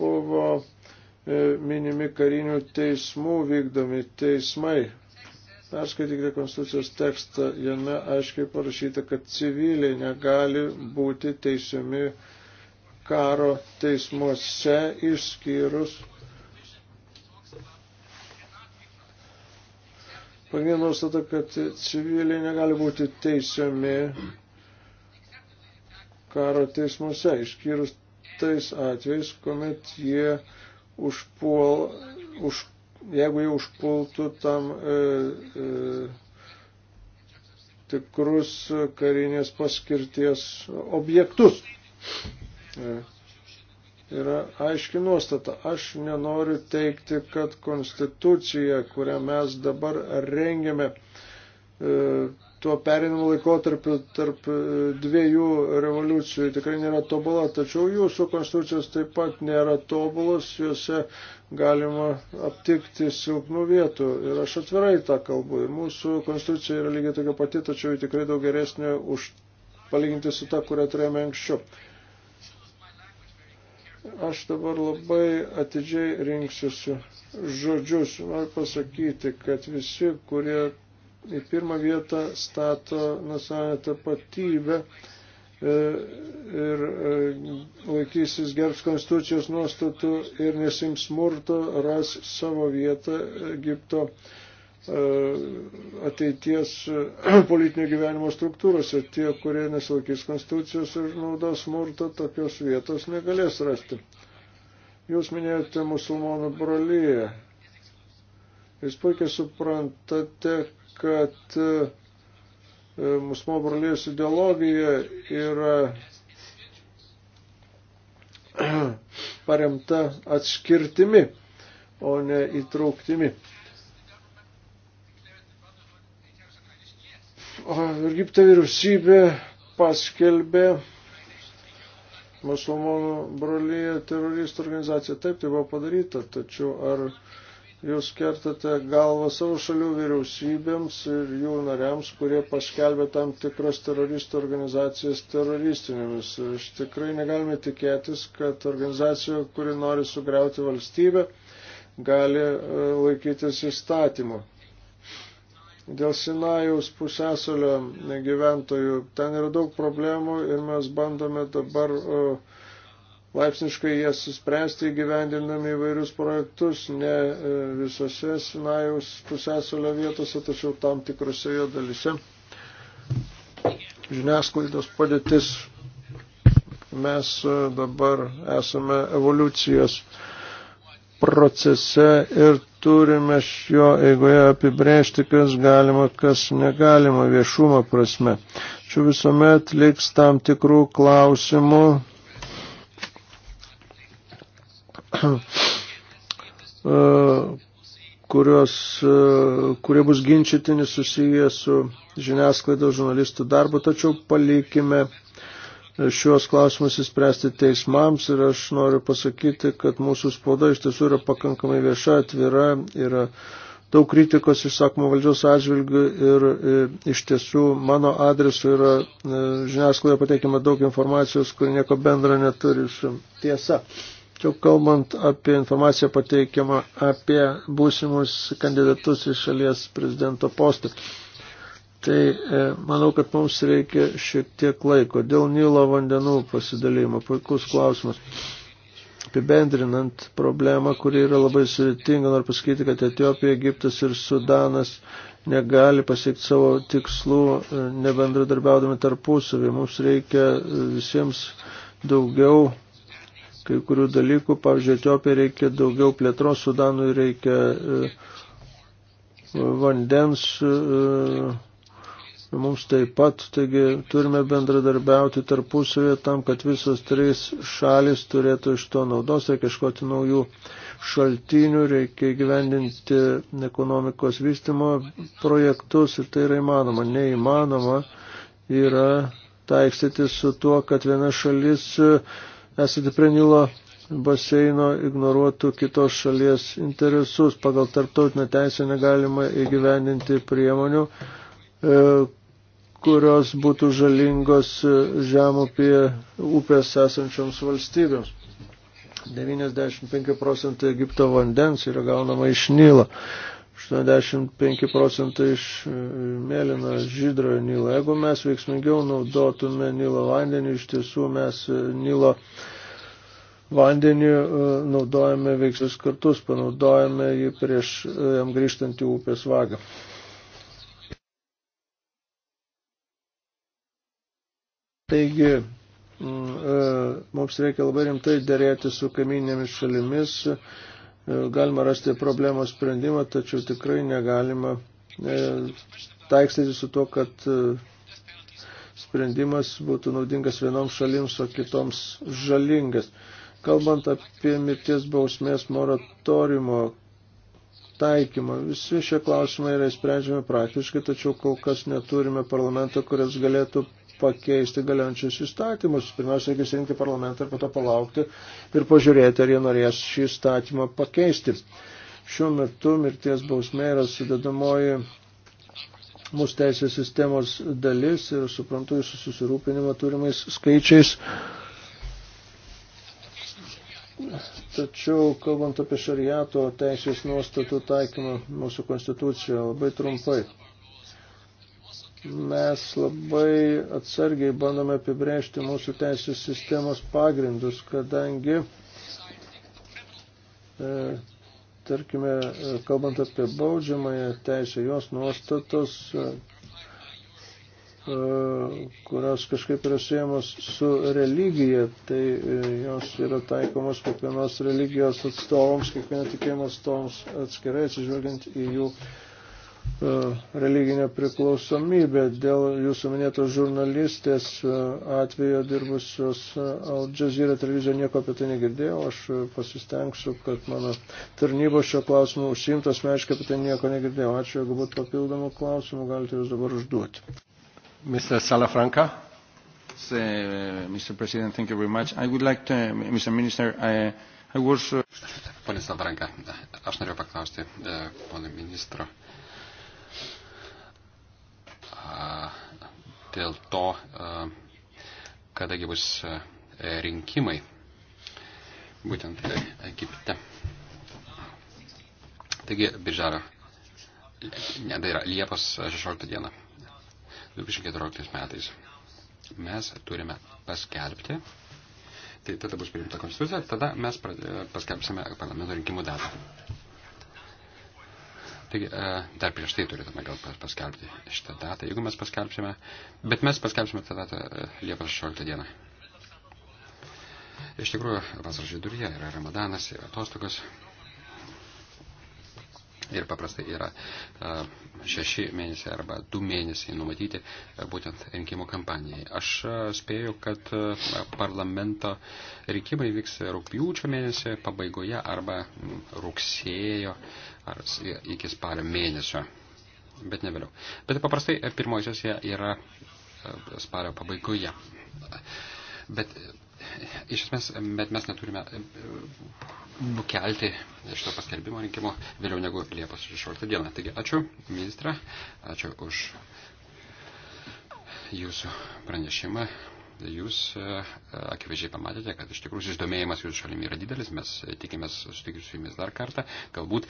Buvo e, minimi karinių teismų vykdomi teismai. Perskaitykite konstitucijos tekstą, jame aiškiai parašyta, kad civiliai negali būti teisiami karo teismuose išskyrus pagrindinė nuostata, kad civiliai negali būti teisiami karo teismuose, išskyrus tais atvejais, kuomet jie užpuol, už, jeigu jie užpultų tam e, e, tikrus karinės paskirties objektus. E, yra aiški nuostata. Aš nenoriu teikti, kad konstitucija, kurią mes dabar rengiame, e, tuo perinimo laikotarpiu tarp e, dviejų revoliucijų tikrai nėra tobula, tačiau jūsų konstitucijos taip pat nėra tobulos, juose galima aptikti silpnų vietų. Ir aš atvirai tą kalbu. Ir mūsų konstitucija yra lygiai tokia pati, tačiau tikrai daug geresnė už palyginti su ta, kurią turėjome anksčiau. Aš dabar labai atidžiai rinksiuosi žodžius. Noriu pasakyti, kad visi, kurie į pirmą vietą stato nacionalinę tapatybę e, ir e, laikysis gerbs konstitucijos nuostatų ir nesims smurto, ras savo vietą Egipto. E, ateities e, politinio gyvenimo struktūrose. Tie, kurie nesilaikys konstitucijos ir naudos smurtą, tokios vietos negalės rasti. Jūs minėjote musulmonų brolyje. Jūs puikiai suprantate, kad e, musulmonų brolyjos ideologija yra paremta atskirtimi, o ne įtrauktimi. Egipto vyriausybė paskelbė musulmonų brolyje teroristų organizaciją. Taip, tai buvo padaryta, tačiau ar jūs kertate galvą savo šalių vyriausybėms ir jų nariams, kurie paskelbė tam tikras teroristų organizacijas teroristinėmis. Aš tikrai negalime tikėtis, kad organizacija, kuri nori sugriauti valstybę, gali e, laikytis įstatymu dėl Sinajaus pusėsalio gyventojų. Ten yra daug problemų ir mes bandome dabar laipsniškai jas suspręsti įgyvendinami įvairius projektus, ne e, visose Sinajaus pusėsalio vietose, tačiau tam tikrose jo dalise. Žiniasklaidos padėtis. Mes e, dabar esame evoliucijos procese ir turime jo eigoje apibrėžti, kas galima, kas negalima viešumo prasme. Čia visuomet liks tam tikrų klausimų. E, kurios, e, kurie bus ginčytini susiję su žiniasklaidos žurnalistų darbu, tačiau palikime šios klausimus įspręsti teismams ir aš noriu pasakyti, kad mūsų spauda iš tiesų yra pakankamai vieša, atvira, yra daug kritikos išsakoma valdžios atžvilgių ir e, iš tiesų mano adresu yra e, žiniasklaidoje pateikiama daug informacijos, kuri nieko bendra neturi su tiesa. Tačiau kalbant apie informaciją pateikiamą apie būsimus kandidatus į šalies prezidento postus. Tai e, manau, kad mums reikia šiek tiek laiko. Dėl Nilo vandenų pasidalymo, puikus klausimas. Apibendrinant problemą, kuri yra labai sudėtinga, noriu pasakyti, kad Etiopija, Egiptas ir Sudanas negali pasiekti savo tikslų e, nebendradarbiaudami tarpusavį. Mums reikia e, visiems daugiau kai kurių dalykų. Pavyzdžiui, Etiopija reikia daugiau plėtros, Sudanui reikia vandens. E, mums taip pat, taigi turime bendradarbiauti tarpusavėje tam, kad visos trys šalis turėtų iš to naudos, reikia iškoti naujų šaltinių, reikia gyvendinti ekonomikos vystimo projektus ir tai yra įmanoma. Neįmanoma yra taikstyti su tuo, kad viena šalis e, esate prie Nilo baseino ignoruotų kitos šalies interesus. Pagal tarptautinę teisę negalima įgyvendinti priemonių, e, kurios būtų žalingos e, žemupėje upės esančioms valstybėms. 95 procentai Egipto vandens yra gaunama iš Nilo, 85 procentai iš e, mėlyno žydrojo Nilo. Jeigu mes veiksmingiau naudotume Nilo vandenį, iš tiesų mes e, Nilo vandenį naudojame veiksmus kartus, panaudojame jį prieš jam grįžtant į upės vagą. Taigi, mm, e, mums reikia labai rimtai dėrėti su kaiminėmis šalimis, e, galima rasti problemos sprendimą, tačiau tikrai negalima e, taikstyti su to, kad sprendimas būtų naudingas vienoms šalims, o kitoms žalingas. Kalbant apie mirties bausmės moratoriumo taikymą. Visi šie klausimai yra sprendžiami praktiškai, tačiau kol kas neturime parlamento, kuris galėtų pakeisti galiančius įstatymus. Pirmiausia, reikia surinkti parlamentą ir po to palaukti ir pažiūrėti, ar jie norės šį įstatymą pakeisti. Šiuo metu mirties bausmė yra sudedamoji mūsų teisės sistemos dalis ir suprantu jūsų susirūpinimą turimais skaičiais. Tačiau, kalbant apie šariato teisės nuostatų taikymą mūsų konstitucijoje, labai trumpai mes labai atsargiai bandome apibrėžti mūsų teisės sistemos pagrindus, kadangi, e, tarkime, e, kalbant apie baudžiamąją teisę, jos nuostatos, e, e, kurios kažkaip yra siejamos su religija, tai e, jos yra taikomos kiekvienos religijos atstovams, kiekvieno tikėjimo atstovams atskirai atsižvelgiant į jų e, E, religinė priklausomybė dėl jūsų minėtos žurnalistės e, atvejo dirbusios e, Al Jazeera televizijoje nieko apie tai negirdėjau. Aš pasistengsiu, kad mano tarnybos šio klausimu užsimtas, mes apie tai nieko negirdėjau. Ačiū, jeigu būtų papildomų klausimų, galite jūs dabar užduoti.
Mr.
Salafranca. Uh, Mr. President, thank you very much. I would like to, Mr.
Minister, I, I was... Uh, Pane
Salafranca, aš norėjau paklausti, uh, eh, pono ministro. Uh, dėl to, kadangi bus rinkimai būtent Egipte. Taigi, birželio, ne, tai yra Liepos 16 diena, 2014 metais. Mes turime paskelbti, tai tada bus priimta konstitucija, tada mes paskelbsime parlamento rinkimų datą. Taigi, e, dar prieš tai turėtume gal paskelbti šitą datą, jeigu mes paskelbsime, bet mes paskelbsime tą datą e, Liepos 16 dieną. Iš tikrųjų, vasaros viduryje yra ramadanas, yra atostogos, ir paprastai yra šeši mėnesiai arba du mėnesiai numatyti būtent rinkimų kampanijai. Aš spėju, kad parlamento rinkimai vyks rūpjūčio mėnesio pabaigoje arba rugsėjo ar iki spalio mėnesio, bet ne vėliau. Bet paprastai pirmosios yra spalio pabaigoje. Bet Iš esmės, bet mes neturime e, nukelti šito paskelbimo rinkimo vėliau negu Liepos 16 dieną. Taigi ačiū, ministra, ačiū už jūsų pranešimą. Jūs e, akivaizdžiai pamatėte, kad iš tikrųjų susidomėjimas jūsų šalimi yra didelis, mes tikimės susitikti su jumis dar kartą, galbūt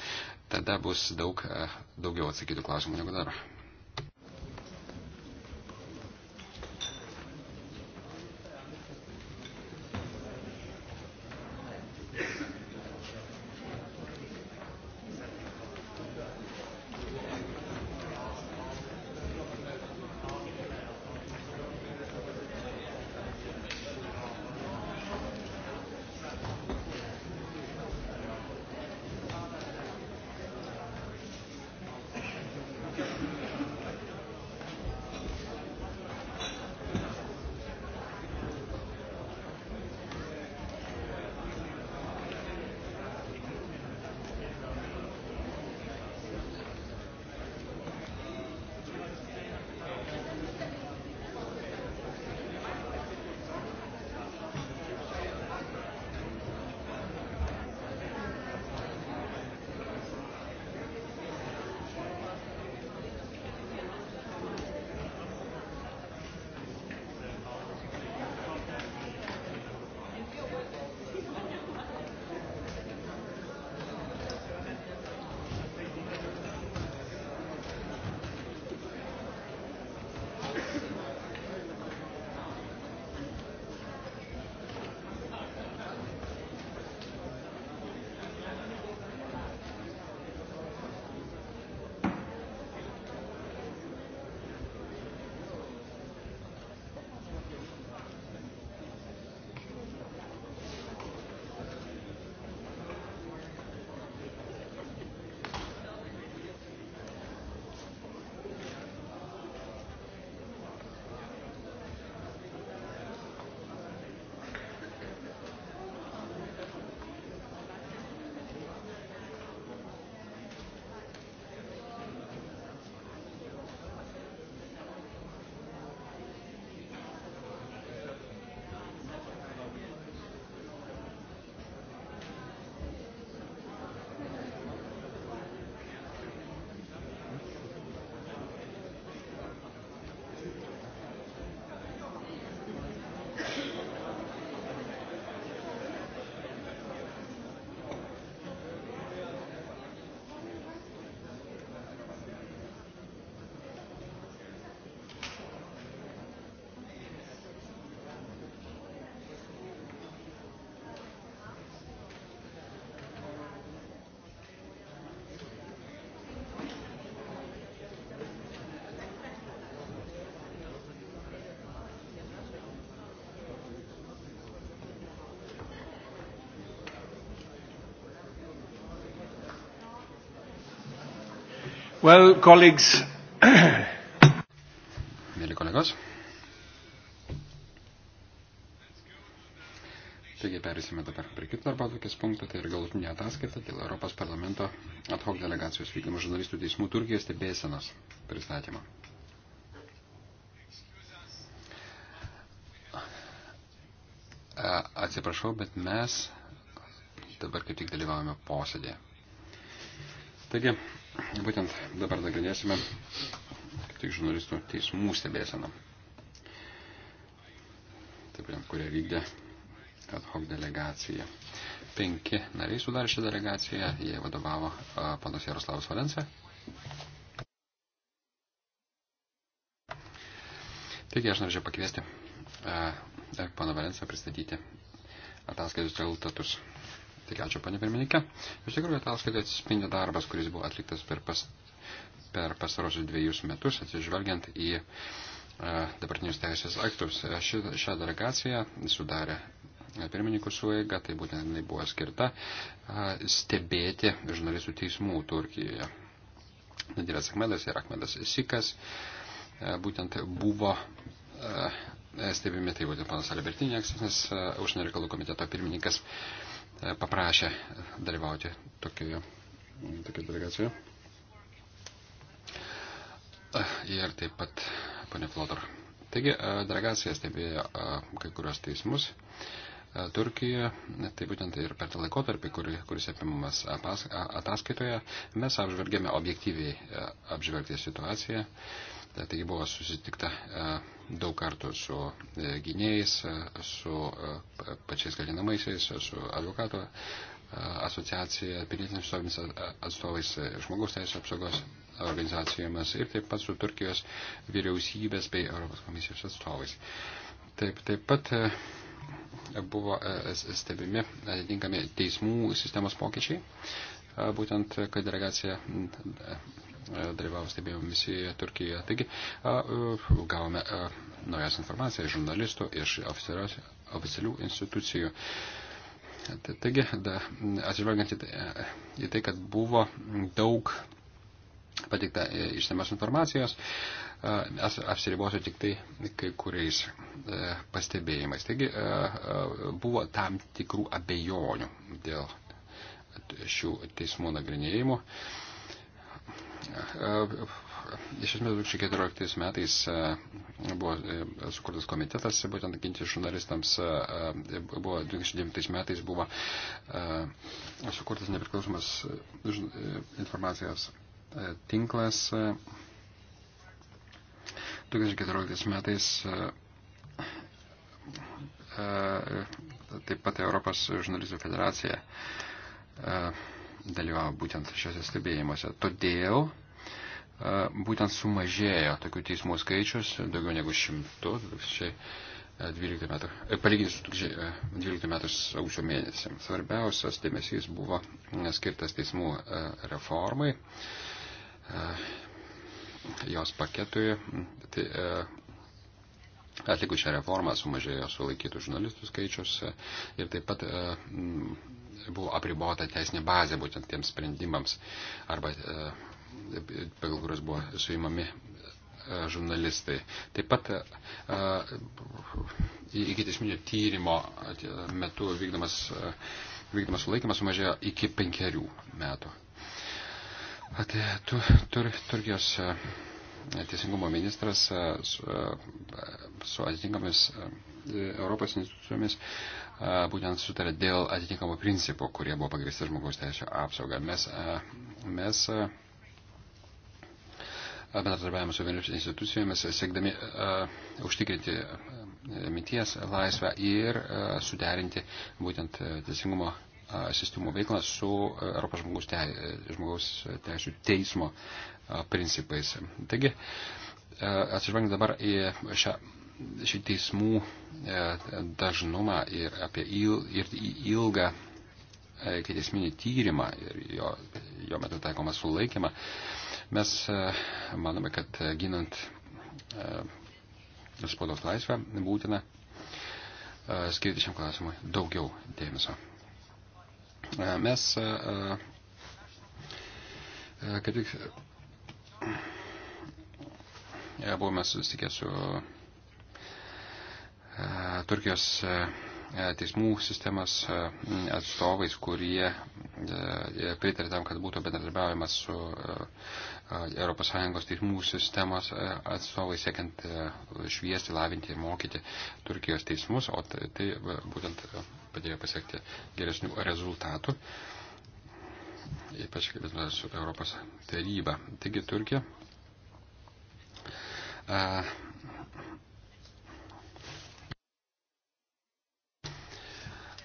tada bus daug, e, daugiau atsakytų klausimų negu dabar. Well, colleagues. Mėly kolegos. Taigi perėsime dabar prie kito darbo atvarkės punkto, tai ir galutinė ataskaita dėl Europos parlamento ad hoc delegacijos vykdymo žurnalistų teismų Turkijos stebėsenos pristatymo. Atsiprašau, bet mes dabar kaip tik dalyvavome posėdėje. Taigi, Būtent dabar nagrinėsime tik žurnalistų teismų stebėseną. Taip, kurią vykdė ad hoc delegacija. Penki nariai sudarė šią delegaciją, jie vadovavo panas Jaroslavas Valencija. Taigi aš norėčiau pakviesti a, pana Valenciją pristatyti ataskaitos rezultatus. Taigi ačiū, panė pirmininkė. Iš tikrųjų, ataskaita atsispindi darbas, kuris buvo atliktas per, pas, per pasarosius dviejus metus, atsižvelgiant į e, dabartinius teisės aktus. E, ši, šią delegaciją sudarė pirmininkų suėga, tai būtent jinai buvo skirta e, stebėti žurnalistų teismų Turkijoje. Nadiras Akmedas ir Akmedas Sikas būtent buvo stebimi, tai būtent panas Albertinė, ankstesnis užsienio reikalų komiteto pirmininkas. A, E, paprašė dalyvauti tokioje, tokioje delegacijoje. E, ir taip pat ponė Flodor. Taigi, e, delegacija stebėjo kai kurios teismus Turkijoje, tai būtent ir per tą laikotarpį, kuri, kuris apimamas ataskaitoje, mes apžvelgėme objektyviai apžvelgti situaciją, taigi buvo susitikta daug kartų su e, gynėjais, e, su e, pačiais galinamaisiais, su advokato asociacija, pilietinės visuomenės atstovais, žmogaus teisės apsaugos organizacijomis ir taip pat su Turkijos vyriausybės bei Europos komisijos atstovais. Taip, taip pat buvo stebimi atitinkami teismų sistemos pokyčiai, būtent, kad delegacija dalyvavo stebėjimo misijoje Turkijoje. Taigi e, gavome naujas informaciją iš žurnalistų, iš oficialių institucijų. Taigi, da, atsižvelgiant į, į tai, kad buvo daug pateikta e, išsamios informacijos, aš apsiribosiu tik tai kai kuriais e, pastebėjimais. Taigi, buvo tam tikrų abejonių dėl šių teismų nagrinėjimų. Iš esmės 2014 metais e, buvo e, sukurtas komitetas, būtent ginti žurnalistams, e, buvo 2009 metais buvo sukurtas nepriklausomas informacijos tinklas. 2014 metais taip pat Europos žurnalistų federacija dalyvavo būtent šiuose stebėjimuose. Todėl e, būtent sumažėjo tokių teismų skaičius daugiau negu šimtų 2012 metų, e, palyginti su 2012 metų sausio mėnesį. Svarbiausias dėmesys buvo skirtas teismų e, reformai, jos paketui. Tai, Atlikus šią reformą sumažėjo sulaikytų žurnalistų skaičius ir taip pat buvo apribota teisinė bazė būtent tiems sprendimams, arba e, pagal kurios buvo suimami e, žurnalistai. Taip pat e, iki teisminio tyrimo metu vykdomas, vykdomas sulaikimas sumažėjo iki penkerių metų. Turkijos. Tur, tur, teisingumo ministras e, su, e, su atitinkamis e, Europos institucijomis būtent sutarė dėl atitinkamų principų, kurie buvo pagristi žmogaus teisų apsaugą. Mes, mes bendradarbiavame su vienomis institucijomis, siekdami uh, užtikrinti minties laisvę ir uh, suderinti būtent teisingumo uh, sistemų veiklą su Europos žmogaus, te, žmogaus teisų teismo principais. Taigi, atsižvelgiant dabar į šią, šį teismų dažnumą ir apie il, ir ilgą kai teisminį tyrimą ir jo, jo metu taikomą sulaikymą, mes manome, kad ginant spaudos laisvę būtina skirti šiam klausimui daugiau dėmesio. Mes kaip tik Buvome susitikę su e, Turkijos e, teismų sistemas e, atstovais, kurie pritarė tam, kad būtų bendradarbiavimas su ES teismų sistemos atstovais, siekiant šviesti, lavinti, mokyti Turkijos teismus, o tai, tai būtent padėjo pasiekti geresnių rezultatų ypač kaip su Europos taryba. Taigi Turkija a,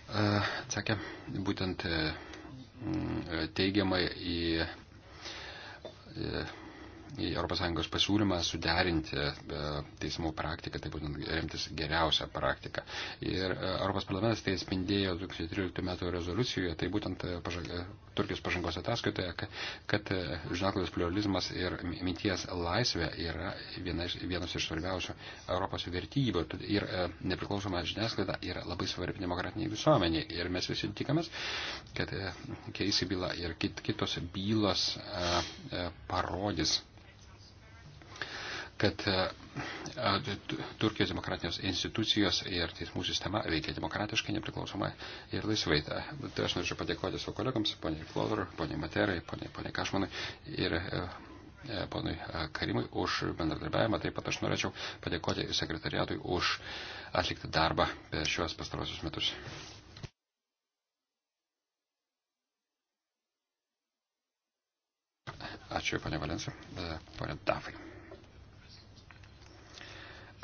a, atsakė būtent mm, teigiamai į, į į ES pasiūlymą suderinti e, teismų praktiką, tai būtent remtis geriausią praktiką. Ir e, Europos parlamentas tai atspindėjo 2013 metų rezoliucijoje, tai būtent e, pažanga, Turkijos pažangos ataskaitoje, kad, kad žiniasklaidos pluralizmas ir minties laisvė yra vienas, vienas iš svarbiausių Europos vertybių. Ir nepriklausoma žiniasklaida yra labai svarbi demokratiniai visuomeniai. Ir mes visi tikamės, kad keisi byla ir kit, kitos bylos parodys kad e, Turkijos demokratinės institucijos ir teismų sistema veikia demokratiškai, nepriklausomai ir laisvai. Tai aš norėčiau padėkoti savo kolegams, poniai Flodor, poniai Materai, poniai, poniai Kašmanai ir e, e, ponui Karimui už bendradarbiavimą. Taip pat aš norėčiau padėkoti sekretariatui už atliktą darbą per šiuos pastarosius metus. Ačiū, ponia Valensa, ponia Dafai.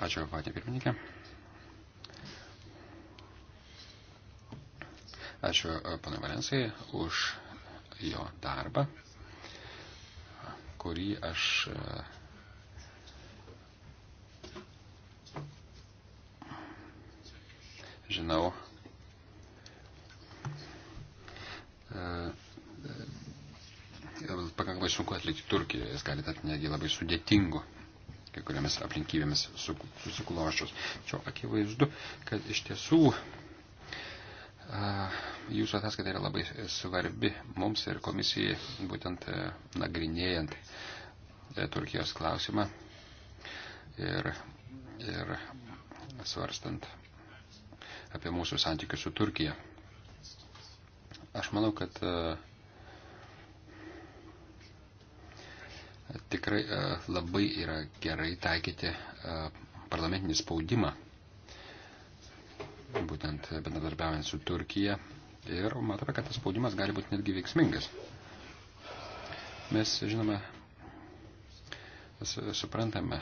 Ačiū, vadė pirmininkė. Ačiū panai Valensai už jo darbą, kurį aš žinau, pakankamai sunku atlikti Turkijoje, jis gali tapti netgi labai sudėtingu kai kuriamis aplinkybėmis susikloščius. Čia akivaizdu, kad iš tiesų jūsų ataskaita yra labai svarbi mums ir komisijai, būtent nagrinėjant Turkijos klausimą ir, ir svarstant apie mūsų santykius su Turkija. Aš manau, kad uh, tikrai e, labai yra gerai taikyti e, parlamentinį spaudimą, būtent bendradarbiaujant su Turkija. Ir matome, kad tas spaudimas gali būti netgi veiksmingas. Mes, žinome, suprantame,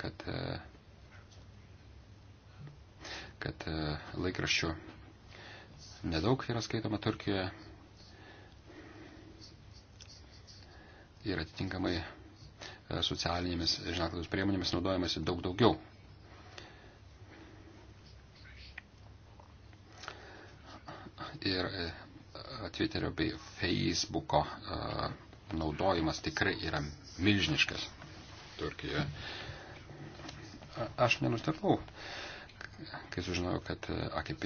kad, e, kad laikraščių nedaug yra skaitoma Turkijoje ir atitinkamai e, socialinėmis žiniasklaidos priemonėmis naudojamasi daug daugiau. Ir e, Twitterio bei Facebooko e, naudojimas tikrai yra milžiniškas Turkijoje. Aš nenustepau, kai sužinojau, kad AKP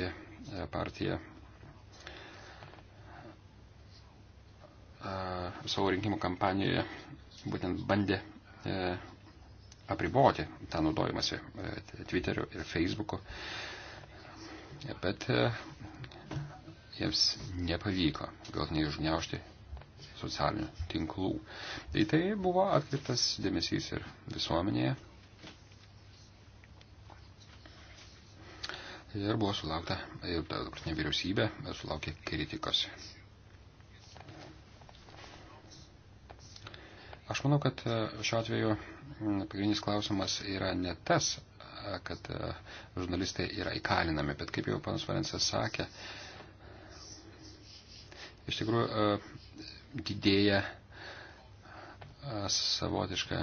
partija savo rinkimų kampanijoje būtent bandė e, apriboti tą naudojimąsi e, Twitteriu ir Facebooku. Bet e, jiems nepavyko galtinai užgneušti socialinių tinklų. Tai tai buvo atkreiptas dėmesys ir visuomenėje. Ir buvo sulaukta, ir dabartinė vyriausybė sulaukė kritikos. Aš manau, kad e, šiuo atveju pagrindinis klausimas yra ne tas, e, kad e, žurnalistai yra įkalinami, bet kaip jau panas Valensas sakė, iš tikrųjų didėja savotiška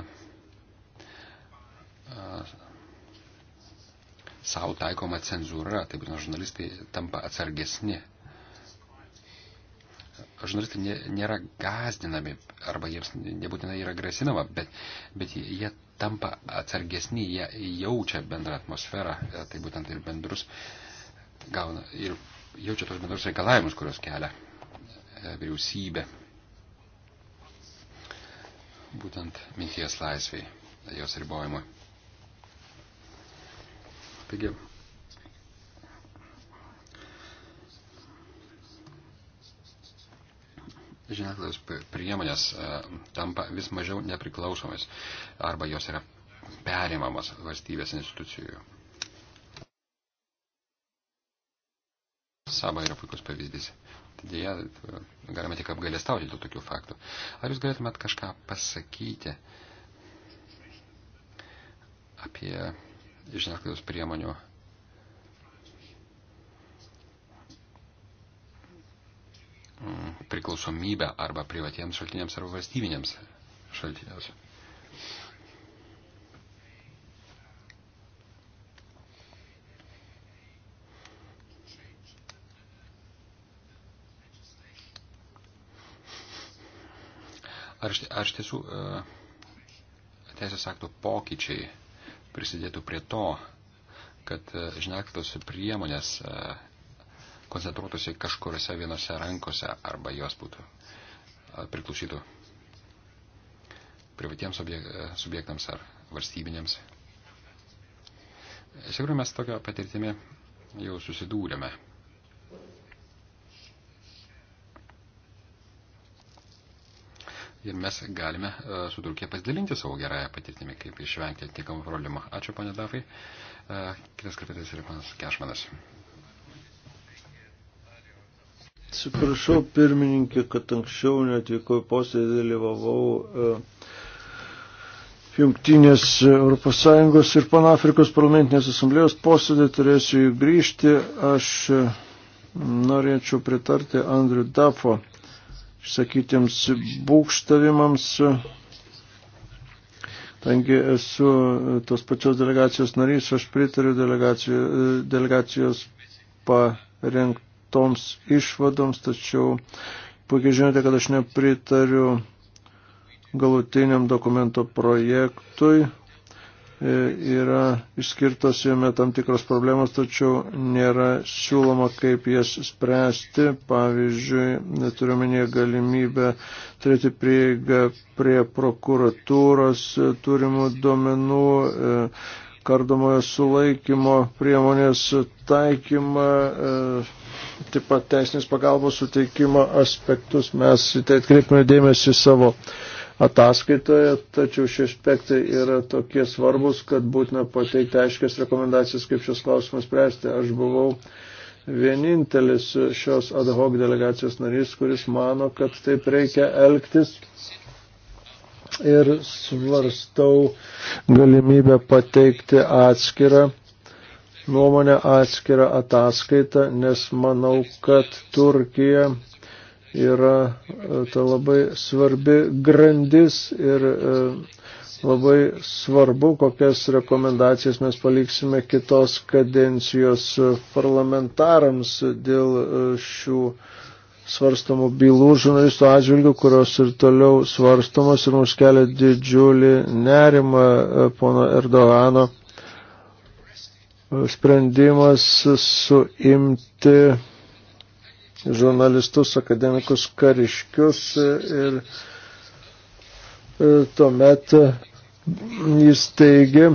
savo taikoma cenzūra, taip žurnalistai tampa atsargesni žurnalistai nėra gazdinami arba jiems nebūtinai yra grasinama, bet, bet jie tampa atsargesni, jie jaučia bendrą atmosferą, e, tai būtent ir bendrus gauna ir jaučia tos bendrus reikalavimus, kurios kelia e, vyriausybė. Būtent minties laisviai, jos ribojimui. Taigi, žiniasklaidos priemonės e, tampa vis mažiau nepriklausomis arba jos yra perimamos valstybės institucijų. Saba yra puikus pavyzdys. Dėja, galime tik apgailestauti dėl tokių faktų. Ar jūs galėtumėt kažką pasakyti apie žiniasklaidos priemonių priklausomybę arba privatiems šaltiniams arba valstybinėms šaltiniams. Ar, ar iš tiesų e, teisės aktų pokyčiai prisidėtų prie to, kad e, žiniasklaidos priemonės e, koncentruotųsi kažkuriuose vienose rankose arba jos būtų priklausytų privatiems e, subjektams ar valstybinėms. Iš tikrųjų mes tokio patirtimi jau susidūrėme. Ir mes galime e, su Turkija pasidalinti savo gerąją patirtimį, kaip išvengti tinkamų problemų. Ačiū, ponė Dafai. E, kitas kalbėtojas yra panas Kešmanas.
Atsiprašau, pirmininkė, kad anksčiau neatvykau į posėdį, dalyvavau e, Jungtinės ES ir Panafrikos parlamentinės asamblėjos posėdį, turėsiu jų grįžti. Aš e, norėčiau pritarti Andriu Dafo išsakytiems būkštavimams, Tangi esu tos pačios delegacijos narys, aš pritariu e, delegacijos, delegacijos parengti toms išvadoms, tačiau puikiai žinote, kad aš nepritariu galutiniam dokumento projektui. E, yra išskirtos jame tam tikros problemos, tačiau nėra siūloma, kaip jas spręsti. Pavyzdžiui, neturiuomenėje galimybę turėti prieigą prie prokuratūros turimų duomenų, e, kardomojo sulaikymo priemonės taikymą. E, taip pat teisinės pagalbos suteikimo aspektus mes tai atkreipime dėmesį savo ataskaitoje, tačiau šie aspektai yra tokie svarbus, kad būtina pateikti aiškias rekomendacijas, kaip šios klausimus spręsti. Aš buvau vienintelis šios ad hoc delegacijos narys, kuris mano, kad taip reikia elgtis ir svarstau galimybę pateikti atskirą nuomonę atskirą ataskaitą, nes manau, kad Turkija yra e, ta labai svarbi grandis ir e, labai svarbu, kokias rekomendacijas mes paliksime kitos kadencijos parlamentarams dėl e, šių svarstomų bylų žurnalistų atžvilgių, kurios ir toliau svarstomos ir mums kelia didžiulį nerimą pono Erdogano sprendimas suimti žurnalistus, akademikus, kariškius ir e, tuomet e, jis teigia,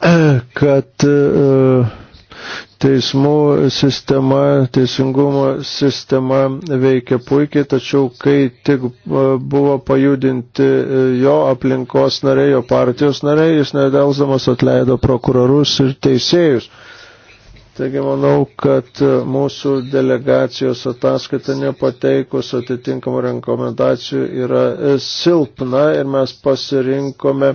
e, kad uh, Teismų sistema, teisingumo sistema veikia puikiai, tačiau kai tik e, buvo pajudinti e, jo aplinkos nariai, jo partijos nariai, jis nedelzamas atleido prokurorus ir teisėjus. Taigi manau, kad e, mūsų delegacijos ataskaita nepateikus atitinkamų rekomendacijų yra e, silpna ir mes pasirinkome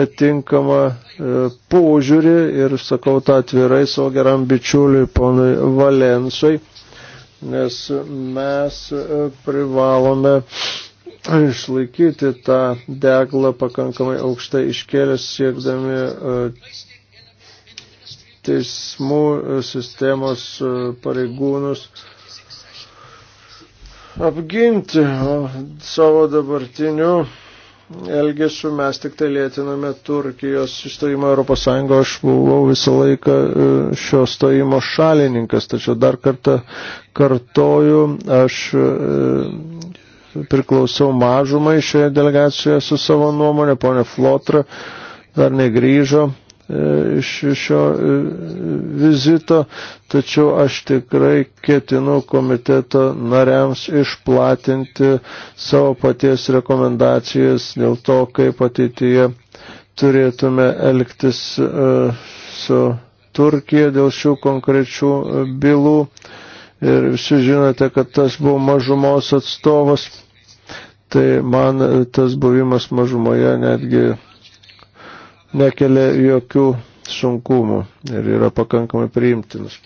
netinkamą e, požiūrį ir sakau tą atvirai savo geram bičiuliui ponui Valensui, nes mes privalome išlaikyti tą deglą pakankamai aukštai iškėlęs siekdami teismų e, sistemos e, pareigūnus apginti, o savo dabartiniu elgesiu mes tik tai lėtiname Turkijos įstojimą Europos Sąjungo. Aš buvau visą laiką e, šio stojimo šalininkas, tačiau dar kartą kartoju, aš priklausau mažumai šioje delegacijoje su savo nuomonė, ponė Flotra dar negryžo E, iš šio e, vizito, tačiau aš tikrai ketinu komiteto nariams išplatinti savo paties rekomendacijas dėl to, kaip ateityje turėtume elgtis e, su Turkija dėl šių konkrečių bylų. Ir visi žinote, kad tas buvo mažumos atstovas, tai man tas buvimas mažumoje netgi nekelia jokių sunkumų ir yra pakankamai priimtinas.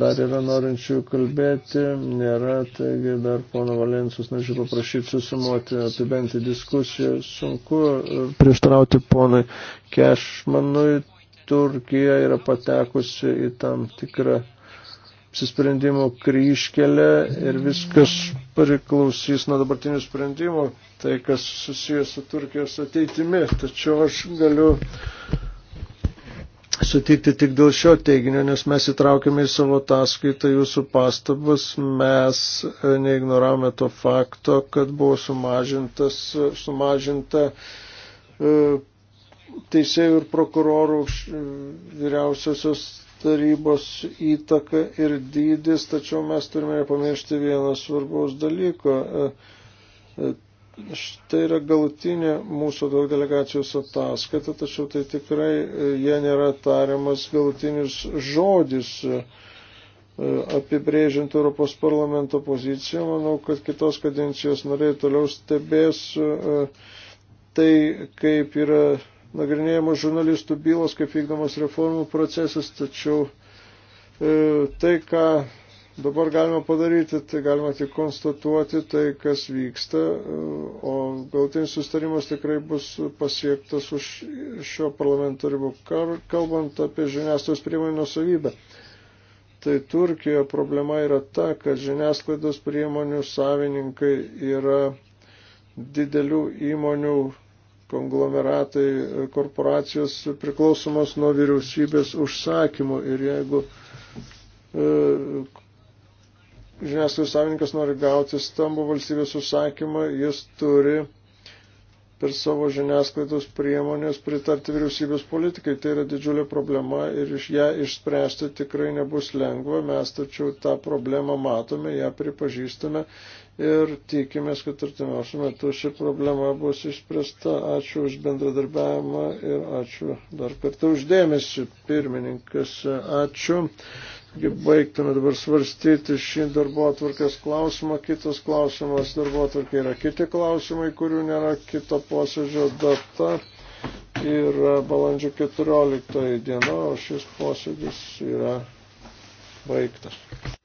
Dar yra norinčių kalbėti, nėra, taigi dar pono Valensus norėčiau paprašyti susimuoti, apibenti diskusiją. Sunku prieštarauti ponui Kešmanui, Turkija yra patekusi į tam tikrą apsisprendimo kryškelė ir viskas priklausys nuo dabartinių sprendimų, tai kas susijęs su Turkijos ateitimi. Tačiau aš galiu sutikti tik dėl šio teiginio, nes mes įtraukėme į savo ataskaitą jūsų pastabas, mes neignoravome to fakto, kad buvo sumažintas, sumažinta e, teisėjų ir prokurorų vyriausiosios tarybos įtaka ir dydis, tačiau mes turime nepamiršti vieną svarbaus dalyko. E, e, štai yra galutinė mūsų daug delegacijos ataskaita, tačiau tai tikrai e, jie nėra tariamas galutinis žodis apibrėžiant Europos parlamento poziciją. Manau, kad kitos kadencijos nariai toliau stebės tai, kaip yra nagrinėjamos žurnalistų bylos, kaip vykdomas reformų procesas, tačiau e, tai, ką dabar galima padaryti, tai galima tik konstatuoti tai, kas vyksta, e, o galtinis sustarimas tikrai bus pasiektas už šio parlamento ribų, kalbant apie žiniasklaidos priemonių nusavybę. Tai Turkijoje problema yra ta, kad žiniasklaidos priemonių savininkai yra didelių įmonių konglomeratai, e, korporacijos priklausomos nuo vyriausybės užsakymų ir jeigu e, žiniasklaidos savininkas nori gauti stambų valstybės užsakymą, jis turi per savo žiniasklaidos priemonės pritarti vyriausybės politikai. Tai yra didžiulė problema ir iš ją išspręsti tikrai nebus lengva. Mes tačiau tą problemą matome, ją pripažįstame ir tikimės, kad artimiausiu metu ši problema bus išspręsta. Ačiū už bendradarbiavimą ir ačiū dar kartą uždėmesi, pirmininkas. Ačiū. Baigtume dabar svarstyti šį darbo atvarkės klausimą. Kitas klausimas darbo atvarkė yra kiti klausimai, kurių nėra kito posėdžio data. Yra balandžio 14 diena, o šis posėdis yra baigtas.